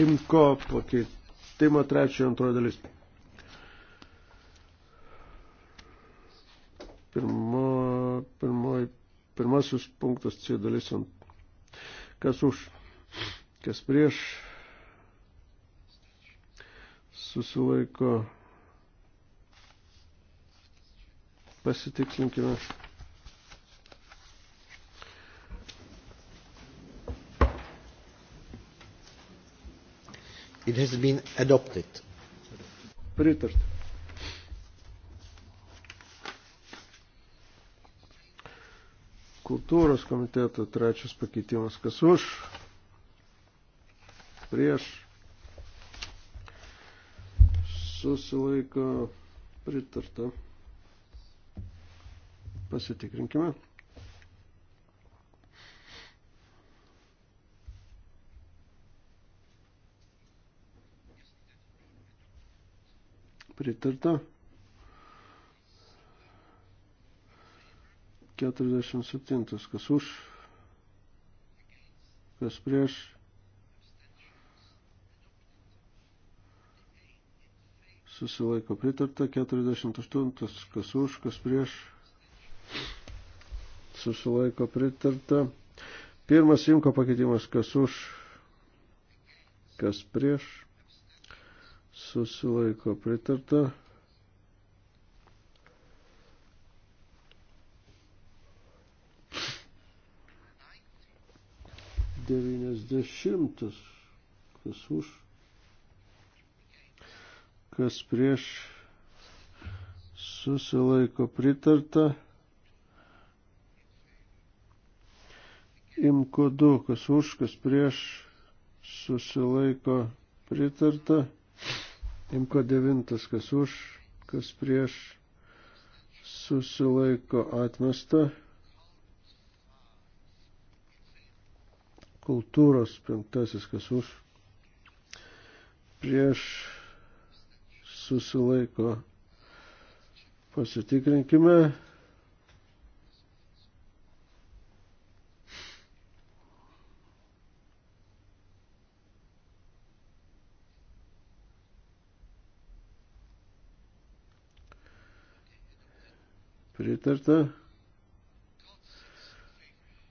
Imko pakeitimo trečiojo antrojo dalis. Pirmasis punktas C dalis ant kas už, kas prieš susilaiko pasitikslinkime. It has been adopted. Pritarta. kultūros komiteto trečias pakeitimas, kas už, prieš, susilaiko pritarta. Pasitikrinkime. Pritarta. 47. Kas už, kas prieš. Susilaiko pritarta. 48. Kas už, kas prieš. Susilaiko pritarta. Pirmas imko pakeitimas. Kas už, kas prieš. Susilaiko pritarta. 90. Kas už? Kas prieš? Susilaiko pritarta. Imko 2. Kas už? Kas prieš? Susilaiko pritarta. Imko 9. Kas už? Kas prieš? Susilaiko atmesta. kultūros penktasis, kas už prieš susilaiko. Pasitikrinkime. Pritarta.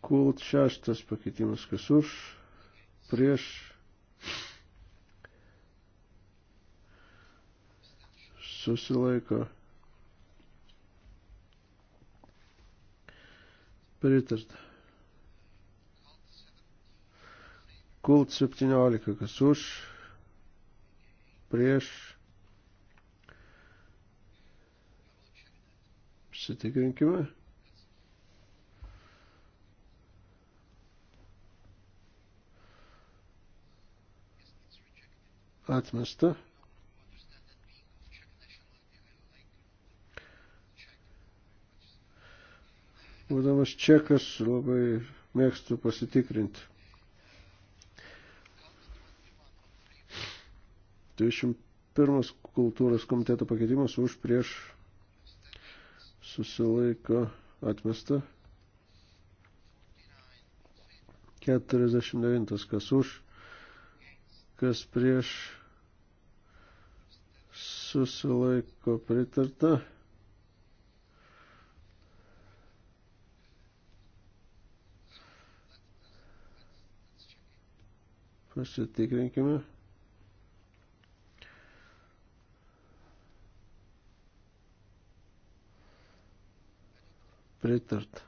Kult šeštas pakeitimas, kas už, prieš, susilaiko. Pritarta. Kult 17, kas už, prieš, sitikrinkime. atmesta. Būdamas čekas labai mėgstu pasitikrinti. 21 kultūros komiteto pakeitimas už prieš susilaiko atmesta. 49 kas už, kas prieš susilaiko pritarta. Pasitikrinkime. Pritarta.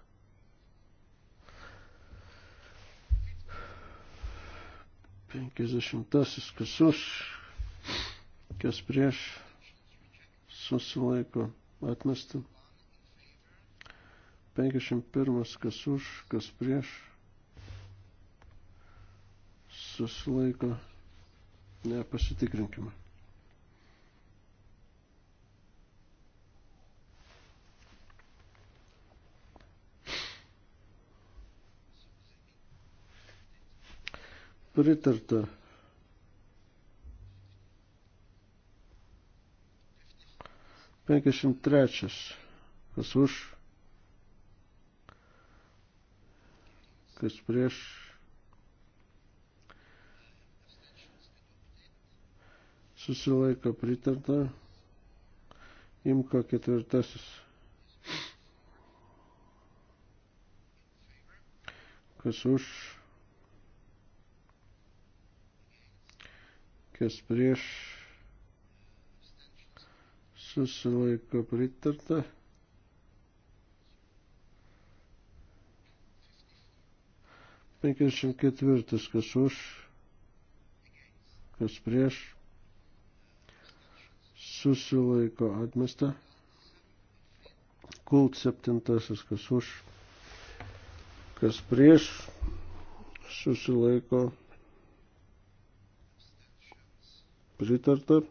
Penkisdešimtasis kasus, kas prieš susilaiko atmesta. 51. Kas už, kas prieš susilaiko. Nepasitikrinkime. Pritarta 53. Kas už, kas prieš. Susilaiko pritarta. Imko ketvirtasis. Kas už, kas prieš susilaiko pritarta. 54. Kas už, kas prieš, susilaiko atmesta. Kult 7. Kas už, kas prieš, susilaiko pritarta.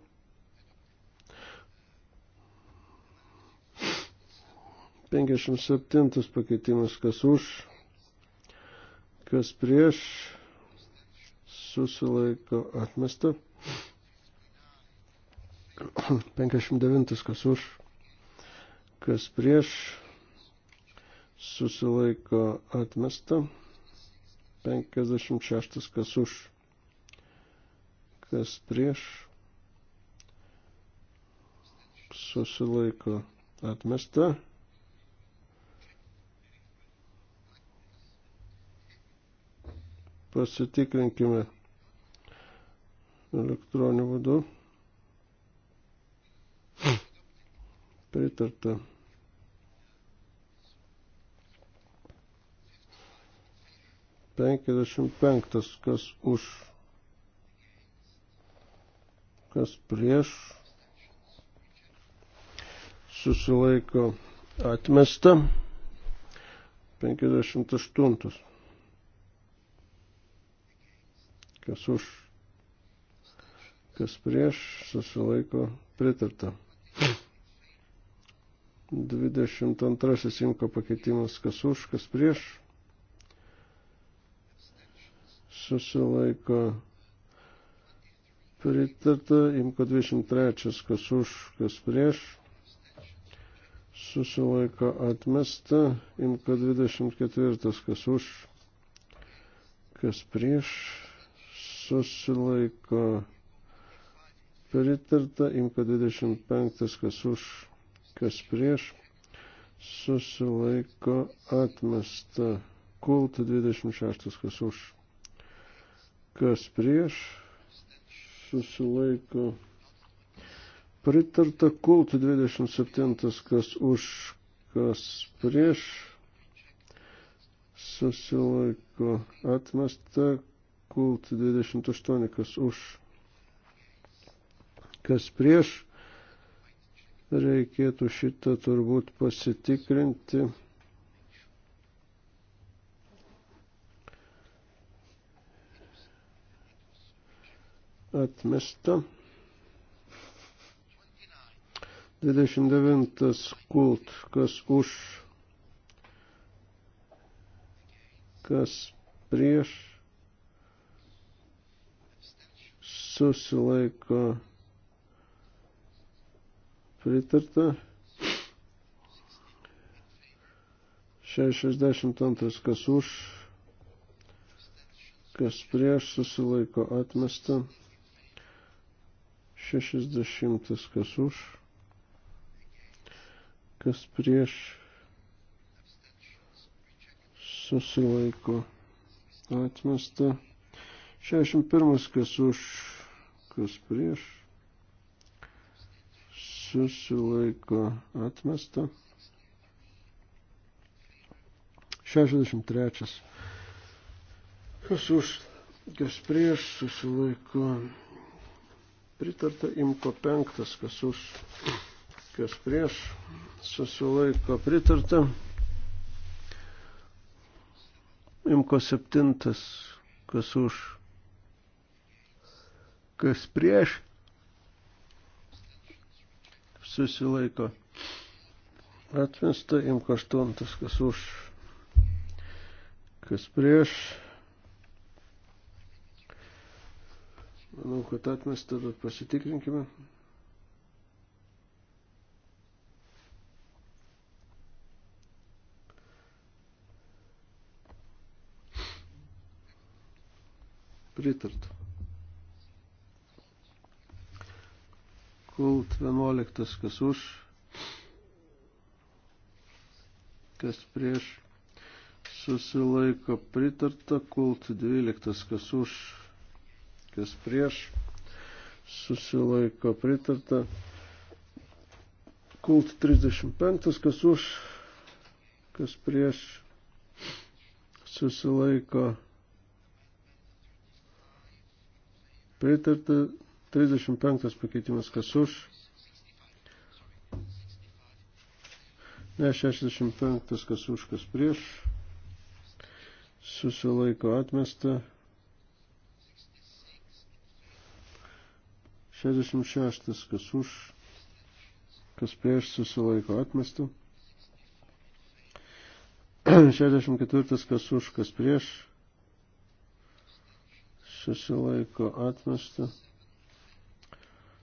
57 pakeitimas, kas už, kas prieš, susilaiko atmesta. 59 kas už, kas prieš, susilaiko atmesta. 56 kas už, kas prieš, susilaiko atmesta. pasitikrinkime elektroniniu būdu. Pritarta. Penkiasdešimt penktas, kas už, kas prieš, susilaiko atmesta. Penkiasdešimt aštuntas. Kas už, kas prieš, susilaiko pritarta. 22 inko pakeitimas, kas už, kas prieš, susilaiko pritarta. Imko 23, kas už, kas prieš, susilaiko atmesta. Imko 24, kas už, kas prieš susilaiko pritarta, imko 25, kas už, kas prieš, susilaiko atmesta, kulta 26, kas už, kas prieš, susilaiko pritarta, kulta 27, kas už, kas prieš, susilaiko atmesta, kult 28, kas už, kas prieš. Reikėtų šitą turbūt pasitikrinti. Atmesta. 29 kult, kas už, kas prieš susilaiko pritarta. 62 kas už, kas prieš susilaiko atmesta. 60 kas už, kas prieš susilaiko atmesta. 61 kas už kas prieš, susilaiko atmesta. 63. Kas už, kas prieš, susilaiko pritarta imko penktas, kas už, kas prieš, susilaiko pritarta. Imko septintas, kas už, kas prieš susilaiko. Atmesta imko aštuntas, kas už, kas prieš. Manau, kad atmesta, bet pasitikrinkime. Pritartų. Kult 11, kas už, kas prieš, susilaiko pritarta. Kult 12, kas už, kas prieš, susilaiko pritarta. Kult 35, kas už, kas prieš, susilaiko pritarta. 35 pakeitimas kas už. Ne 65 kas už, kas prieš. Susilaiko atmesta. 66 kas už, kas prieš susilaiko atmesta. 64 kas už, kas prieš susilaiko atmesta.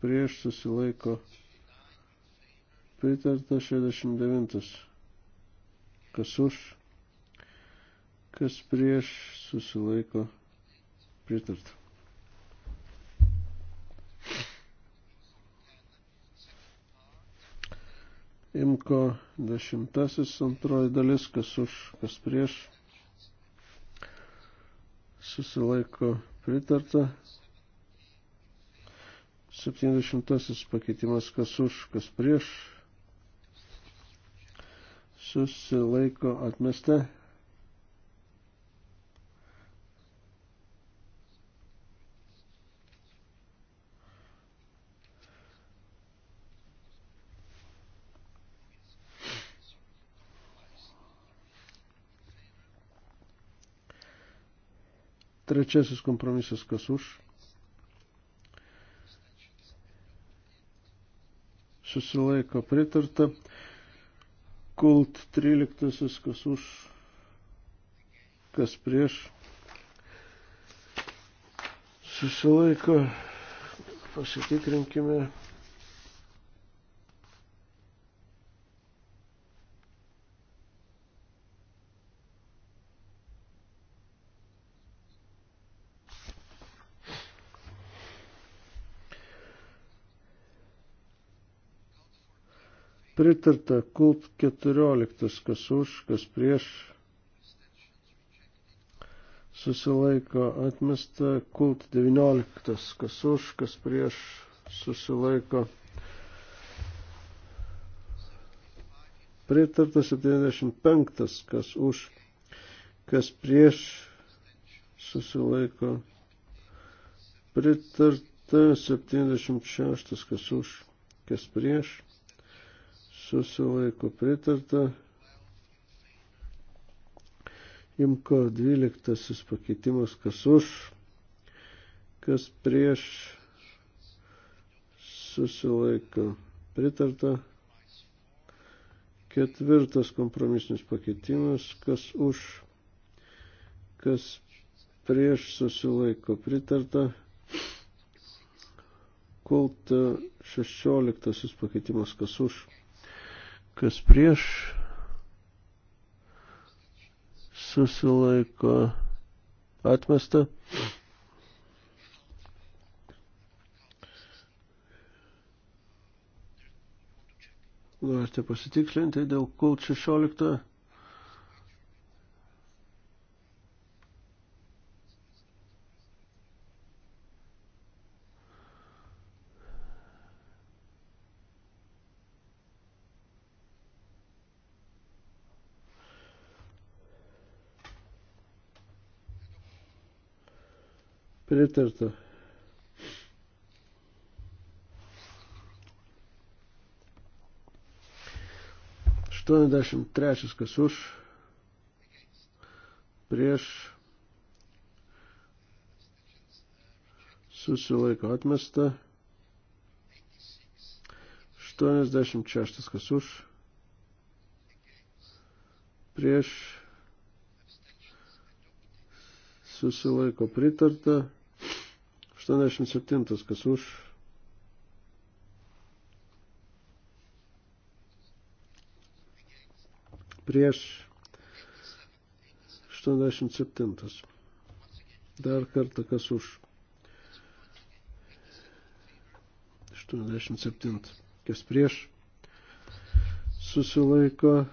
prieš susilaiko pritarta 69. Kas už, kas prieš susilaiko pritarta. Imko dešimtasis antroji dalis, kas už, kas prieš, susilaiko pritarta. 70 pakeitimas, kas už, kas prieš, susilaiko atmesta. Trečiasis kompromisas, kas už, susilaiko pritarta. Kult 13, kas už, kas prieš, susilaiko, pasitikrinkime. pritarta kult 14, kas už, kas prieš, susilaiko atmesta, kult 19, kas už, kas prieš, susilaiko pritarta 75, kas už, kas prieš, susilaiko pritarta 76, kas už, kas prieš susilaiko pritarta. Imko 12 pakeitimas, kas už, kas prieš susilaiko pritarta. Ketvirtas kompromisinis pakeitimas, kas už, kas prieš susilaiko pritarta. Kult 16 pakeitimas, kas už, kas prieš susilaiko atmesta. Galite pasitikslinti dėl kult 16. Pritarta. Aštuoniasdešimt trečias, kas už, prieš, susilaiko atmesta. 86 kas už. Prieš susilaiko pritarta. 87. Kas už? Prieš 87. Dar kartą kas už. 87. Kas prieš? Susilaiko.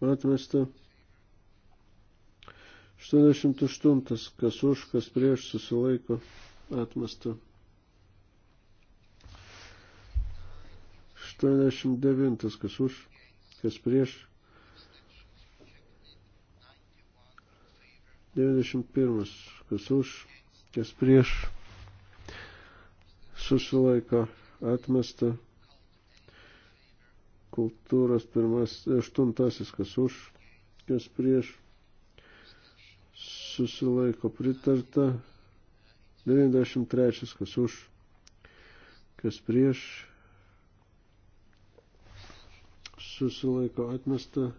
Atmesta. 88. Kas už, kas prieš susilaiko atmesta. 89. Kas už, kas prieš. 91. Kas už, kas prieš. Susilaiko atmesta. Kultūros pirmas, aštuntasis, kas už, kas prieš susilaiko pritarta. 93 kas už, kas prieš, susilaiko atmesta.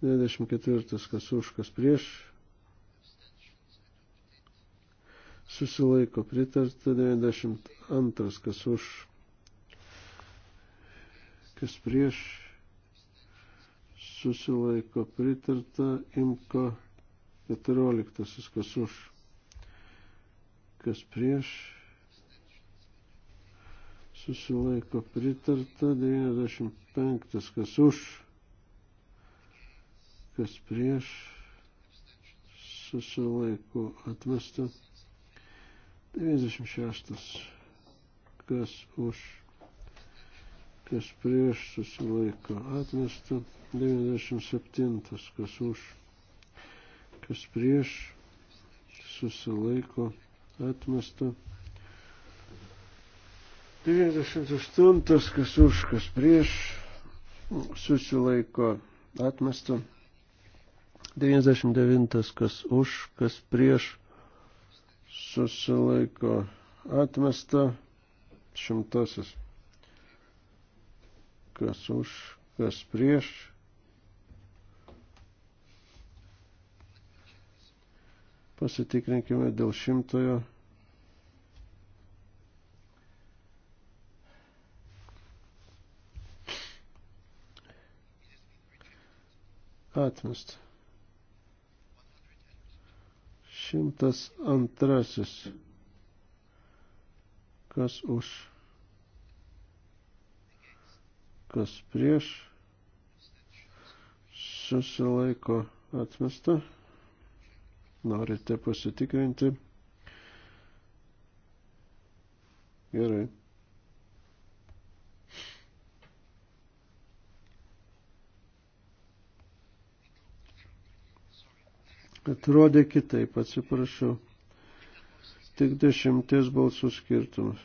Dvidešimt ketvirtas, kas už, kas prieš. Susilaiko pritarta. Dvidešimt antras, kas už, kas prieš susilaiko pritarta, imko 14, kas už, kas prieš, susilaiko pritarta, 95, kas už, kas prieš, susilaiko atmesta, 96, kas už kas prieš susilaiko atmesta, 97, kas už, kas prieš susilaiko atmesta, 98, kas už, kas prieš susilaiko atmesta, 99, kas už, kas prieš susilaiko atmesta, šimtasis kas už, kas prieš. Pasitikrinkime dėl šimtojo. Atmest. Šimtas antrasis. Kas už kas prieš, susilaiko atmesta, norite pasitikrinti. Gerai. Atrodė kitaip, atsiprašau. Tik dešimties balsų skirtumas.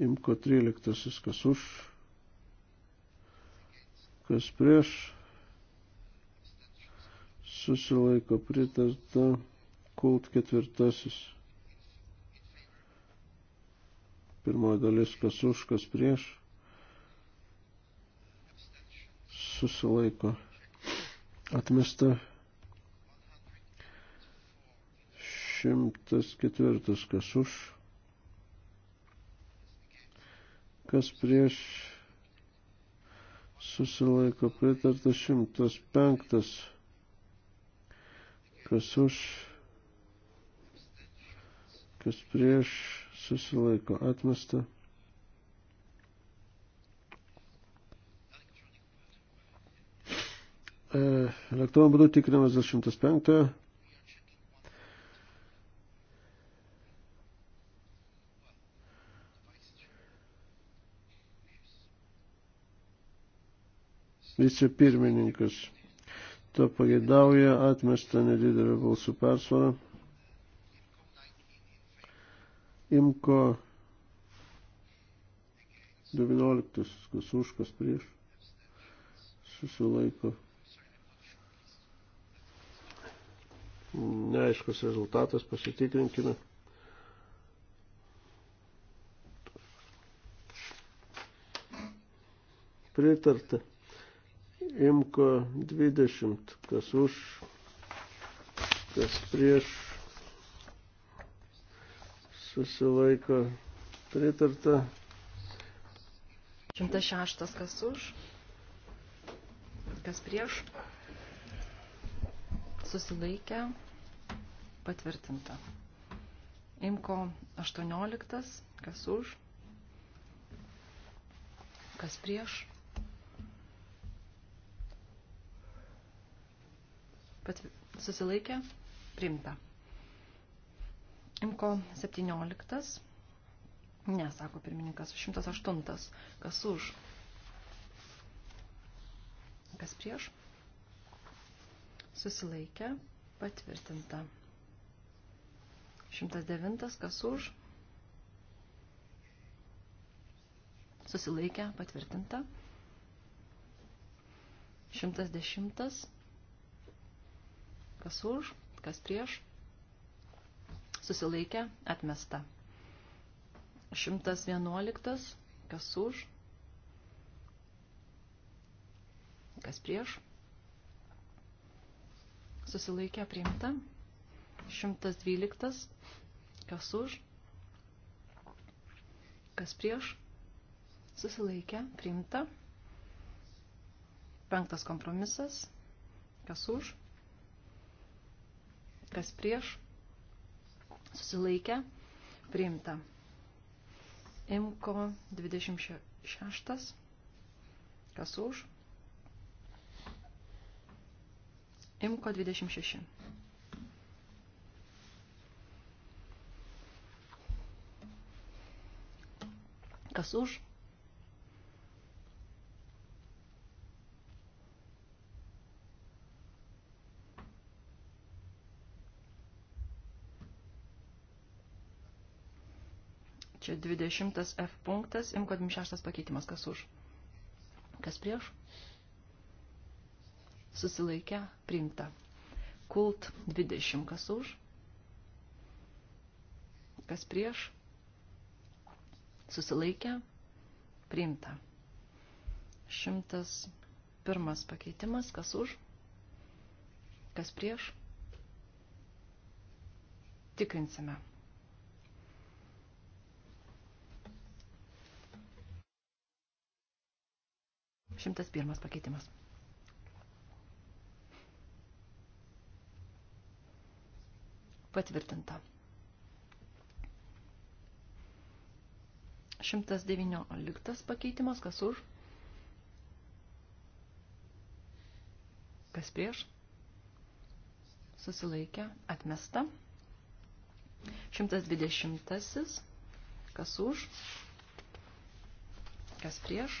Imko 13, kas už, kas prieš, susilaiko pritarta, kult ketvirtasis. Pirmoji dalis, kas už, kas prieš, susilaiko atmesta. 104, kas už kas prieš susilaiko pritarta 105, kas už, kas prieš susilaiko atmesta. E, elektroniniu būdu tikrinamas dėl 105. vicepirmininkas. To pageidauja atmesta nedidelė balsų persvara. Imko 19, kas už, kas prieš, susilaiko. Neaiškus rezultatas, pasitikrinkime. pritarta. Imko 20, kas už, kas prieš, susilaiko pritarta. 106, kas už, kas prieš, susilaikė, patvirtinta. Imko 18, kas už, kas prieš, Pat susilaikė. Primta. Imko 17. Ne, sako pirmininkas. 108. Kas už? Kas prieš? Susilaikė. Patvirtinta. 109. Kas už? Susilaikė. Patvirtinta. 110. Kas už, kas prieš. Susilaikė, atmesta. 111. Kas už, kas prieš. Susilaikė, priimta. 112. Kas už, kas prieš. Susilaikė, priimta. Penktas kompromisas. Kas už, Kas prieš? Susilaikę. Priimta. Imko 26. Kas už? Imko 26. Kas už? Čia 20 F punktas, imko 26 pakeitimas, kas už. Kas prieš? Susilaikę, priimta. Kult 20, kas už. Kas prieš? Susilaikę, priimta. 101 pakeitimas, kas už. Kas prieš? Tikrinsime. 101 pakeitimas. Patvirtinta. 119 pakeitimas, kas už, kas prieš, susilaikė, atmesta. 120, kas už, kas prieš,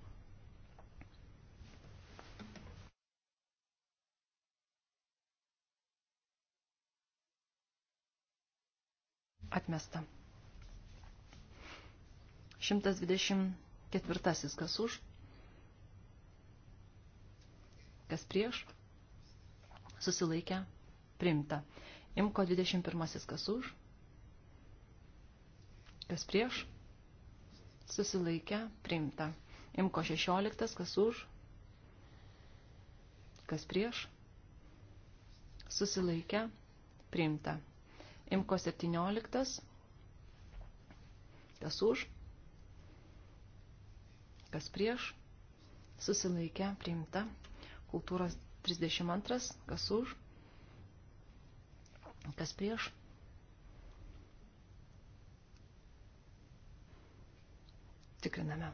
Atmesta. 124. Kas už? Kas prieš? Susilaikę. Primta. Imko 21. Kas už? Kas prieš? Susilaikę. Primta. Imko 16. Kas už? Kas prieš? Susilaikę. Primta. Imko 17. Kas už? Kas prieš? Susilaikę, priimta. Kultūros 32. Kas už? Kas prieš? Tikriname.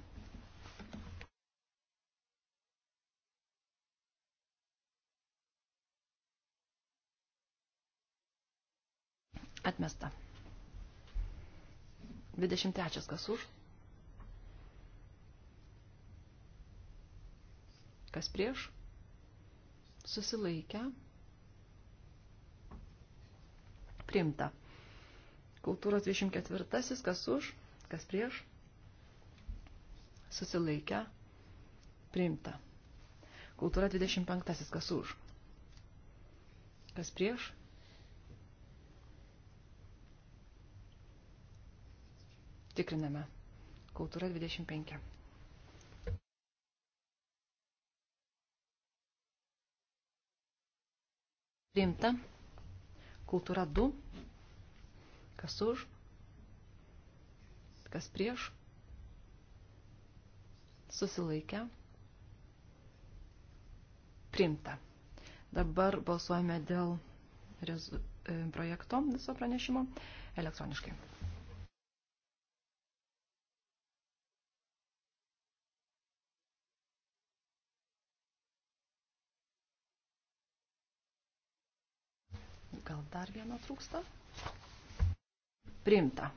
Atmesta. 23 kas už. Kas prieš? Susilaikę. Primta. Kultūros 24 kas už. Kas prieš? Susilaikę. Primta. Kultūra 25 kas už. Kas prieš? Tikriname. Kultūra 25. Priimta. Kultūra 2. Kas už? Kas prieš? Susilaikę. Priimta. Dabar balsuojame dėl rezu... E, projekto viso pranešimo elektroniškai. Gal dar vieno trūksta? Priimta.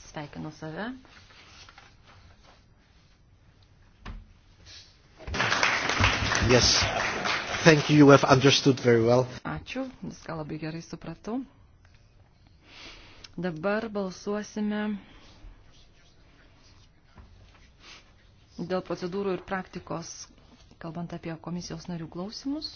Sveikinu save. Yes. Thank you. You have understood very well. Ačiū. Viską labai gerai supratau. Dabar balsuosime dėl procedūrų ir praktikos, kalbant apie komisijos narių klausimus.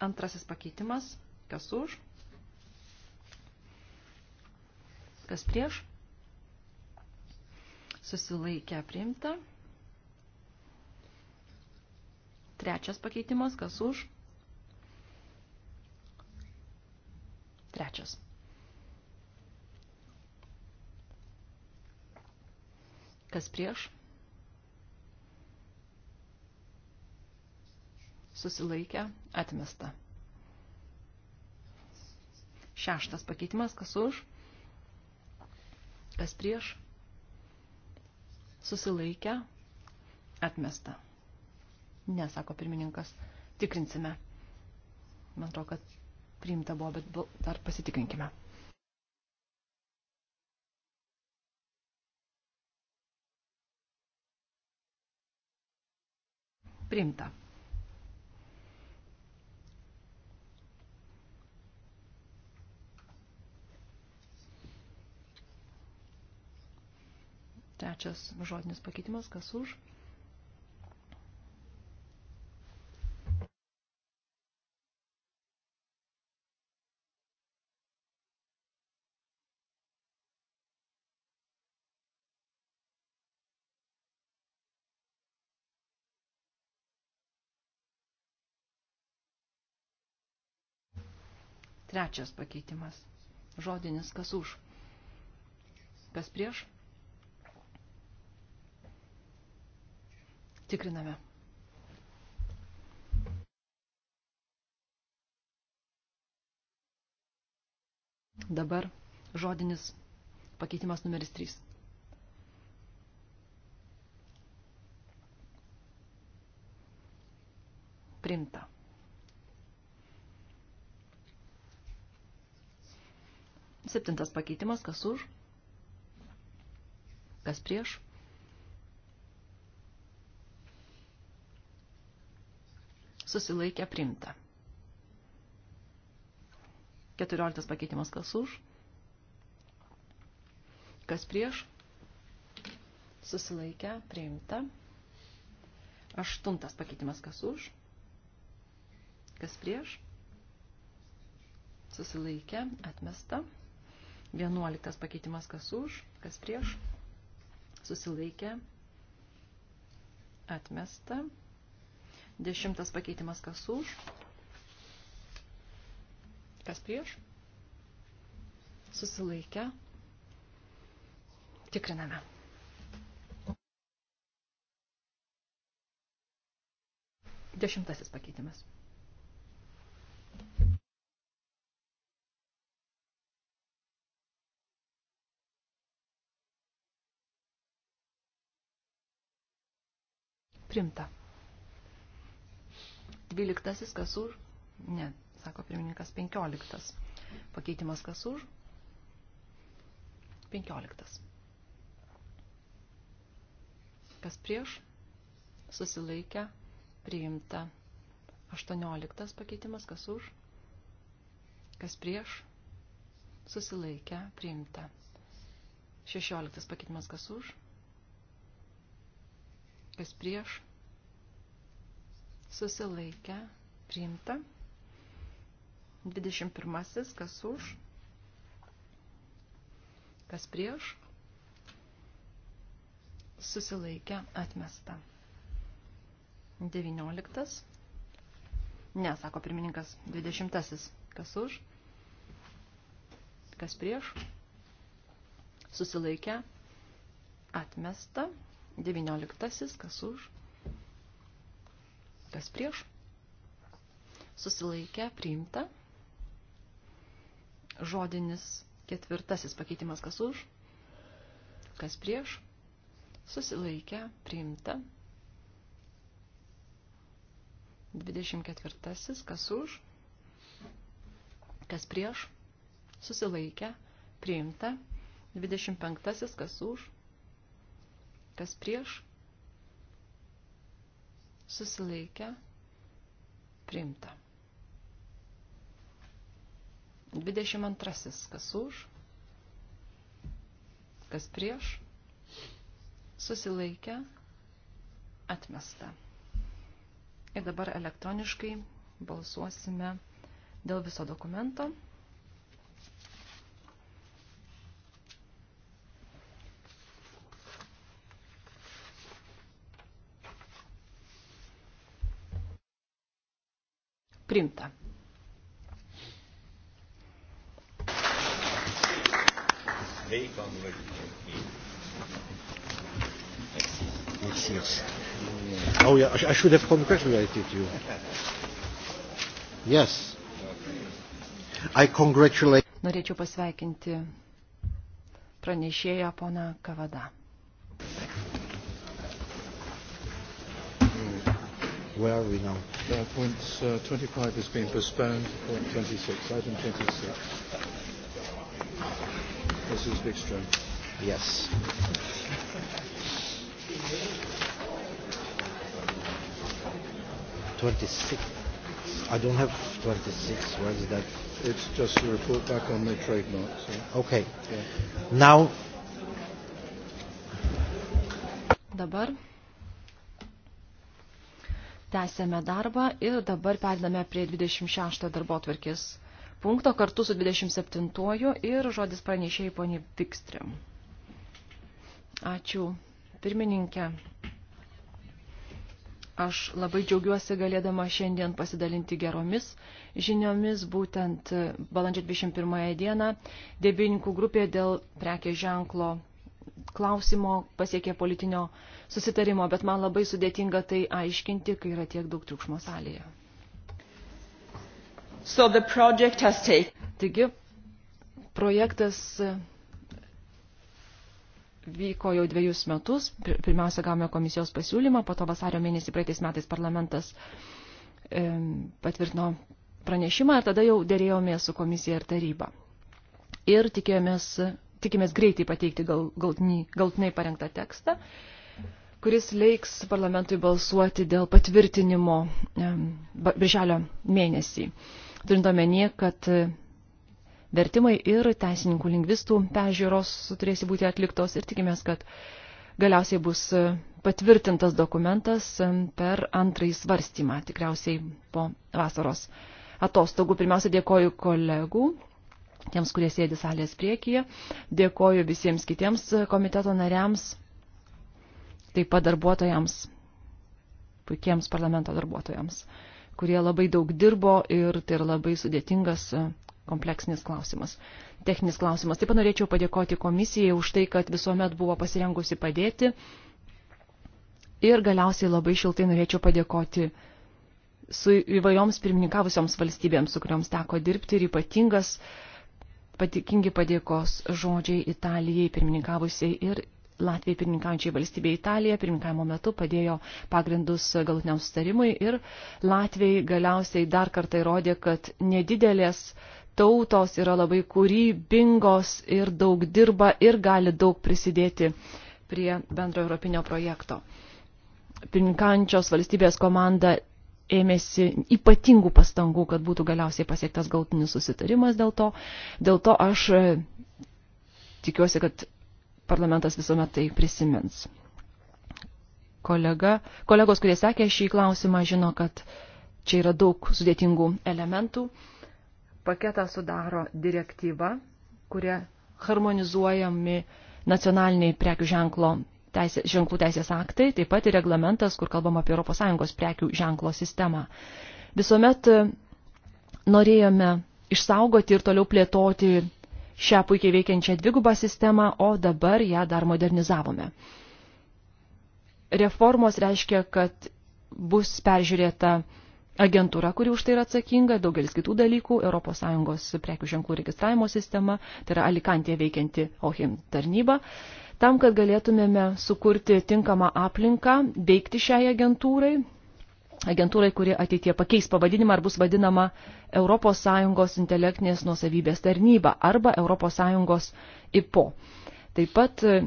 Antrasis pakeitimas. Kas už? Kas prieš? Susilaikę priimta. Trečias pakeitimas. Kas už? Trečias. Kas prieš? susilaikę, atmesta. Šeštas pakeitimas, kas už, kas prieš, susilaikę, atmesta. Ne, sako pirmininkas, tikrinsime. Man atrodo, kad priimta buvo, bet dar pasitikrinkime. Priimta. Trečias žodinis pakeitimas, kas už. Trečias pakeitimas. Žodinis kas už. Kas prieš? Tikriname. Dabar žodinis pakeitimas numeris 3. Primta. Septintas pakeitimas, kas už, kas prieš, susilaikė primta. 14 pakeitimas kas už, kas prieš, susilaikę, priimta. 8 pakeitimas kas už, kas prieš, susilaikę, atmesta. 11 pakeitimas kas už, kas prieš, susilaikę, atmesta. Dešimtas pakeitimas kas už. Kas prieš? Susilaikę. Tikriname. Dešimtasis pakeitimas. Primta. 12 kas už? Ne, sako pirmininkas 15. Pakeitimas kas už? 15. Kas prieš? Susilaikę, priimta. 18 pakeitimas kas už? Kas prieš? Susilaikę, priimta. 16 pakeitimas kas už? Kas prieš? susilaikę, priimta. 21. Kas už, kas prieš, susilaikę, atmesta. 19. Ne, sako pirmininkas, 20. Kas už, kas prieš, susilaikę, atmesta. 19. Kas už, kas prieš, susilaikę, priimta. Žodinis ketvirtasis pakeitimas, kas už, kas prieš, susilaikę, priimta. 24. Kas už, kas prieš, susilaikę, priimta. 25. Kas už, kas prieš, susilaikę, priimta. 22. Kas už, kas prieš, susilaikę, atmesta. Ir dabar elektroniškai balsuosime dėl viso dokumento. primta. Yes, yes. Oh yeah, I should have congratulated you. Yes. I congratulate. Norėčiau pasveikinti pranešėją poną Kavadą. Where are we now? Uh, point uh, 25 has been postponed. Point 26. Item 26. Mrs. Wikström. Yes. Twenty-six. I don't have twenty-six. What is that? It's just a report back on the trademark. So. Okay. Yeah. Now. Dabar Tęsėme darbą ir dabar periname prie 26 darbo tvarkės punkto kartu su 27 ir žodis pranešėjai poniai Vikstrim. Ačiū, pirmininkė. Aš labai džiaugiuosi galėdama šiandien pasidalinti geromis žiniomis, būtent balandžio 21 dieną dėbininkų grupė dėl prekės ženklo klausimo pasiekė politinio susitarimo, bet man labai sudėtinga tai aiškinti, kai yra tiek daug triukšmo salėje. So Taigi, projektas e, vyko jau dviejus metus. Pirmiausia, gavome komisijos pasiūlymą, po to vasario mėnesį praeitais metais parlamentas e, patvirtino pranešimą ir tada jau dėrėjomės su komisija ir taryba. Ir tikėjomės tikimės greitai pateikti gal, galtinį, galtinai parengtą tekstą, kuris leiks parlamentui balsuoti dėl patvirtinimo birželio mėnesį. Turint omenyje, kad e, vertimai ir teisininkų lingvistų peržiūros turės būti atliktos ir tikimės, kad galiausiai bus e, patvirtintas dokumentas per antrąjį svarstymą, tikriausiai po vasaros atostogų. Pirmiausia, dėkoju kolegų tiems, kurie sėdi salės priekyje. Dėkoju visiems kitiems komiteto nariams, taip pat darbuotojams, puikiems parlamento darbuotojams, kurie labai daug dirbo ir tai yra labai sudėtingas kompleksinis klausimas, techninis klausimas. Taip pat norėčiau padėkoti komisijai už tai, kad visuomet buvo pasirengusi padėti. Ir galiausiai labai šiltai norėčiau padėkoti su įvairioms pirmininkavusioms valstybėms, su kuriuoms teko dirbti ir ypatingas uh, patikingi padėkos žodžiai Italijai pirmininkavusiai ir Latvijai pirmininkaujančiai valstybė Italija pirmininkavimo metu padėjo pagrindus galutiniam sustarimui ir Latvijai galiausiai dar kartą įrodė, kad nedidelės tautos yra labai kūrybingos ir daug dirba ir gali daug prisidėti prie bendro europinio projekto. Pirmininkančios valstybės komanda ėmėsi ypatingų pastangų, kad būtų galiausiai pasiektas galtinis susitarimas dėl to. Dėl to aš e, tikiuosi, kad parlamentas visuomet tai prisimins. Kolega, kolegos, kurie sekė šį klausimą, žino, kad čia yra daug sudėtingų elementų. Paketą sudaro direktyva, kuria harmonizuojami nacionaliniai prekių ženklo teisė, ženklų teisės aktai, taip pat ir reglamentas, kur kalbam apie ES prekių ženklo sistemą. Visuomet e, norėjome išsaugoti ir toliau plėtoti šią puikiai veikiančią dvigubą sistemą, o dabar ją dar modernizavome. Reformos reiškia, kad bus peržiūrėta agentūra, kuri už tai yra atsakinga, daugelis kitų dalykų, ES prekių ženklų registravimo sistema, tai yra Alikantėje veikianti OHIM tarnyba. Uh, tam, kad galėtumėme sukurti tinkamą aplinką, veikti šiai agentūrai, agentūrai, kuri ateitie pakeis pavadinimą ar bus vadinama ES intelektinės nuosavybės tarnyba arba ES IPO. Taip pat e,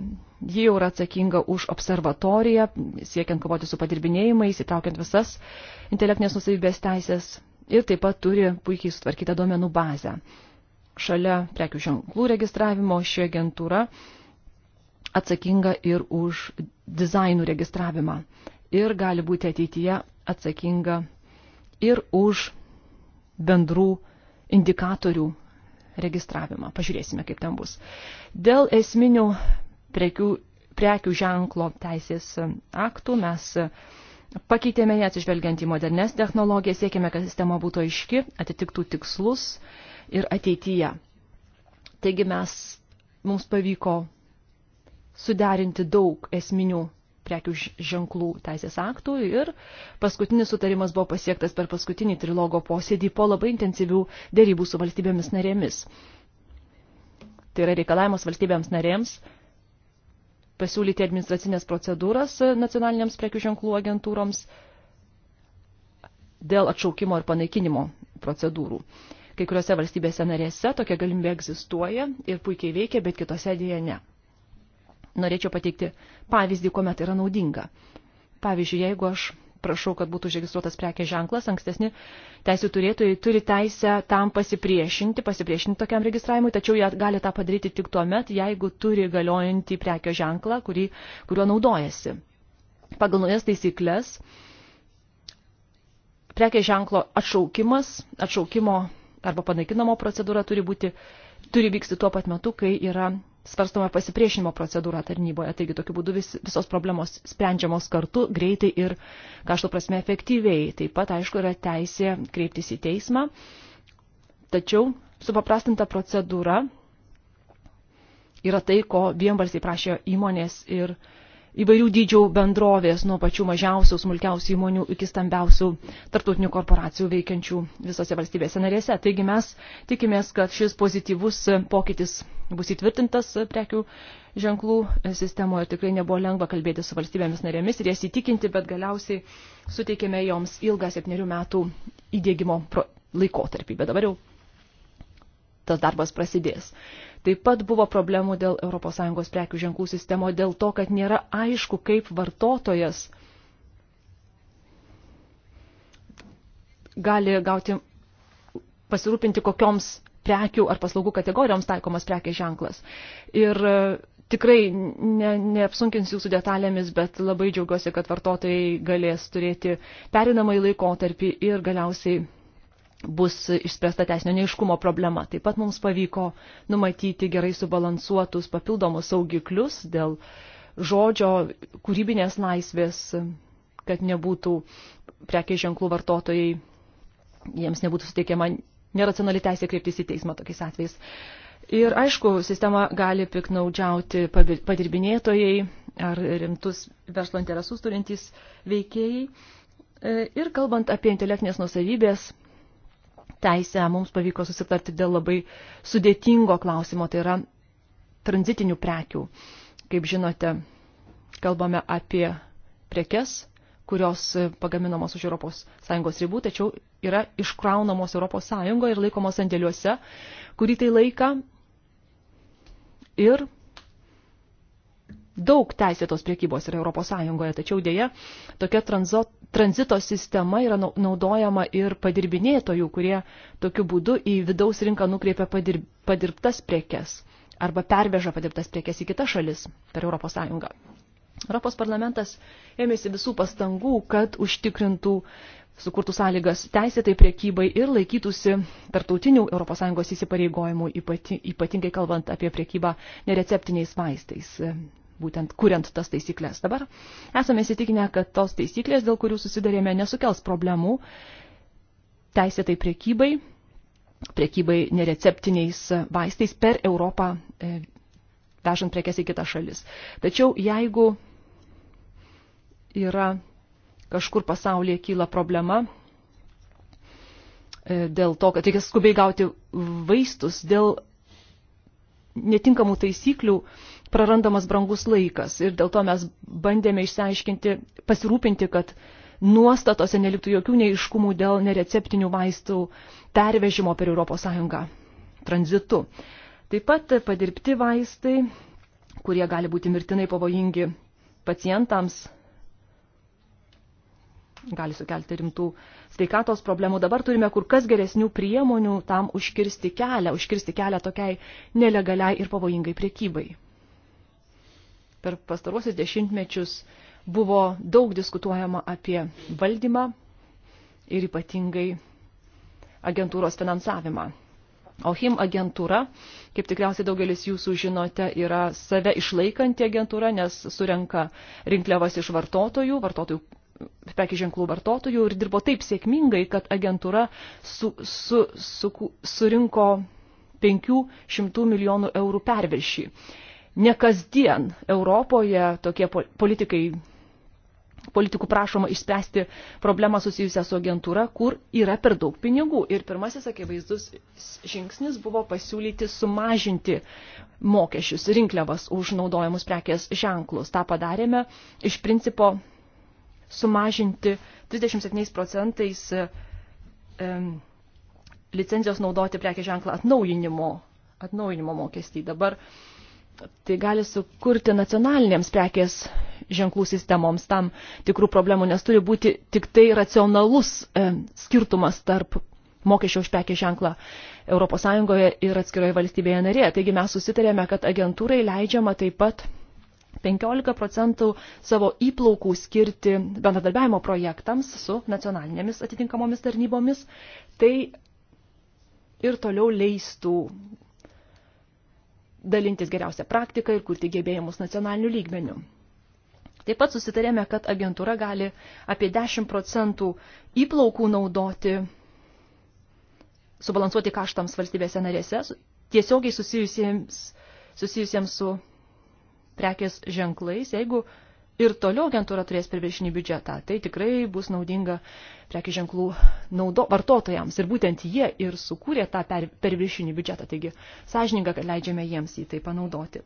ji jau yra atsakinga už observatoriją, siekiant kovoti su padirbinėjimais, įtraukiant visas intelektinės nusavybės teisės ir taip pat turi puikiai sutvarkytą duomenų bazę. Šalia prekių ženklų registravimo ši agentūra atsakinga ir už dizainų registravimą ir gali būti ateityje atsakinga ir už bendrų indikatorių registravimą. Pažiūrėsime, kaip ten bus. Dėl esminių prekių, prekių ženklo teisės aktų mes pakeitėme neatsižvelgiant į modernes technologijas, siekėme, kad sistema būtų aiški, atitiktų tikslus ir ateityje. Taigi mes, mums pavyko suderinti daug esminių prekių ženklų teisės aktų ir paskutinis sutarimas buvo pasiektas per paskutinį trilogo posėdį po labai intensyvių dėrybų su valstybėmis narėmis. Tai yra reikalavimas valstybėms narėms pasiūlyti administracinės procedūras nacionalinėms prekių ženklų agentūroms dėl atšaukimo ir panaikinimo procedūrų. Kai kuriuose valstybėse narėse tokia galimybė egzistuoja ir puikiai veikia, bet kitose dėje ne. Norėčiau pateikti pavyzdį, kuomet yra naudinga. Pavyzdžiui, jeigu aš prašau, kad būtų užregistruotas prekės ženklas, ankstesni teisų turėtojai turi teisę tam pasipriešinti, pasipriešinti tokiam registravimui, tačiau jie gali tą padaryti tik tuo met, jeigu turi galiojantį prekio ženklą, kurį, kuriuo naudojasi. Pagal naujas taisyklės, prekės ženklo atšaukimas, atšaukimo arba panaikinamo procedūra turi, būti, turi vykti tuo pat metu, kai yra svarstoma pasipriešinimo procedūra tarnyboje. Taigi tokiu būdu vis, visos problemos sprendžiamos kartu, greitai ir kažto prasme efektyviai. Taip pat, aišku, yra teisė kreiptis į teismą. Tačiau supaprastinta procedūra yra tai, ko vienbalsiai prašė įmonės ir uh, įvairių dydžių bendrovės, nuo pačių mažiausių, smulkiausių įmonių iki stambiausių tartutinių korporacijų veikiančių visose valstybėse narėse. Taigi mes tikimės, kad šis pozityvus pokytis bus įtvirtintas prekių ženklų sistemoje. Tikrai nebuvo lengva kalbėti su valstybėmis narėmis ir jas įtikinti, bet galiausiai suteikėme joms ilgą septynerių metų įdėgymo laikotarpį. Bet dabar jau tas darbas prasidės. Taip pat buvo problemų dėl ES prekių ženklų sistemo, dėl to, kad nėra aišku, kaip vartotojas gali gauti pasirūpinti kokioms prekių ar paslaugų kategorijoms taikomas prekės ženklas. Ir e, tikrai ne, neapsunkins jūsų detalėmis, bet labai džiaugiuosi, kad vartotojai galės turėti perinamąjį laikotarpį ir galiausiai bus išspręsta teisinio neiškumo problema. Taip pat mums pavyko numatyti gerai subalansuotus papildomus saugiklius dėl žodžio kūrybinės laisvės, kad nebūtų prekės ženklų vartotojai, jiems nebūtų suteikiama neracionali teisė kreiptis į teismą tokiais atvejais. Ir aišku, sistema gali piknaudžiauti padirbinėtojai ar rimtus verslo interesus turintys veikėjai. E, ir kalbant apie intelektinės nusavybės teisę mums pavyko susitarti dėl labai sudėtingo klausimo, tai yra tranzitinių prekių. Kaip žinote, kalbame apie prekes, kurios pagaminamos už ES ribų, tačiau yra iškraunamos ES ir laikomos sandėliuose kurį tai laiką ir daug teisėtos priekybos yra Europos Sąjungoje, tačiau dėja tokia tranzo, tranzito sistema yra naudojama ir padirbinėtojų, kurie tokiu būdu į vidaus rinką nukreipia padirb, padirbtas prekes arba perveža padirbtas prekes į kitas šalis per Europos Sąjungą. Europos parlamentas ėmėsi visų pastangų, kad užtikrintų, sukurtų sąlygas teisėtai priekybai ir laikytųsi tartautinių ES įsipareigojimų, ypatingai kalbant apie priekybą nereceptiniais vaistais būtent kuriant tas taisyklės. Dabar esame įsitikinę, kad tos taisyklės, dėl kurių susidarėme, nesukels problemų teisėtai priekybai, priekybai nereceptiniais vaistais per Europą e, vežant prekes į kitas šalis. Tačiau jeigu yra kažkur pasaulyje kyla problema e, dėl to, kad reikia skubiai gauti vaistus dėl netinkamų taisyklių, prarandamas brangus laikas ir dėl to mes bandėme išsiaiškinti, pasirūpinti, kad nuostatose neliktų jokių neiškumų dėl nereceptinių vaistų pervežimo per ES tranzitu. Taip pat padirbti vaistai, kurie gali būti mirtinai pavojingi pacientams, gali sukelti rimtų sveikatos problemų. Dabar turime kur kas geresnių priemonių tam užkirsti kelią, užkirsti kelią tokiai nelegaliai ir pavojingai priekybai per pastarosius dešimtmečius buvo daug diskutuojama apie valdymą ir ypatingai agentūros finansavimą. OHIM agentūra, kaip tikriausiai daugelis jūsų žinote, yra save išlaikanti agentūra, nes surenka rinkliavas iš vartotojų, vartotojų prekių ženklų vartotojų ir dirbo taip sėkmingai, kad agentūra su, su, su, surinko 500 milijonų eurų perviršį ne kasdien Europoje tokie politikai, politikų prašoma išspręsti problemą susijusią su agentūra, kur yra per daug pinigų. Ir pirmasis akivaizdus žingsnis buvo pasiūlyti sumažinti mokesčius, rinkliavas už naudojamus prekės ženklus. Ta padarėme iš principo sumažinti 37 procentais licenzijos naudoti prekės ženklą atnaujinimo, atnaujinimo mokestį. Dabar tai gali sukurti nacionalinėms prekės ženklų sistemoms tam tikrų problemų, nes turi būti tik tai racionalus e, skirtumas tarp mokesčio už prekės ženklą ES ir atskiroje valstybėje narėje. Taigi mes susitarėme, kad agentūrai leidžiama taip pat 15 procentų savo įplaukų skirti bendradarbiavimo projektams su nacionalinėmis atitinkamomis tarnybomis. Tai ir toliau leistų dalintis geriausią praktiką ir kurti gebėjimus nacionalinių lygmenių. Taip pat susitarėme, kad agentūra gali apie 10 procentų įplaukų naudoti, subalansuoti kaštams valstybėse narėse, tiesiogiai susijusiems, susijusiems su prekės ženklais, jeigu uh, ir toliau agentūra turės priviršinį biudžetą. Tai tikrai bus naudinga prekių ženklų naudo, vartotojams. Ir būtent jie ir sukūrė tą per, perviršinį biudžetą. Taigi sąžininga, kad leidžiame jiems jį tai panaudoti.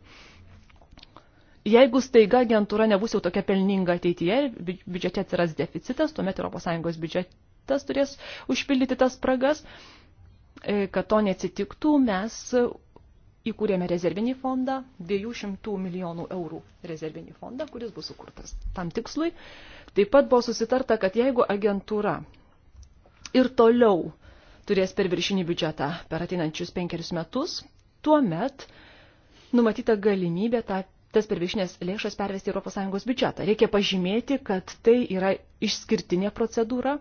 Jeigu staiga agentūra nebus jau tokia pelninga ateityje ir biudžete atsiras deficitas, tuomet ES biudžetas turės užpildyti tas spragas. E, kad to neatsitiktų, mes įkūrėme rezervinį fondą, 200 milijonų eurų rezervinį fondą, kuris bus sukurtas tam tikslui. Taip pat buvo susitarta, kad jeigu agentūra ir toliau turės per viršinį biudžetą per ateinančius penkerius metus, tuomet numatyta galimybė tą, tas pervišinės lėšas pervesti ES biudžetą. Reikia pažymėti, kad tai yra išskirtinė procedūra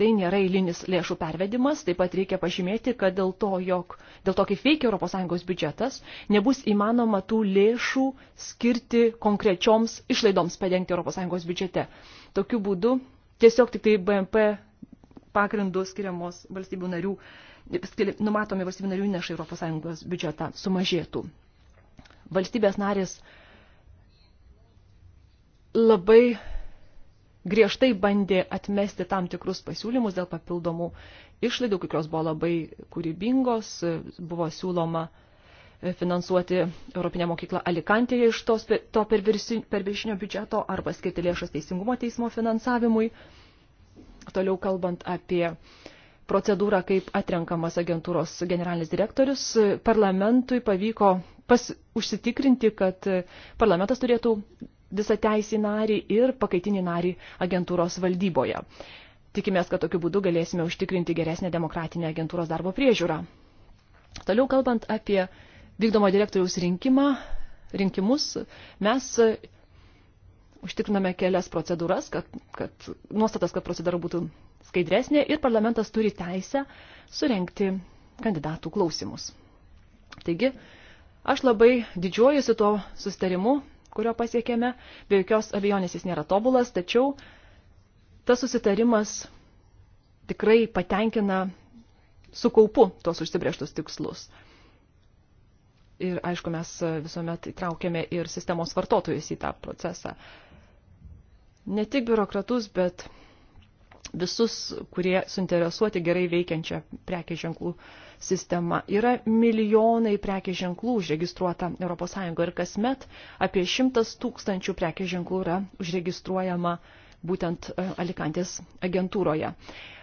tai nėra eilinis lėšų pervedimas, taip pat reikia pažymėti, kad dėl to, jog, dėl to kaip veikia ES biudžetas, nebus įmanoma tų lėšų skirti konkrečioms išlaidoms padengti ES biudžete. Tokiu būdu tiesiog tik tai BMP pagrindų skiriamos valstybių narių, numatomi valstybių narių nešai ES biudžetą sumažėtų. Valstybės narės labai griežtai bandė atmesti tam tikrus pasiūlymus dėl papildomų išlaidų, kai kurios buvo labai kūrybingos, buvo siūloma e, finansuoti Europinę mokyklą Alikantėje iš tos, to perviršinio biudžeto arba skirti lėšas Teisingumo teismo finansavimui. Toliau kalbant apie procedūrą, kaip atrenkamas agentūros generalinis direktorius, e, parlamentui pavyko pas, užsitikrinti, kad e, parlamentas turėtų visą teisį narį ir pakaitinį narį agentūros valdyboje. Tikimės, kad tokiu būdu galėsime užtikrinti geresnę demokratinę agentūros darbo priežiūrą. Toliau kalbant apie vykdomo direktoriaus rinkimą, rinkimus, mes užtikriname kelias procedūras, kad, kad nuostatas, kad procedūra būtų skaidresnė ir parlamentas turi teisę surenkti kandidatų klausimus. Taigi, aš labai didžiuojuosi tuo sustarimu kurio pasiekėme. Be jokios abejonės jis nėra tobulas, tačiau tas susitarimas tikrai patenkina su kaupu tuos užsibrieštus tikslus. Ir aišku, mes visuomet įtraukėme ir sistemos vartotojus į tą procesą. Ne tik biurokratus, bet visus, kurie suinteresuoti gerai veikiančią prekės ženklų sistemą. Yra milijonai prekės ženklų užregistruota ES ir kasmet apie šimtas tūkstančių prekės ženklų yra užregistruojama būtent e, Alikantės agentūroje.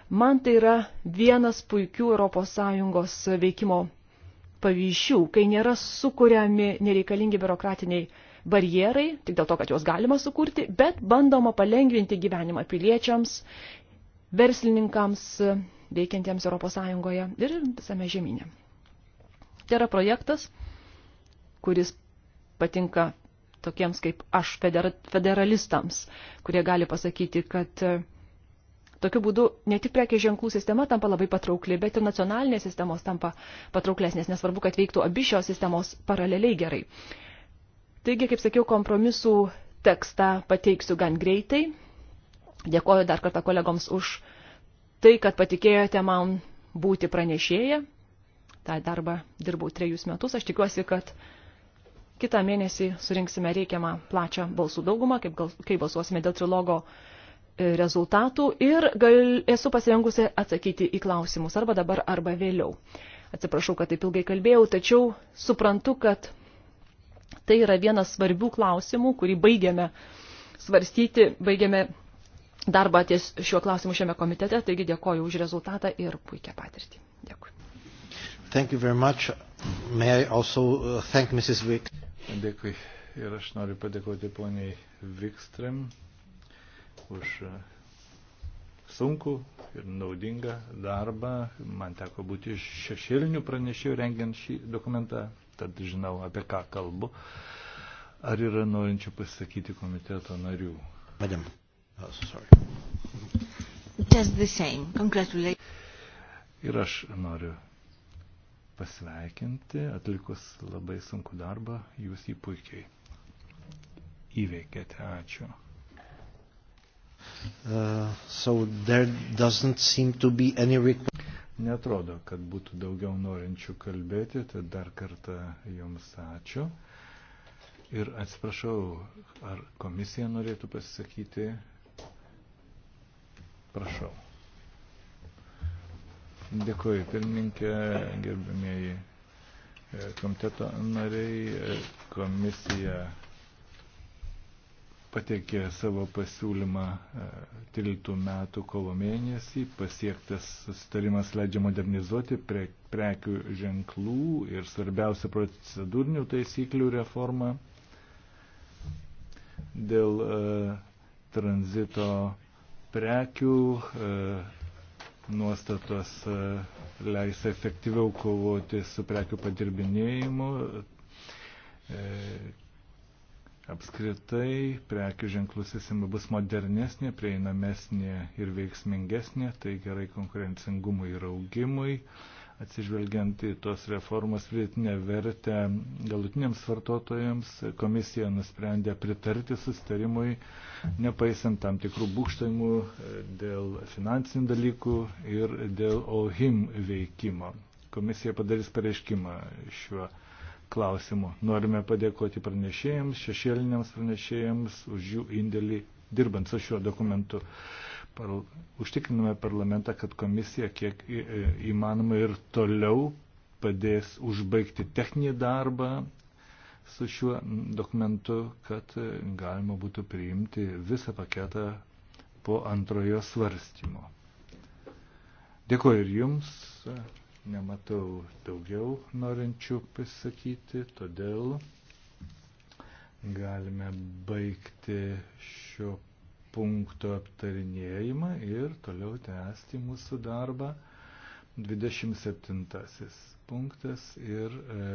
Man tai yra vienas puikių ES veikimo pavyzdžių, kai nėra sukūriami nereikalingi biurokratiniai barjerai, tik dėl to, kad juos galima sukurti, bet bandoma palengvinti gyvenimą piliečiams verslininkams e, veikiantiems ES ir visame žemynė. Tai yra projektas, kuris patinka tokiems kaip aš federalistams, kurie gali pasakyti, kad e, tokiu būdu ne tik prekės ženklų sistema tampa labai patraukli, bet ir nacionalinės sistemos tampa patrauklesnės, nesvarbu, kad veiktų abi šios sistemos paraleliai gerai. Taigi, kaip sakiau, kompromisų tekstą pateiksiu gan greitai, Dėkoju dar kartą kolegoms už tai, kad patikėjote man būti pranešėję. Ta darba dirbau trejus metus. Aš tikiuosi, kad kitą mėnesį surinksime reikiamą plačią balsų daugumą, kaip, gal, kaip balsuosime dėl trilogo e, rezultatų ir gal, esu pasirengusi atsakyti į klausimus arba dabar, arba vėliau. Atsiprašau, kad taip ilgai kalbėjau, tačiau suprantu, kad tai yra vienas svarbių klausimų, kurį baigiame svarstyti, baigiame darbą ties šiuo klausimu šiame komitete, taigi dėkoju už rezultatą ir puikią patirtį. Dėkui. Thank you very much. May I also uh, thank Mrs. Wick. Dėkui. Ir aš noriu padėkoti poniai Vikstrem už uh, sunku ir naudingą darbą. Man teko būti iš šešėlinių pranešėjų rengiant šį dokumentą, tad žinau, apie ką kalbu. Ar yra norinčių pasakyti komiteto narių? Madam. Oh, sorry. Just the same. Congratulations. Ir aš noriu pasveikinti, atlikus labai sunku darbą, jūs jį puikiai įveikėte. Ačiū. Uh, so there doesn't seem to be any request. Netrodo, kad būtų daugiau norinčių kalbėti, tai dar kartą jums ačiū. Ir atsiprašau, ar komisija norėtų pasisakyti Prašau. Dėkuoju, pirmininkė, gerbimieji e, komiteto nariai. E, komisija pateikė savo pasiūlymą 13 e, metų kovo mėnesį. Pasiektas sustarimas leidžia modernizuoti pre, prekių ženklų ir svarbiausia procedūrinių taisyklių reforma dėl e, tranzito prekių e, nuostatos e, leis efektyviau kovoti su prekių padirbinėjimu. E, apskritai prekių ženklų sistema bus modernesnė, prieinamesnė ir veiksmingesnė, tai gerai konkurencingumui ir augimui. E, atsižvelgiant į tos reformos vietinę vertę galutiniams vartotojams, komisija nusprendė pritarti sustarimui, nepaisant tam tikrų būkštojimų e, dėl finansinių dalykų ir dėl OHIM veikimo. Komisija padarys pareiškimą šiuo klausimu. Norime padėkoti pranešėjams, šešėliniams pranešėjams už jų indėlį dirbant su šiuo dokumentu par, užtikriname parlamentą, kad komisija kiek įmanoma ir toliau padės užbaigti techninį darbą su šiuo dokumentu, kad galima būtų priimti visą paketą po antrojo svarstymo. Dėkuoju ir jums, nematau daugiau norinčių pasakyti, todėl galime baigti šio punkto aptarinėjimą ir toliau tęsti mūsų darbą. 27 punktas ir e,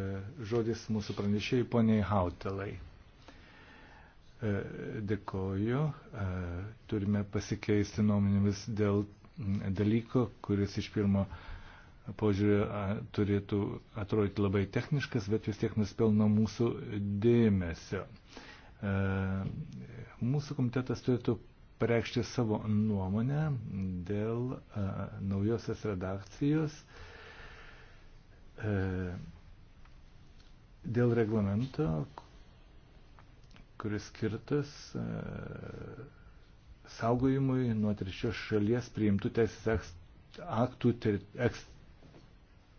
žodis mūsų pranešėjai poniai Hautelai. E, dėkoju, e, turime pasikeisti nuomonėmis dėl dalyko, kuris iš pirmo požiūrį turėtų atrodyti labai techniškas, bet vis tiek nuspelno mūsų dėmesio. E, mūsų komitetas turėtų pareikšti savo nuomonę dėl a, naujosios redakcijos, a, e, dėl reglamento, kuris skirtas a, e, saugojimui nuo trečios šalies priimtų teisės aktų ter, eks,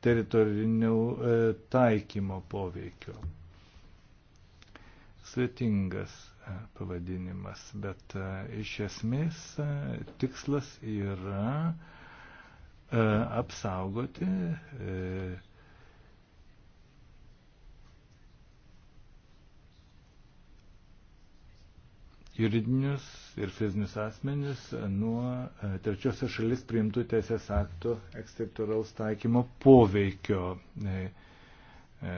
teritorinių e, taikymo poveikio. Svetingas pavadinimas, bet e, iš esmės e, tikslas yra e, apsaugoti juridinius ir fizinius asmenis nuo trečiosios šalis priimtų teisės aktų eksterritoriaus taikymo poveikio. E, e,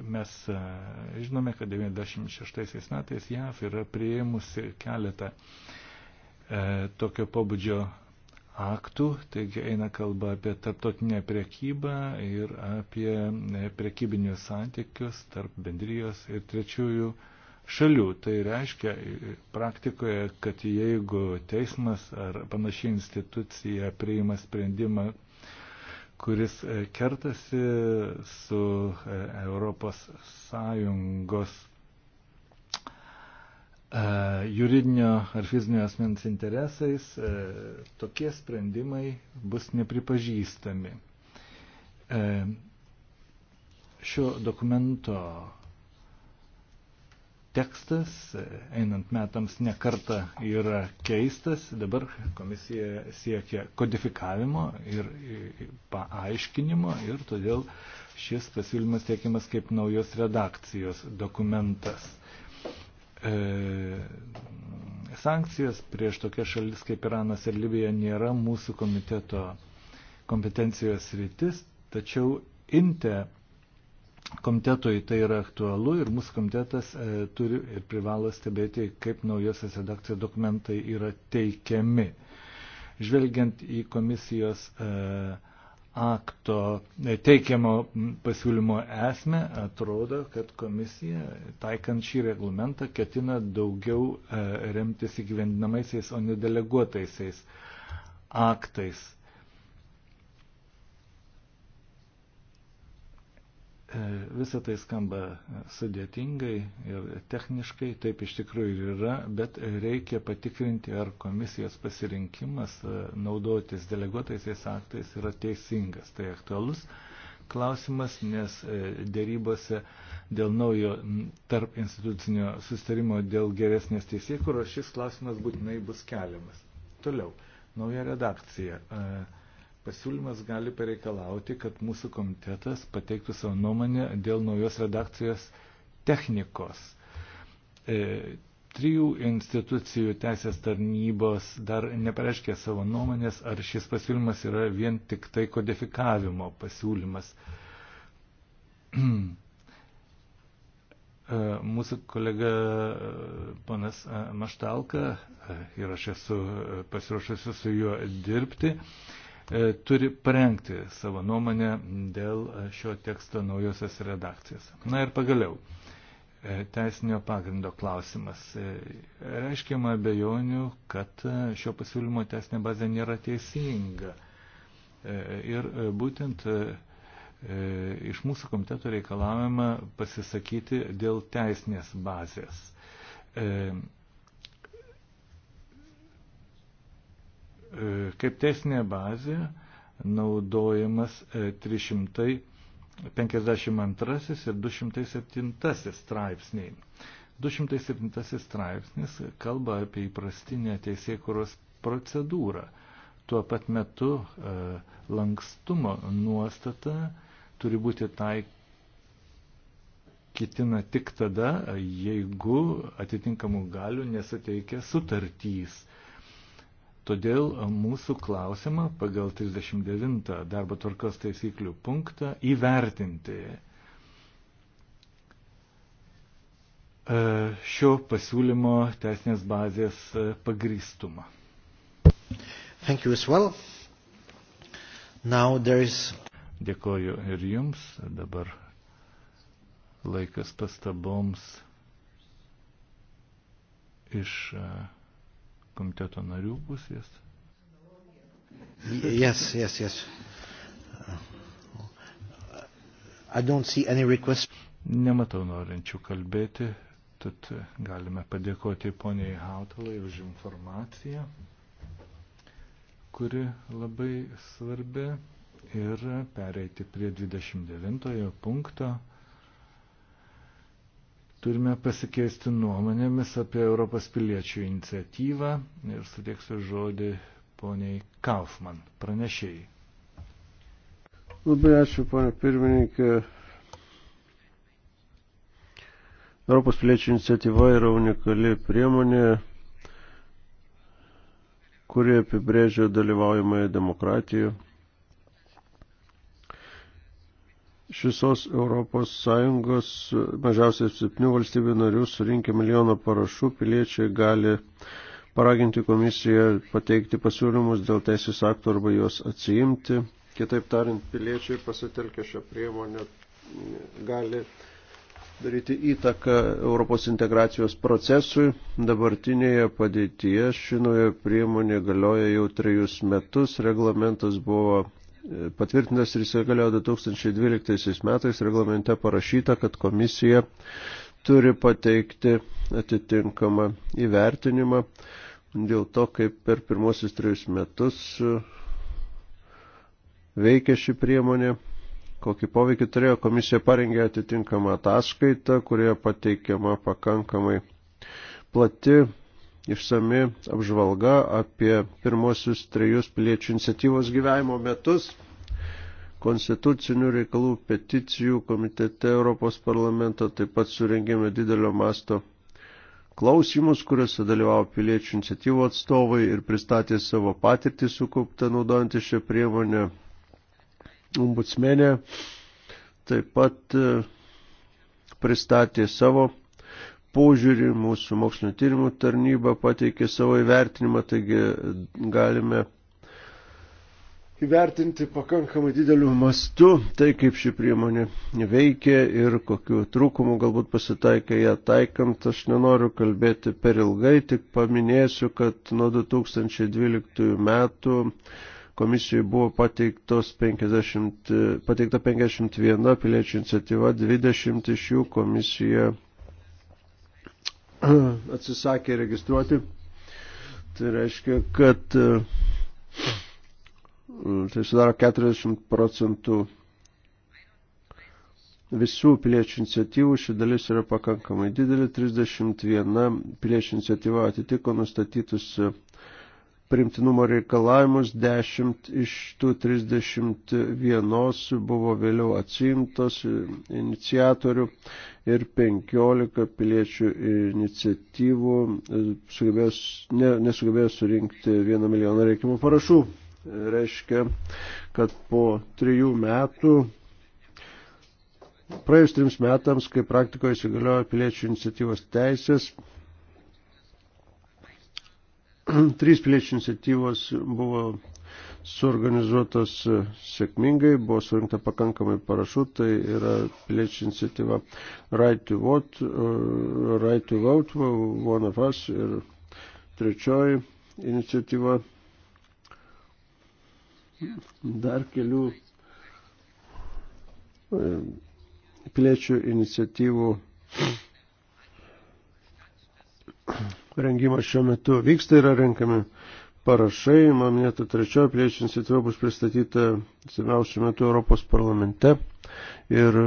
Mes e, žinome, kad 96 metais JAF yra prieimusi keletą e, tokio pobūdžio aktų, taigi eina kalba apie tarptautinę priekybą ir apie e, priekybinius santykius tarp bendrijos ir trečiųjų šalių. Tai reiškia e, praktikoje, kad jeigu teismas ar panaši institucija priima sprendimą, kuris e, kertasi su e, Europos Sąjungos e, juridinio ar fizinio asmens interesais, tokie sprendimai bus nepripažįstami. Šio dokumento tekstas, einant metams, nekarta yra keistas, dabar komisija siekia kodifikavimo ir paaiškinimo ir todėl šis pasiūlymas tiekiamas kaip naujos redakcijos dokumentas. E, sankcijos prieš tokias šalis kaip Iranas ir Libija nėra mūsų komiteto kompetencijos rytis, tačiau INTE komitetui tai yra aktualu ir mūsų komitetas e, turi ir privalo stebėti, kaip naujosios redakcijos dokumentai yra teikiami. Žvelgiant į komisijos e, akto e, teikiamo pasiūlymo esmę, atrodo, kad komisija, taikant šį reglamentą, ketina daugiau e, remtis įgyvendinamaisiais, o ne deleguotaisiais aktais. E, Visą tai skamba sudėtingai ir techniškai, taip iš tikrųjų yra, bet reikia patikrinti, ar komisijos pasirinkimas e, naudotis deleguotaisiais aktais yra teisingas. Tai aktualus klausimas, nes e, dėrybose dėl naujo tarp institucinio sustarimo dėl geresnės teisėkuros šis klausimas būtinai bus keliamas. Toliau, nauja redakcija. E, pasiūlymas gali pareikalauti, kad mūsų komitetas pateiktų savo nuomonę dėl naujos redakcijos technikos. E, trijų institucijų teisės tarnybos dar nepareiškė savo nuomonės, ar šis pasiūlymas yra vien tik tai kodifikavimo pasiūlymas. E, mūsų kolega e, ponas e, Maštalka ir aš esu pasiruošęs su juo dirbti. E, E, turi parengti savo nuomonę dėl e, šio teksto naujosios redakcijos. Na ir pagaliau, e, teisinio pagrindo klausimas. Reiškiama abejonių, kad šio pasiūlymo teisinė bazė nėra teisinga. Ir būtent iš mūsų komiteto reikalavimą pasisakyti dėl teisinės bazės E, kaip teisinė bazė naudojamas 352 e, ir 207 straipsniai. 207 straipsnis kalba apie įprastinę teisėkuros procedūrą. Tuo pat metu e, lankstumo nuostata turi būti taikytina tik tada, jeigu atitinkamų galių nesuteikia sutartys. Todėl e, mūsų klausimą pagal 39 darbo tvarkos taisyklių punktą įvertinti e, šio pasiūlymo teisinės bazės e, pagrįstumą. Thank you as well. Now there is... Dėkoju ir jums. Dabar laikas pastaboms iš uh, komiteto narių pusės. Yes, yes, yes. I don't see any request. Nematau norinčių kalbėti, tad galime padėkoti poniai Hautalai už informaciją, kuri labai svarbi ir pereiti prie 29 punkto. Turime pasikeisti nuomonėmis apie Europos piliečių iniciatyvą ir suteiksiu žodį poniai Kaufman, pranešėjai. Labai ačiū, ponia pirmininkė. Europos piliečių iniciatyva yra unikali priemonė, kuri apibrėžia dalyvaujamąją demokratiją iš visos Europos Sąjungos mažiausiai septynių valstybių narių surinkę milijoną parašų piliečiai gali paraginti komisiją pateikti pasiūlymus dėl teisės aktų arba juos atsiimti. Kitaip tariant, piliečiai pasitelkę šią priemonę gali daryti įtaką Europos integracijos procesui. Dabartinėje padėtyje ši nauja priemonė galioja jau trejus metus. Reglamentas buvo patvirtintas ir įsigaliojo 2012 metais, reglamente parašyta, kad komisija turi pateikti atitinkamą įvertinimą dėl to, kaip per pirmosius trejus metus e, veikia ši priemonė, kokį poveikį turėjo. Komisija parengė atitinkamą ataskaitą, kurioje pateikiama pakankamai plati išsami apžvalga apie pirmosius trejus piliečių iniciatyvos gyvenimo metus. Konstitucinių reikalų peticijų komitete Europos parlamento taip pat surengėme didelio masto klausimus, kuriuose dalyvavo piliečių iniciatyvų atstovai ir pristatė savo patirtį sukauptą naudojantį šią priemonę ombudsmenė. Taip pat e, pristatė savo požiūrį, mūsų mokslinio tyrimų tarnyba pateikė savo įvertinimą, taigi galime įvertinti pakankamai dideliu mastu tai, kaip ši priemonė veikia ir kokiu trūkumu galbūt pasitaikė ją taikant. Aš nenoriu kalbėti per ilgai, tik paminėsiu, kad nuo 2012 metų komisijai buvo pateiktos 50, pateikta 51 piliečių iniciatyva, 20 iš jų komisija atsisakė registruoti. Tai reiškia, kad e, tai sudaro 40 procentų visų piliečių iniciatyvų, ši dalis yra pakankamai didelė, 31 piliečių iniciatyva atitiko nustatytus e, primtinumo reikalavimus, 10 iš tų 31 buvo vėliau atsiimtos e, iniciatorių ir 15 piliečių iniciatyvų e, sugebės, ne, nesugebėjo surinkti 1 milijoną reikimų parašų. Reiškia, kad po trijų metų, praėjus trims metams, kai praktikoje įsigaliojo piliečių iniciatyvos teisės, trys piliečių iniciatyvos buvo suorganizuotos e, sėkmingai, buvo surinkta pakankamai parašų, tai yra piliečių iniciatyva Right to Vote, e, Right to Vote, One of Us ir trečioji iniciatyva dar kelių e, piliečių iniciatyvų rengimas šiuo metu vyksta, yra renkami parašai. Man minėta trečioji piliečių iniciatyva bus pristatyta semiausių metų Europos parlamente. Ir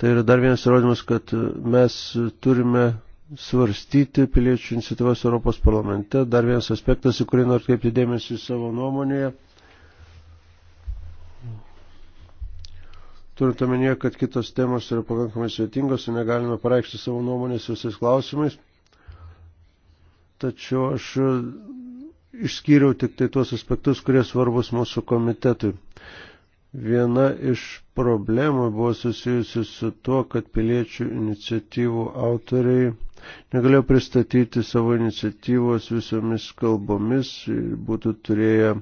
tai yra dar vienas įrodymas, kad mes turime svarstyti piliečių iniciatyvas Europos parlamente. Dar vienas aspektas, į kurį noriu kreipti dėmesį savo nuomonėje. Turint omenyje, kad kitos temos yra pakankamai svetingos ir negalime pareikšti savo nuomonės visais klausimais, tačiau aš e, išskyriau tik tai tuos aspektus, kurie svarbus mūsų komitetui. Viena iš problemų buvo susijusi su tuo, kad piliečių iniciatyvų autoriai negalėjo pristatyti savo iniciatyvos visomis kalbomis, būtų turėję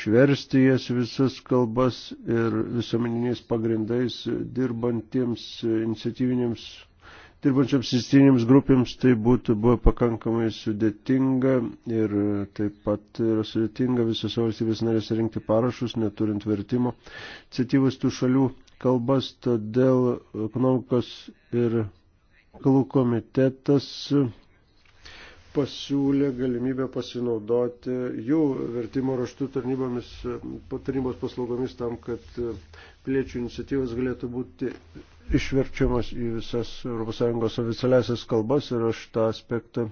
šversti jas visas kalbas ir visuomeniniais pagrindais dirbantiems iniciatyviniams dirbančiams įstinėms grupėms tai būtų buvo pakankamai sudėtinga ir taip pat yra sudėtinga visose valstybės narėse rinkti parašus, neturint vertimo iniciatyvos tų šalių kalbas, todėl ekonomikos ir kalų komitetas pasiūlė galimybę pasinaudoti jų vertimo raštų tarnybomis, tarnybos paslaugomis tam, kad piliečių iniciatyvos galėtų būti išverčiamas į visas ES oficialiasias kalbas ir aš tą aspektą,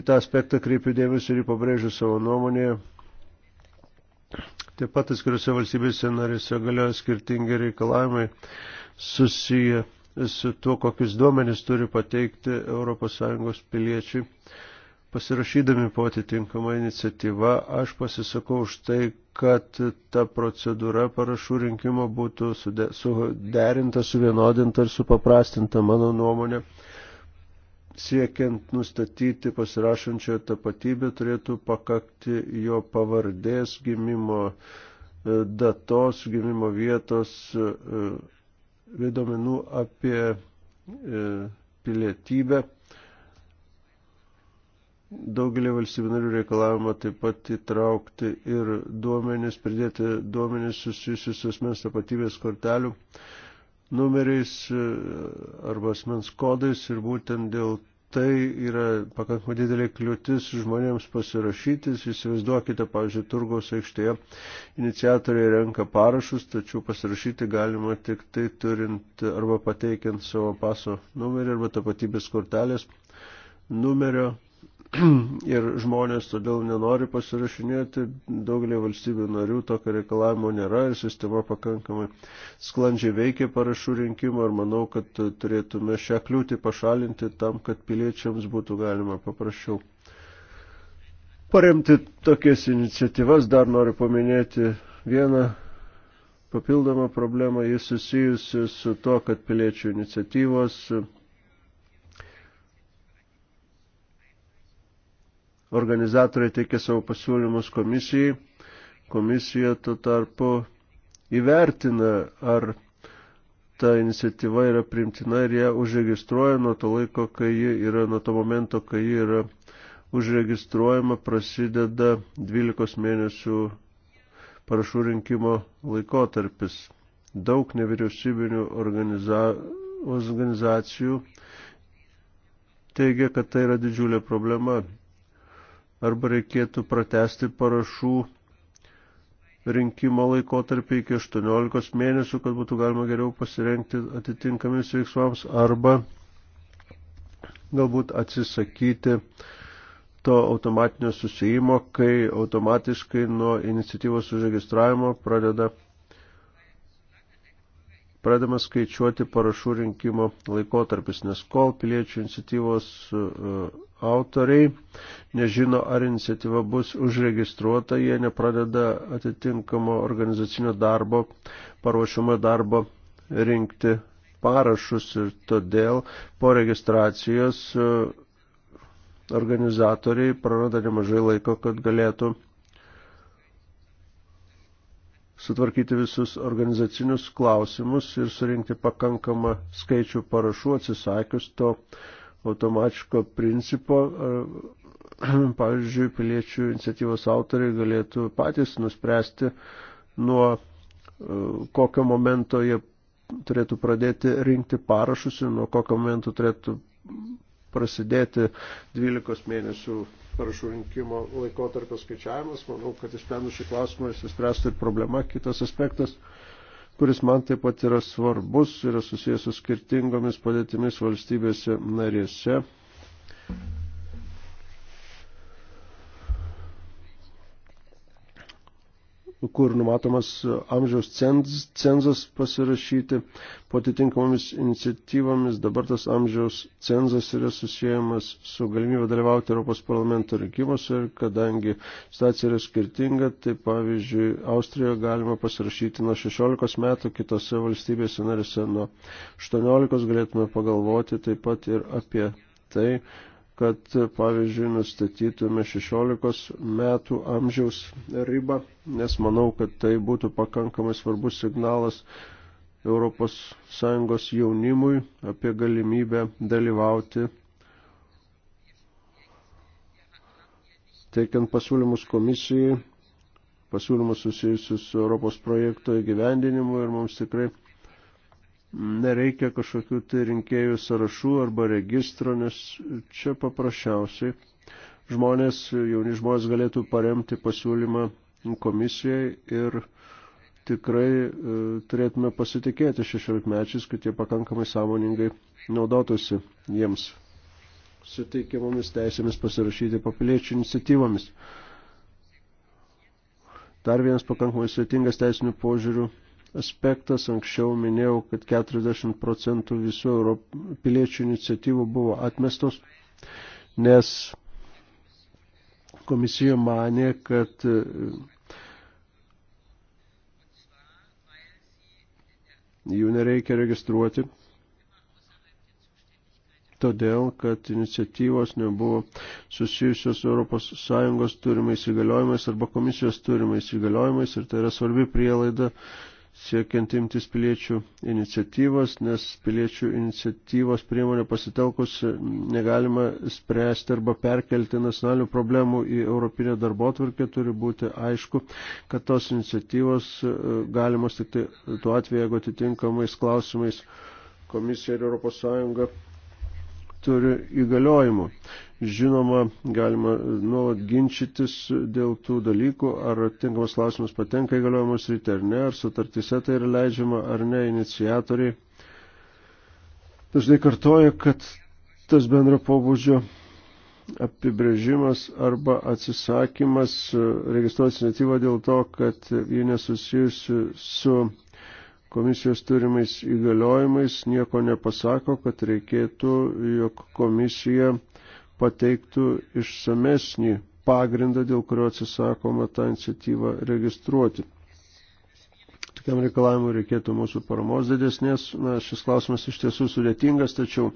į tą aspektą kreipiu dėmesį ir jį pabrėžiu savo nuomonėje. Taip pat atskiriuose valstybėse narėse galioja skirtingi reikalavimai susiję su tuo, kokius duomenys turi pateikti ES piliečiai Pasirašydami po atitinkamą iniciatyvą, aš pasisakau už tai, kad ta procedūra parašų rinkimo būtų suderinta, suvienodinta ir supaprastinta, mano nuomonė. Siekiant nustatyti pasirašančiojo tapatybę, turėtų pakakti jo pavardės gimimo e, datos, gimimo vietos, bei e, duomenų apie e, pilietybę daugelį valstybių narių reikalavimą taip pat įtraukti ir duomenis, pridėti duomenis susijusius asmens tapatybės kortelių numeriais e, arba asmens kodais ir būtent dėl tai yra pakankamai didelė kliūtis žmonėms pasirašytis. Įsivaizduokite, pavyzdžiui, turgaus aikštėje iniciatoriai renka parašus, tačiau pasirašyti galima tik tai turint arba pateikiant savo paso numerį arba tapatybės kortelės numerio ir žmonės todėl nenori pasirašinėti, daugelį valstybių narių tokio reikalavimo nėra ir sistema pakankamai sklandžiai veikia parašų rinkimo ir manau, kad turėtume šią kliūtį pašalinti tam, kad piliečiams būtų galima paprasčiau. Paremti tokias iniciatyvas dar noriu paminėti vieną papildomą problemą, jis susijusi su to, kad piliečių iniciatyvos organizatoriai teikė savo pasiūlymus komisijai. Komisija tuo tarpu įvertina, ar ta iniciatyva yra primtina ir ją užregistruoja nuo to laiko, kai ji yra, nuo to momento, kai ji yra užregistruojama, prasideda 12 mėnesių parašų rinkimo laikotarpis. Daug nevyriausybinių organiza... organizacijų teigia, kad tai yra didžiulė problema arba reikėtų pratesti parašų rinkimo laikotarpį iki 18 mėnesių, kad būtų galima geriau pasirengti atitinkamis veiksmams arba galbūt atsisakyti to automatinio susijimo, kai automatiškai nuo iniciatyvos užregistravimo pradeda pradedamas skaičiuoti parašų rinkimo laikotarpis, nes kol piliečių iniciatyvos e, autoriai nežino, ar iniciatyva bus užregistruota, jie nepradeda atitinkamo organizacinio darbo, paruošimo darbo rinkti parašus ir todėl po registracijos e, organizatoriai praranda nemažai laiko, kad galėtų sutvarkyti visus organizacinius klausimus ir surinkti pakankamą skaičių parašų atsisakius to automatiško principo. Pavyzdžiui, piliečių iniciatyvos autoriai galėtų patys nuspręsti, nuo e, kokio momento jie turėtų pradėti rinkti parašus ir nuo kokio momento turėtų prasidėti 12 mėnesių parašų rinkimo laikotarpio skaičiavimas. Manau, kad išsprendus šį klausimą išsispręstų ir problema. Kitas aspektas, kuris man taip pat yra svarbus, yra susijęs su skirtingomis padėtimis valstybėse narėse. kur numatomas e, amžiaus cenz, cenzas pasirašyti. Po atitinkamomis iniciatyvomis dabar tas amžiaus cenzas yra susijęjamas su galimybė dalyvauti Europos parlamento rinkimuose ir kadangi stacija yra skirtinga, tai pavyzdžiui, Austrijoje galima pasirašyti nuo 16 metų, kitose valstybėse narėse nuo 18 galėtume pagalvoti taip pat ir apie tai, kad, pavyzdžiui, nustatytume 16 metų amžiaus ribą, nes manau, kad tai būtų pakankamai svarbus signalas ES jaunimui apie galimybę dalyvauti teikiant pasiūlymus komisijai, pasiūlymus susijusius su Europos projekto įgyvendinimu ir mums tikrai nereikia kažkokių tai rinkėjų sąrašų arba registro, nes čia paprasčiausiai žmonės, jauni žmonės galėtų paremti pasiūlymą komisijai ir tikrai e, turėtume pasitikėti 16-mečiais, kad jie pakankamai sąmoningai naudotųsi jiems suteikiamomis teisėmis pasirašyti papiliečių iniciatyvomis. Dar vienas pakankamai svetingas teisinių požiūrių aspektas. Anksčiau minėjau, kad 40 procentų visų Europ... piliečių iniciatyvų buvo atmestos, nes komisija manė, kad e, jų nereikia registruoti, todėl, kad iniciatyvos nebuvo susijusios ES turimais įgaliojimais arba komisijos turimais įgaliojimais ir tai yra svarbi prielaida siekiant imtis piliečių iniciatyvos, nes piliečių iniciatyvos priemonė pasitelkus negalima spręsti arba perkelti nacionalinių problemų į Europinę darbotvarkę, turi būti aišku, kad tos iniciatyvos e, galimos tik tai, tuo atveju, jeigu atitinkamais klausimais komisija ir ES turi įgaliojimų. Žinoma, galima nuolat ginčytis dėl tų dalykų, ar tinkamas klausimas patenka į galiojimus rytį ar ne, ar sutartise tai yra leidžiama ar ne, inicijatoriai. Dažnai kartoja, kad tas bendro pobūdžio apibrėžimas arba atsisakymas registruoti iniciatyvą dėl to, kad ji nesusijusi su komisijos turimais įgaliojimais nieko nepasako, kad reikėtų, jog komisija pateiktų išsamesnį pagrindą, dėl kurio atsisakoma tą iniciatyvą registruoti. Tokiam reikalavimui reikėtų mūsų paramos didesnės. Na, šis klausimas iš tiesų sudėtingas, tačiau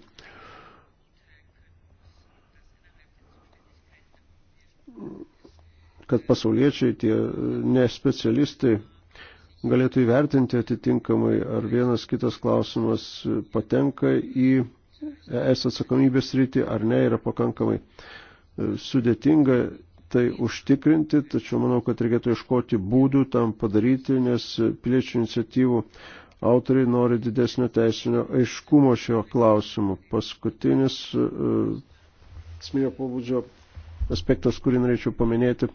kad pasauliečiai tie e, nespecialistai galėtų įvertinti atitinkamai, ar vienas kitas klausimas patenka į es atsakomybės rytį ar ne, yra pakankamai e, sudėtinga tai užtikrinti, tačiau manau, kad reikėtų iškoti būdų tam padaryti, nes piliečių iniciatyvų autoriai nori didesnio teisinio aiškumo šio klausimu. Paskutinis e, esminio pobūdžio aspektas, kurį norėčiau paminėti,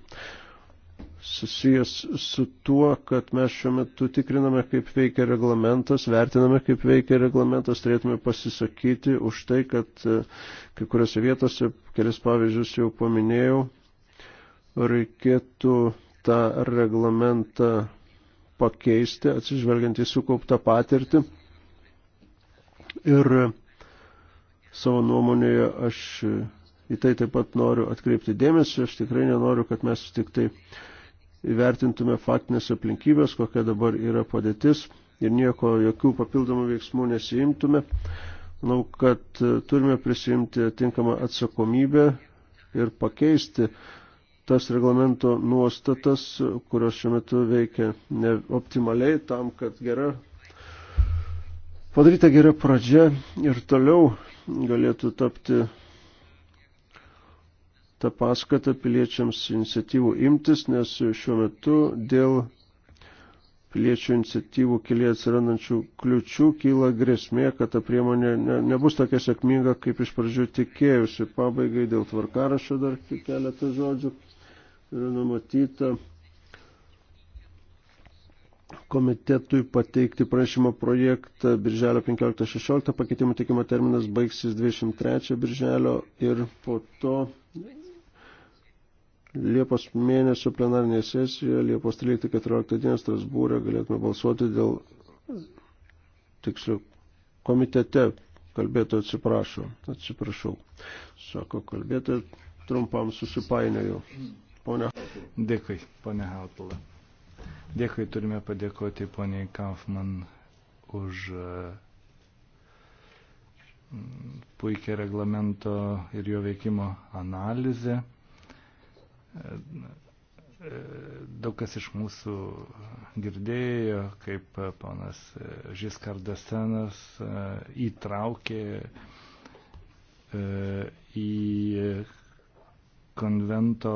susijęs su tuo, kad mes šiuo metu tikriname, kaip veikia reglamentas, vertiname, kaip veikia reglamentas, turėtume pasisakyti už tai, kad e, kai kuriuose vietose, kelias pavyzdžius jau paminėjau, reikėtų tą reglamentą pakeisti, atsižvelgiant į sukauptą patirtį. Ir savo nuomonėje aš į tai taip pat noriu atkreipti dėmesį, aš tikrai nenoriu, kad mes tik tai uh, įvertintume faktinės aplinkybės, kokia dabar yra padėtis ir nieko, jokių papildomų veiksmų nesijimtume. Manau, kad e, turime prisimti tinkamą atsakomybę ir pakeisti tas reglamento nuostatas, kurios šiuo metu veikia neoptimaliai tam, kad gera, padaryta gera pradžia ir toliau galėtų tapti tą paskatą piliečiams iniciatyvų imtis, nes šiuo metu dėl piliečių iniciatyvų kelyje atsirandančių kliučių kyla grėsmė, kad ta priemonė ne, nebus tokia sėkminga, kaip iš pradžių tikėjusi. Pabaigai dėl tvarkarašio dar keletą žodžių yra numatyta komitetui pateikti prašymo projektą birželio 15-16, pakeitimų teikimo terminas baigsis 23 birželio ir po to Liepos mėnesio plenarinėje sesijoje, Liepos 13-14 dieną Strasbūrė galėtume balsuoti dėl tiksliau komitete kalbėto atsiprašau, atsiprašau, sako kalbėto trumpam susipainiojau. Pone. Dėkui, pone Hautala. Dėkui, turime padėkoti poniai Kaufman už mm, puikia reglamento ir jo veikimo analizė. Daug kas iš mūsų girdėjo, kaip ponas Žiskardasenas e, įtraukė e, į konvento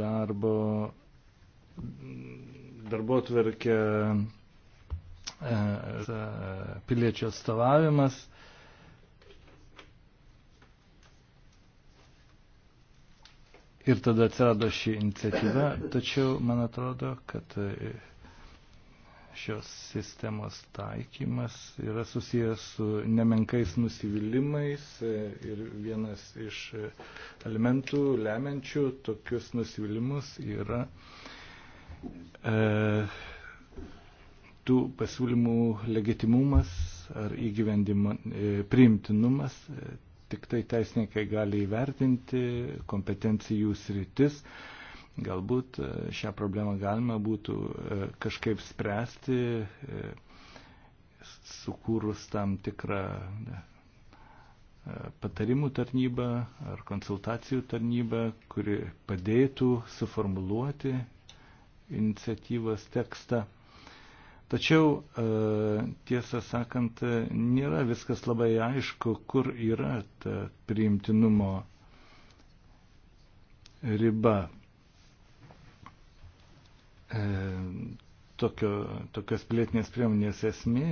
darbo darbo tvarkę e, piliečių atstovavimas Ir tada atsirado ši iniciatyva, tačiau man atrodo, kad e, šios sistemos taikymas yra susijęs su nemenkais nusivylimais e, ir vienas iš e, elementų lemiančių tokius nusivylimus yra e, tų pasiūlymų legitimumas ar įgyvendimo e, priimtinumas. E, tik tai teisininkai gali įvertinti kompetencijų sritis. Galbūt e, šią problemą galima būtų e, kažkaip spręsti, e, sukūrus tam tikrą patarimų tarnybą ar konsultacijų tarnybą, kuri padėtų suformuluoti iniciatyvos tekstą. Tačiau, e, tiesą sakant, nėra viskas labai aišku, kur yra ta priimtinumo riba. E, tokio, tokios pilietinės priemonės esmė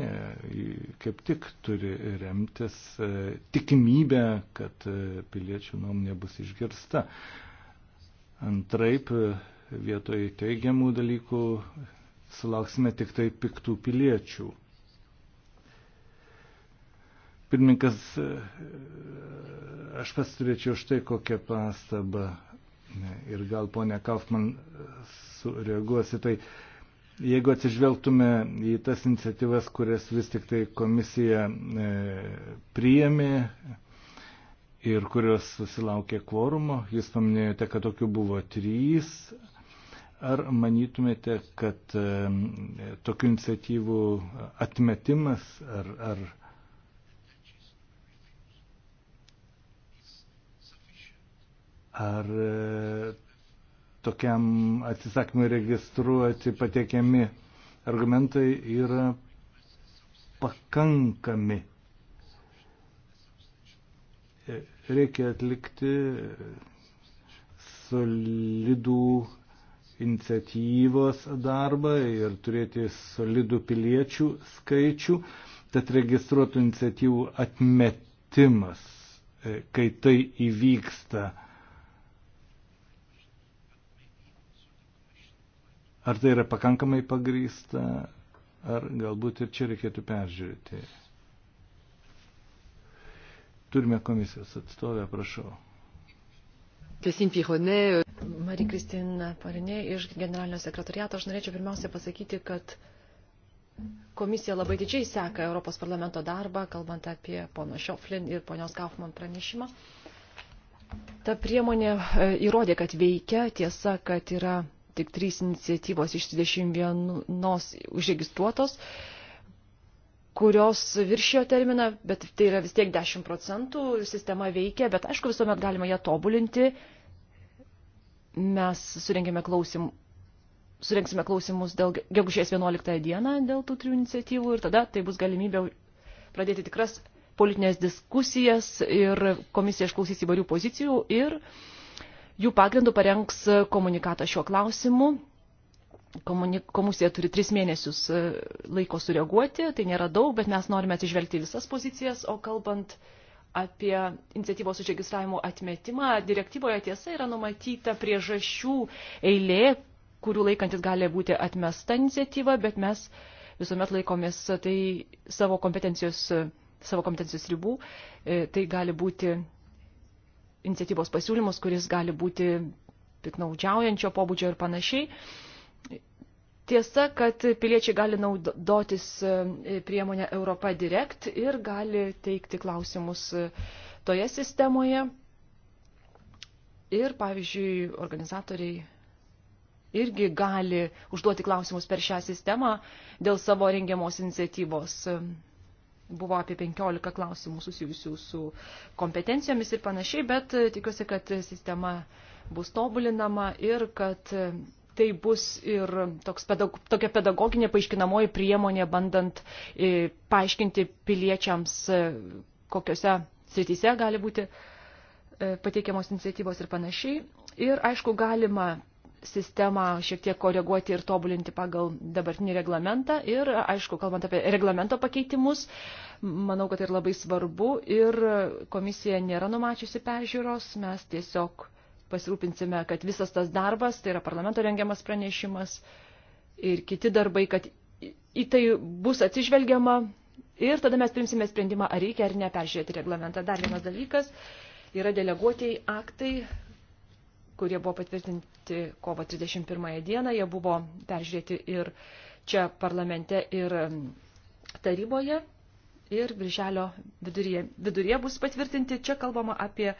kaip tik turi remtis e, tikimybę, kad piliečių nuomonė bus išgirsta. Antraip, vietoj teigiamų dalykų sulauksime tik tai piktų piliečių. Pirmininkas, aš pats turėčiau štai kokią pastabą ir gal ponia Kaufman sureaguosi. Tai jeigu atsižvelgtume į tas iniciatyvas, kurias vis tik tai komisija e, priėmė, ir kurios susilaukė kvorumo. Jūs paminėjote, kad tokių buvo trys. Ar manytumėte, kad tokių iniciatyvų atmetimas ar, ar ar e, tokiam atsisakymui registruoti patiekiami argumentai yra pakankami. E, reikia atlikti solidų iniciatyvos darbą ir turėti solidų piliečių skaičių, tad registruotų iniciatyvų atmetimas, e, kai tai įvyksta. Ar tai yra pakankamai pagrysta, ar galbūt ir čia reikėtų peržiūrėti. Turime komisijos atstovę, prašau. Kristin Pironė. E, Marija Kristina Parinė iš generalinio sekretariato. Aš norėčiau pirmiausia pasakyti, kad komisija labai didžiai seka Europos parlamento darbą, kalbant apie pono Šioflin ir ponios Kaufman pranešimą. Ta priemonė e, įrodė, kad veikia. Tiesa, kad yra tik trys iniciatyvos iš 21 užregistruotos. No, kurios viršijo terminą, bet tai yra vis tiek 10 procentų, sistema veikia, bet aišku, visuomet galima ją tobulinti. Mes surengėme klausim, surengsime klausimus dėl gegužės 11 dieną dėl tų trijų iniciatyvų ir tada tai bus galimybė pradėti tikras politinės diskusijas ir komisija išklausys įvairių pozicijų ir jų pagrindų parengs komunikatą šiuo klausimu komisija turi tris mėnesius e, laiko sureaguoti, tai nėra daug, bet mes norime atsižvelgti visas pozicijas, o kalbant apie iniciatyvos užregistravimo atmetimą, direktyvoje tiesa yra numatyta priežasčių eilė, kurių laikantis gali būti atmesta iniciatyva, bet mes visuomet laikomės tai savo kompetencijos, savo kompetencijos ribų, e, tai gali būti iniciatyvos pasiūlymas, kuris gali būti piknaudžiaujančio pobūdžio ir panašiai. Tiesa, kad piliečiai gali naudotis e, priemonę Europa Direct ir gali teikti klausimus e, toje sistemoje. Ir, pavyzdžiui, organizatoriai irgi gali užduoti klausimus per šią sistemą dėl savo rengiamos iniciatyvos. E, buvo apie 15 klausimų susijusių su kompetencijomis ir panašiai, bet tikiuosi, kad sistema bus tobulinama ir kad tai bus ir toks pedag tokia pedagoginė paaiškinamoji priemonė, bandant e, paaiškinti piliečiams, e, kokiuose srityse gali būti e, pateikiamos iniciatyvos ir panašiai. Ir aišku, galima sistemą šiek tiek koreguoti ir tobulinti pagal dabartinį reglamentą. Ir, aišku, kalbant apie reglamento pakeitimus, manau, kad tai labai svarbu. Ir e, komisija nėra numačiusi peržiūros, mes tiesiog pasirūpinsime, kad visas tas darbas, tai yra parlamento rengiamas pranešimas ir kiti darbai, kad į tai bus atsižvelgiama ir tada mes primsime sprendimą, ar reikia ar ne peržiūrėti reglamentą. Dar vienas dalykas yra deleguotieji aktai, kurie buvo patvirtinti kovo 31 dieną, jie buvo peržiūrėti ir čia parlamente ir um, taryboje ir birželio viduryje, viduryje bus patvirtinti. Čia kalbama apie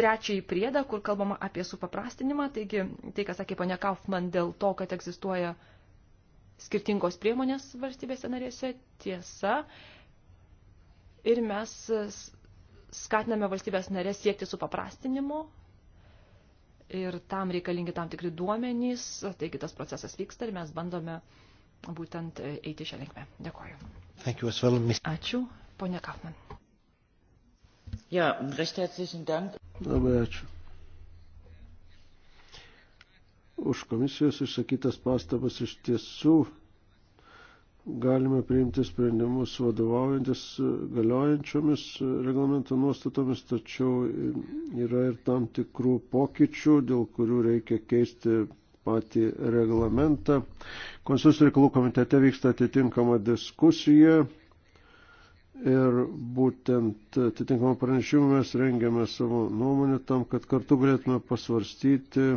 trečiąjį priedą, kur kalbama apie supaprastinimą. Taigi, tai, kas sakė ponia Kaufman dėl to, kad egzistuoja skirtingos priemonės valstybėse narėse, tiesa. Ir mes skatiname valstybės narės siekti supaprastinimo. Ir tam reikalingi tam tikri duomenys, taigi tas procesas vyksta ir mes bandome būtent eiti šią linkmę. Dėkoju. Well, Ačiū, ponia Kaufman. Ja, recht herzlichen Dank. Labai ačiū. Už komisijos išsakytas pastabas iš tiesų galime priimti sprendimus vadovaujantis galiojančiomis reglamento nuostatomis, tačiau yra ir tam tikrų pokyčių, dėl kurių reikia keisti patį reglamentą. Konstitucijų reikalų komitete vyksta atitinkama diskusija Ir būtent atitinkamą pranešimą mes rengiame savo nuomonę tam, kad kartu galėtume pasvarstyti,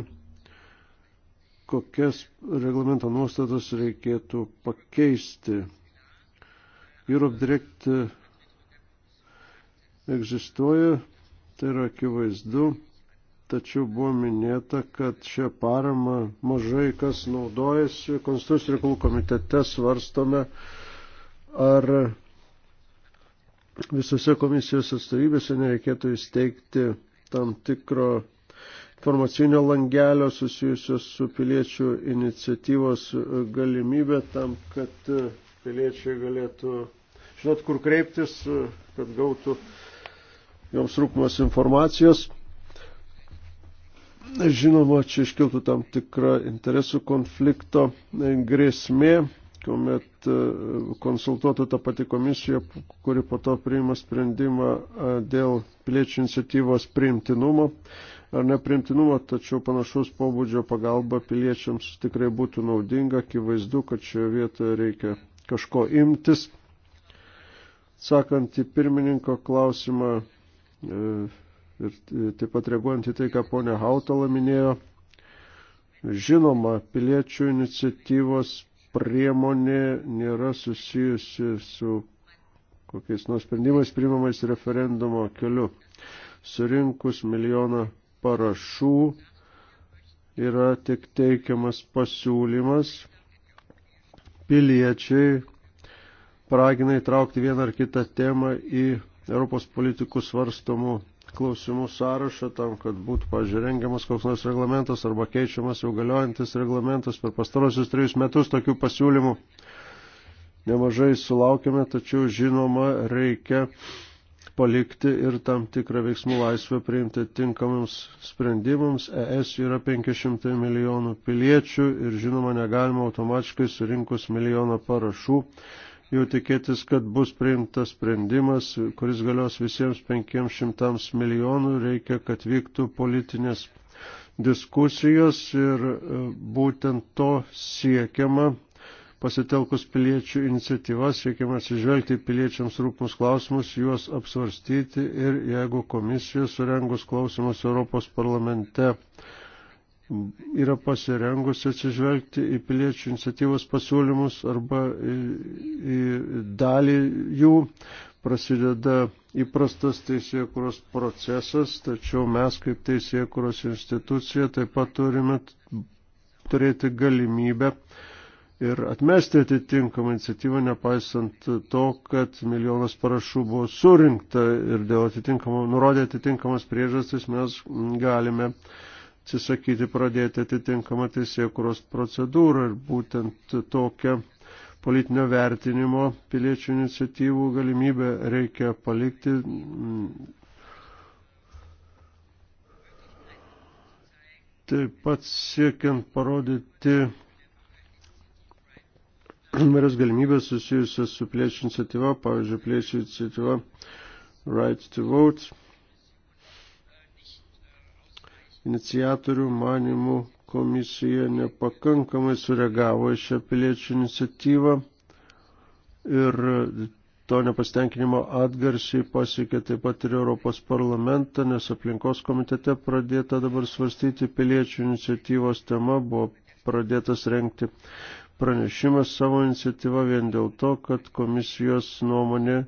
kokias reglamento nuostatas reikėtų pakeisti. Europe Direct egzistuoja, tai yra akivaizdu, tačiau buvo minėta, kad šią paramą mažai kas naudojasi. Konstitucijų reikalų komitete svarstome, ar visose komisijos atstovybėse nereikėtų įsteigti tam tikro informacinio langelio susijusios su piliečių iniciatyvos galimybė tam, kad piliečiai galėtų žinot, kur kreiptis, kad gautų joms rūpmas informacijos. Žinoma, čia iškiltų tam tikra interesų konflikto grėsmė, kuomet e, konsultuotų tą patį komisiją, kuri po to priima sprendimą e, dėl piliečių iniciatyvos priimtinumo ar neprimtinumo, tačiau panašaus pobūdžio pagalba piliečiams tikrai būtų naudinga, akivaizdu, kad šioje vietoje reikia kažko imtis. Sakant į pirmininko klausimą e, ir taip pat reaguojant į tai, ką ponia Hautala minėjo, žinoma, piliečių iniciatyvos priemonė nėra susijusi su kokiais nors sprendimais priimamais referendumo keliu. Surinkus milijoną parašų yra tik teikiamas pasiūlymas piliečiai pragina įtraukti vieną ar kitą temą į Europos politikų svarstomų klausimų sąrašą tam, kad būtų, pažiūrėjau, rengiamas koks nors reglamentas arba keičiamas jau galiojantis reglamentas. Per pastarosius trejus metus tokių pasiūlymų nemažai sulaukime, tačiau žinoma reikia palikti ir tam tikrą veiksmų laisvę priimti tinkamams sprendimams. ES yra 500 milijonų piliečių ir žinoma negalima automatiškai surinkus milijoną parašų jau tikėtis, kad bus priimtas sprendimas, kuris galios visiems 500 milijonų, reikia, kad vyktų politinės diskusijos ir e, būtent to siekiama pasitelkus piliečių iniciatyvas, siekiama atsižvelgti piliečiams rūpus klausimus, juos apsvarstyti ir jeigu komisija surengus klausimus Europos parlamente yra pasirengusi atsižvelgti į piliečių iniciatyvos pasiūlymus arba į, į dalį jų. Prasideda įprastas teisėkuros procesas, tačiau mes kaip teisėkuros institucija taip pat turime turėti galimybę ir atmesti atitinkamą iniciatyvą, nepaisant to, kad milijonas parašų buvo surinkta ir dėl atitinkamo, nurodė atitinkamas priežastis mes galime uh, atsisakyti pradėti atitinkamą teisėkuros procedūrą ir būtent tokią politinio vertinimo piliečių iniciatyvų galimybę reikia palikti. Taip pat siekiant parodyti įvairias galimybės susijusias su piliečių iniciatyva, pavyzdžiui, piliečių iniciatyva Right to Vote iniciatorių manimų komisija nepakankamai sureagavo į šią piliečių iniciatyvą ir to nepastenkinimo atgarsiai pasiekė taip pat ir Europos parlamentą, nes aplinkos komitete pradėta dabar svarstyti piliečių iniciatyvos tema, buvo pradėtas renkti pranešimas savo iniciatyva vien dėl to, kad komisijos nuomonė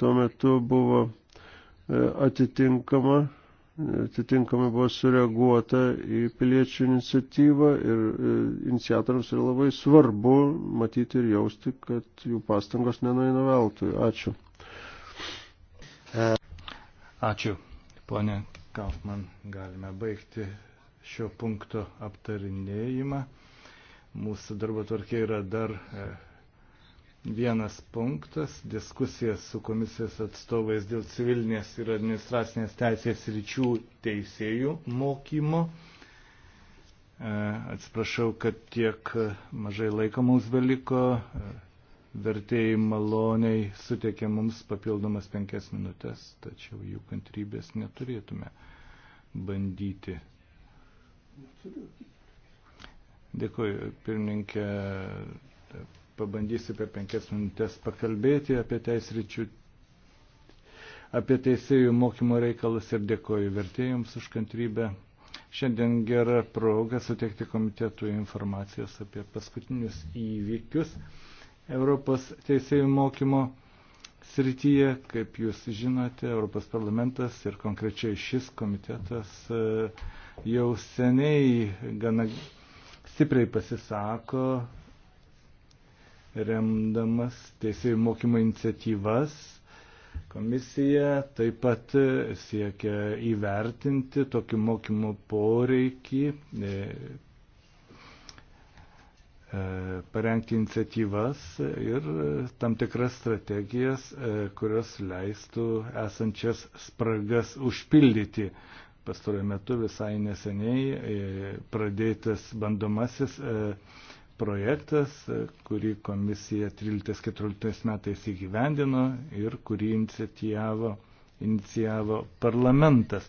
tuo metu buvo E, atitinkama, atitinkamai buvo sureaguota į piliečių iniciatyvą ir e, iniciatoriams yra labai svarbu matyti ir jausti, kad jų pastangos nenueina veltui. Ačiū. Ačiū, ponė Kaufman. Galime baigti šio punkto aptarinėjimą. Mūsų darbo tvarkė yra dar e, Vienas punktas - diskusijas su komisijos atstovais dėl civilinės ir administracinės teisės ryčių teisėjų mokymo. E, atsiprašau, kad tiek mažai laiko mums beliko. E, vertėjai maloniai suteikė mums papildomas penkias minutės, tačiau jų kantrybės neturėtume bandyti. Dėkuoju, pirmininkė pabandysiu per penkias minutės pakalbėti apie teisryčių, apie teisėjų mokymo reikalus ir dėkoju vertėjams už kantrybę. Šiandien gera proga suteikti komitetui informacijos apie paskutinius įvykius Europos teisėjų mokymo srityje. Kaip jūs žinote, Europos parlamentas ir konkrečiai šis komitetas e, jau seniai gana stipriai pasisako remdamas teisėjų mokymo iniciatyvas. Komisija taip pat siekia įvertinti tokių mokymų poreikį, e, e, parengti iniciatyvas ir tam tikras strategijas, e, kurios leistų esančias spragas užpildyti. Pastaruoju metu visai neseniai pradėtas bandomasis projektas, kurį komisija 13-14 metais įgyvendino ir kurį inicijavo, inicijavo parlamentas.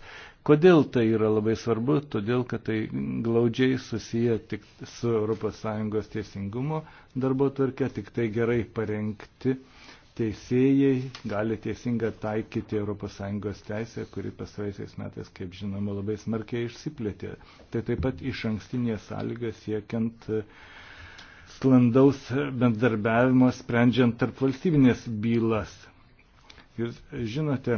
Kodėl tai yra labai svarbu? Todėl, kad tai glaudžiai susiję tik su ES teisingumo darbo tvarkė, tik tai gerai parengti teisėjai gali teisinga taikyti ES teisę, kuri pasraisiais metais, kaip žinoma, labai smarkiai išsiplėtė. Tai taip pat iš ankstinė sąlyga siekiant sklandaus bendarbiavimo sprendžiant tarp valstybinės bylas. Jūs žinote,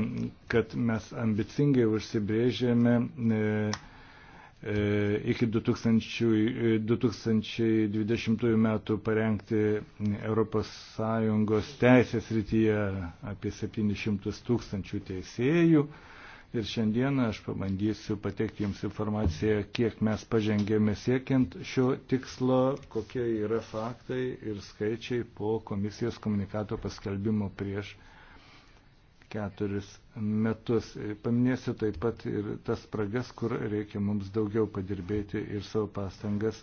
kad mes ambicingai užsibrėžėme e, e, iki 2000, 2020 metų parengti ES teisės rytyje apie 700 tūkstančių teisėjų. E, Ir šiandieną aš pabandysiu pateikti Jums informaciją, kiek mes pažengėme siekiant šio tikslo, kokie yra faktai ir skaičiai po komisijos komunikato paskelbimo prieš keturis metus. Paminėsiu taip pat ir tas spragas, kur reikia mums daugiau padirbėti ir savo pastangas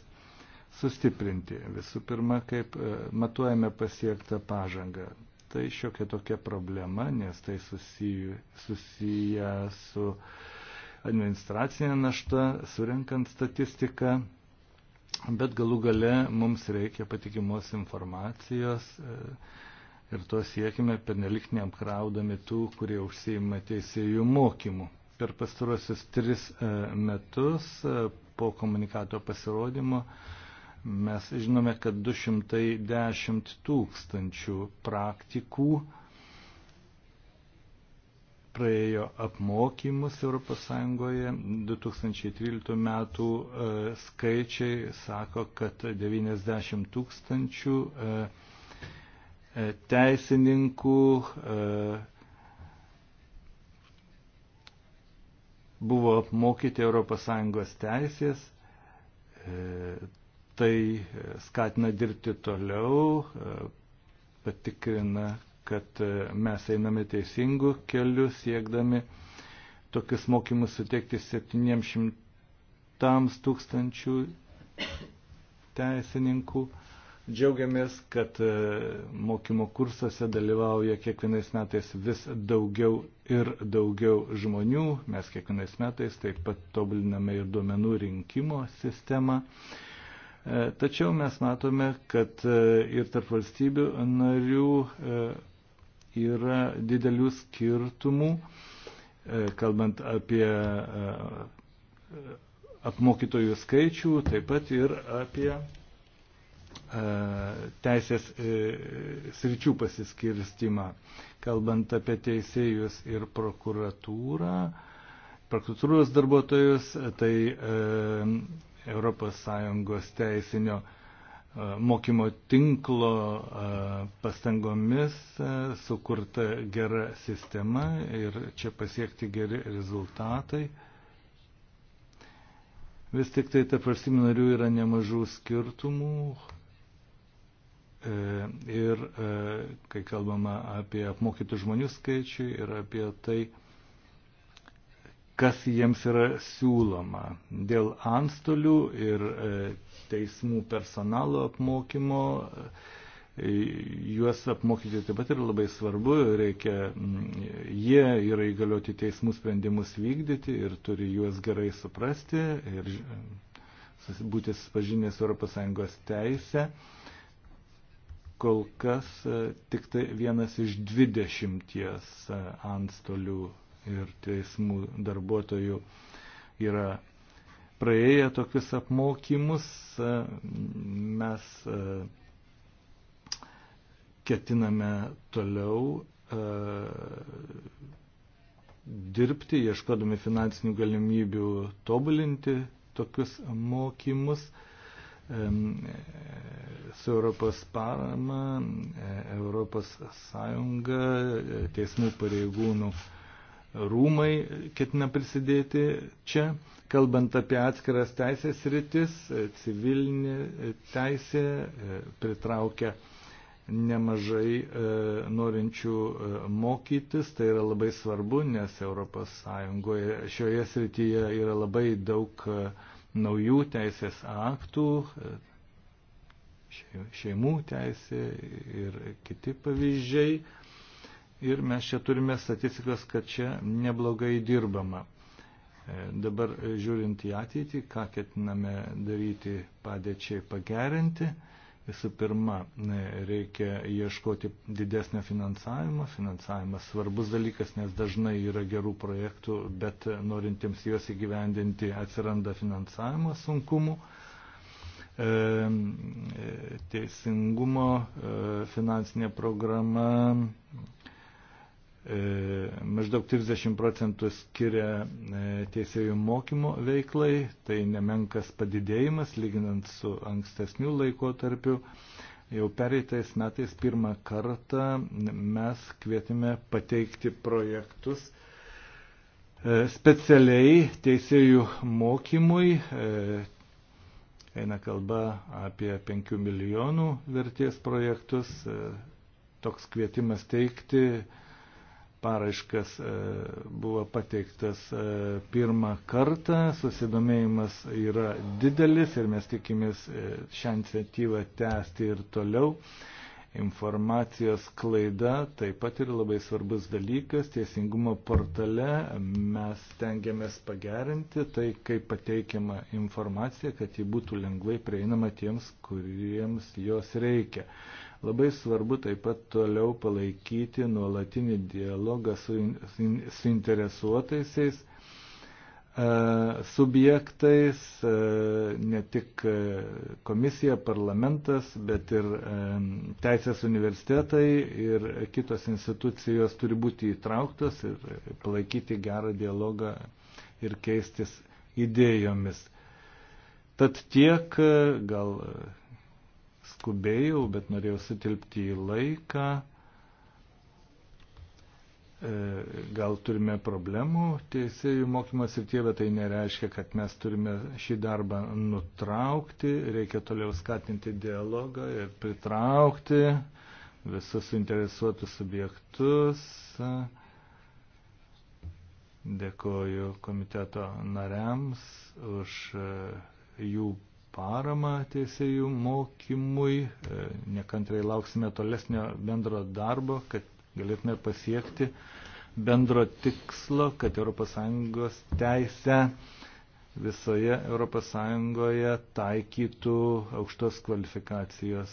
sustiprinti. Visų pirma, kaip e, matuojame pasiektą pažangą tai šiokia tokia problema, nes tai susiję, susiję su administracinė našta, surinkant statistiką, bet galų gale mums reikia patikimos informacijos e, ir to siekime pernelik neapkraudami tų, kurie užsieima teisėjų mokymu. Per pastarosius tris e, metus e, po komunikato pasirodymo Mes žinome, kad 210 tūkstančių praktikų praėjo apmokymus ES. 2013 metų e, skaičiai sako, kad 90 tūkstančių e, e, teisininkų buvo apmokyti ES teisės tai e, skatina dirbti toliau, e, patikrina, kad e, mes einame teisingų kelių siekdami tokius mokymus suteikti 700 tūkstančių teisininkų. Džiaugiamės, kad mokymo kursuose dalyvauja kiekvienais metais vis daugiau ir daugiau žmonių. Mes kiekvienais metais taip pat tobuliname ir duomenų rinkimo sistemą. E, tačiau mes matome, kad e, ir tarp valstybių narių e, yra didelių skirtumų, kalbant apie apmokytojų skaičių, taip pat ir apie teisės sričių pasiskirstimą. Kalbant apie teisėjus ir prokuratūrą, prokuratūros darbuotojus, tai ES teisinio e, mokymo tinklo e, pastangomis e, sukurta gera sistema ir čia pasiekti geri rezultatai. Vis tik tai tarp valstybių narių yra nemažų skirtumų ir kai kalbama apie apmokytų žmonių skaičių ir apie tai, kas jiems yra siūloma dėl anstolių ir e, teismų personalo apmokymo. E, juos apmokyti taip pat yra labai svarbu, reikia, jie yra įgalioti teismų sprendimus vykdyti ir turi juos gerai suprasti ir e, būti susipažinę su ES teise. Kol kas tik tai vienas iš dvidešimties antstolių ir teismų darbuotojų yra praėję tokius apmokymus. E, mes e, ketiname toliau e, dirbti, ieškodami finansinių galimybių tobulinti tokius mokymus su Europos parama, Europos Sąjunga, teismų pareigūnų nu, rūmai ketina prisidėti čia, kalbant apie atskiras teisės rytis, civilinė teisė e, pritraukia nemažai e, norinčių e, mokytis, tai yra labai svarbu, nes ES šioje srityje yra labai daug naujų teisės aktų, šeimų teisė ir kiti pavyzdžiai ir mes čia turime statistikas, kad čia neblogai dirbama. E, dabar e, žiūrint į ateitį, ką ketiname daryti padėčiai pagerinti, visų pirma, e, reikia ieškoti didesnio finansavimo. Finansavimas svarbus dalykas, nes dažnai yra gerų projektų, bet norintiems juos įgyvendinti atsiranda finansavimo sunkumų teisingumo finansinė programa E, maždaug 30 procentų skiria e, teisėjų mokymo veiklai, tai nemenkas padidėjimas lyginant su ankstesniu laikotarpiu. Jau pereitais metais pirmą kartą mes kvietėme pateikti projektus e, specialiai teisėjų mokymui. Eina kalba apie 5 milijonų vertės projektus. Toks kvietimas teikti paraiškas e, buvo pateiktas e, pirmą kartą, susidomėjimas yra didelis ir mes tikimės e, šią iniciatyvą tęsti ir toliau. Informacijos klaida taip pat yra labai svarbus dalykas. Teisingumo portale mes tengiamės pagerinti tai, kaip pateikiama informacija, kad ji būtų lengvai prieinama tiems, kuriems jos reikia. Labai svarbu taip pat toliau palaikyti nuolatinį dialogą su suinteresuotaisiais e, subjektais, e, ne tik e, komisija, parlamentas, bet ir teisės universitetai ir kitos institucijos turi būti įtrauktos ir palaikyti gerą dialogą ir keistis idėjomis. Tad tiek, gal skubėjau, bet norėjau sutilpti į laiką. E, gal turime problemų teisėjų mokymas ir tie, bet tai nereiškia, kad mes turime šį darbą nutraukti, reikia toliau skatinti dialogą ir pritraukti visus suinteresuotus subjektus. Dėkoju komiteto nariams už e, jų paramą teisėjų mokymui. E, Nekantrai lauksime tolesnio bendro darbo, kad galėtume pasiekti bendro tikslo, kad ES teisę visoje ES taikytų aukštos kvalifikacijos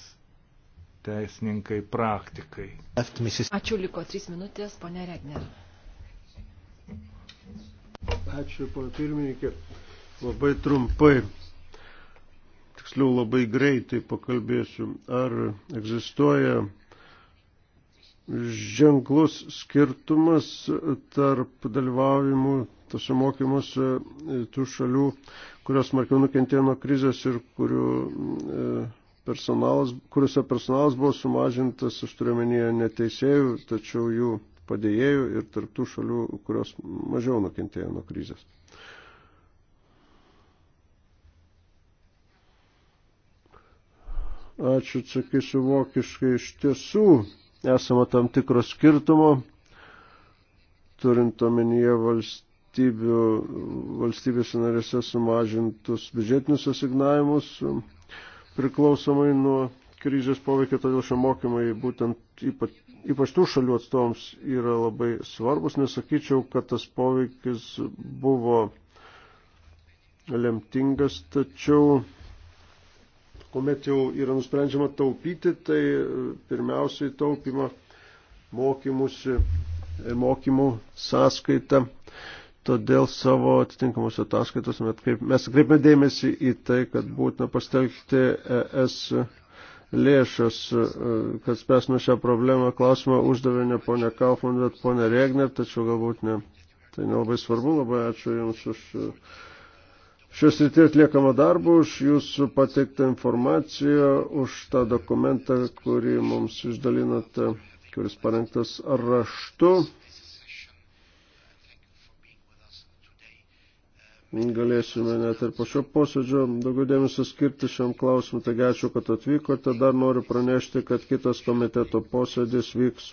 teisininkai praktikai. Ačiū, liko trys minutės, ponė Regner. Ačiū, ponė pirmininkė. Labai trumpai tiksliau labai greitai pakalbėsiu, ar egzistuoja ženklus skirtumas tarp dalyvavimų tose mokymuose tų šalių, kurios smarkiau nukentėjo nuo krizės ir kurių e, personalas, kuriuose personalas buvo sumažintas, aš turiu menyje neteisėjų, tačiau jų padėjėjų ir tarptų šalių, kurios mažiau nukentėjo nuo krizės. Ačiū, atsakysiu vokiškai. Iš tiesų, esama tam tikro skirtumo, turint omenyje valstybių, valstybės narėse sumažintus biudžetinius asignavimus priklausomai nuo krizės poveikio, todėl šie mokymai būtent ypač, ypač tų šalių atstovams yra labai svarbus, nesakyčiau, kad tas poveikis buvo lemtingas, tačiau kuomet jau yra nusprendžiama taupyti, tai e, pirmiausiai taupimą mokymusi, e, mokymų sąskaitą. Todėl savo atitinkamos ataskaitos mes atkreipime dėmesį į tai, kad būtina pastelgti e, ES lėšas, kad spėsime šią problemą. Klausimą uždavė ne ponė Kaufman, bet ponė Regner, tačiau galbūt ne. Tai nelabai svarbu, labai ačiū Jums už. Uh, šios rytį atliekamą darbą, už jūsų pateiktą informaciją, už tą dokumentą, kurį mums išdalinote, kuris parengtas raštu. galėsime net ir po šio posėdžio daugiau dėmesio skirti šiam klausimui. Taigi ačiū, kad atvykote. Dar noriu pranešti, kad kitas komiteto posėdis vyks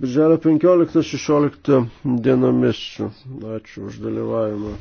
Birželio 15-16 dienomis. Ačiū už dalyvavimą.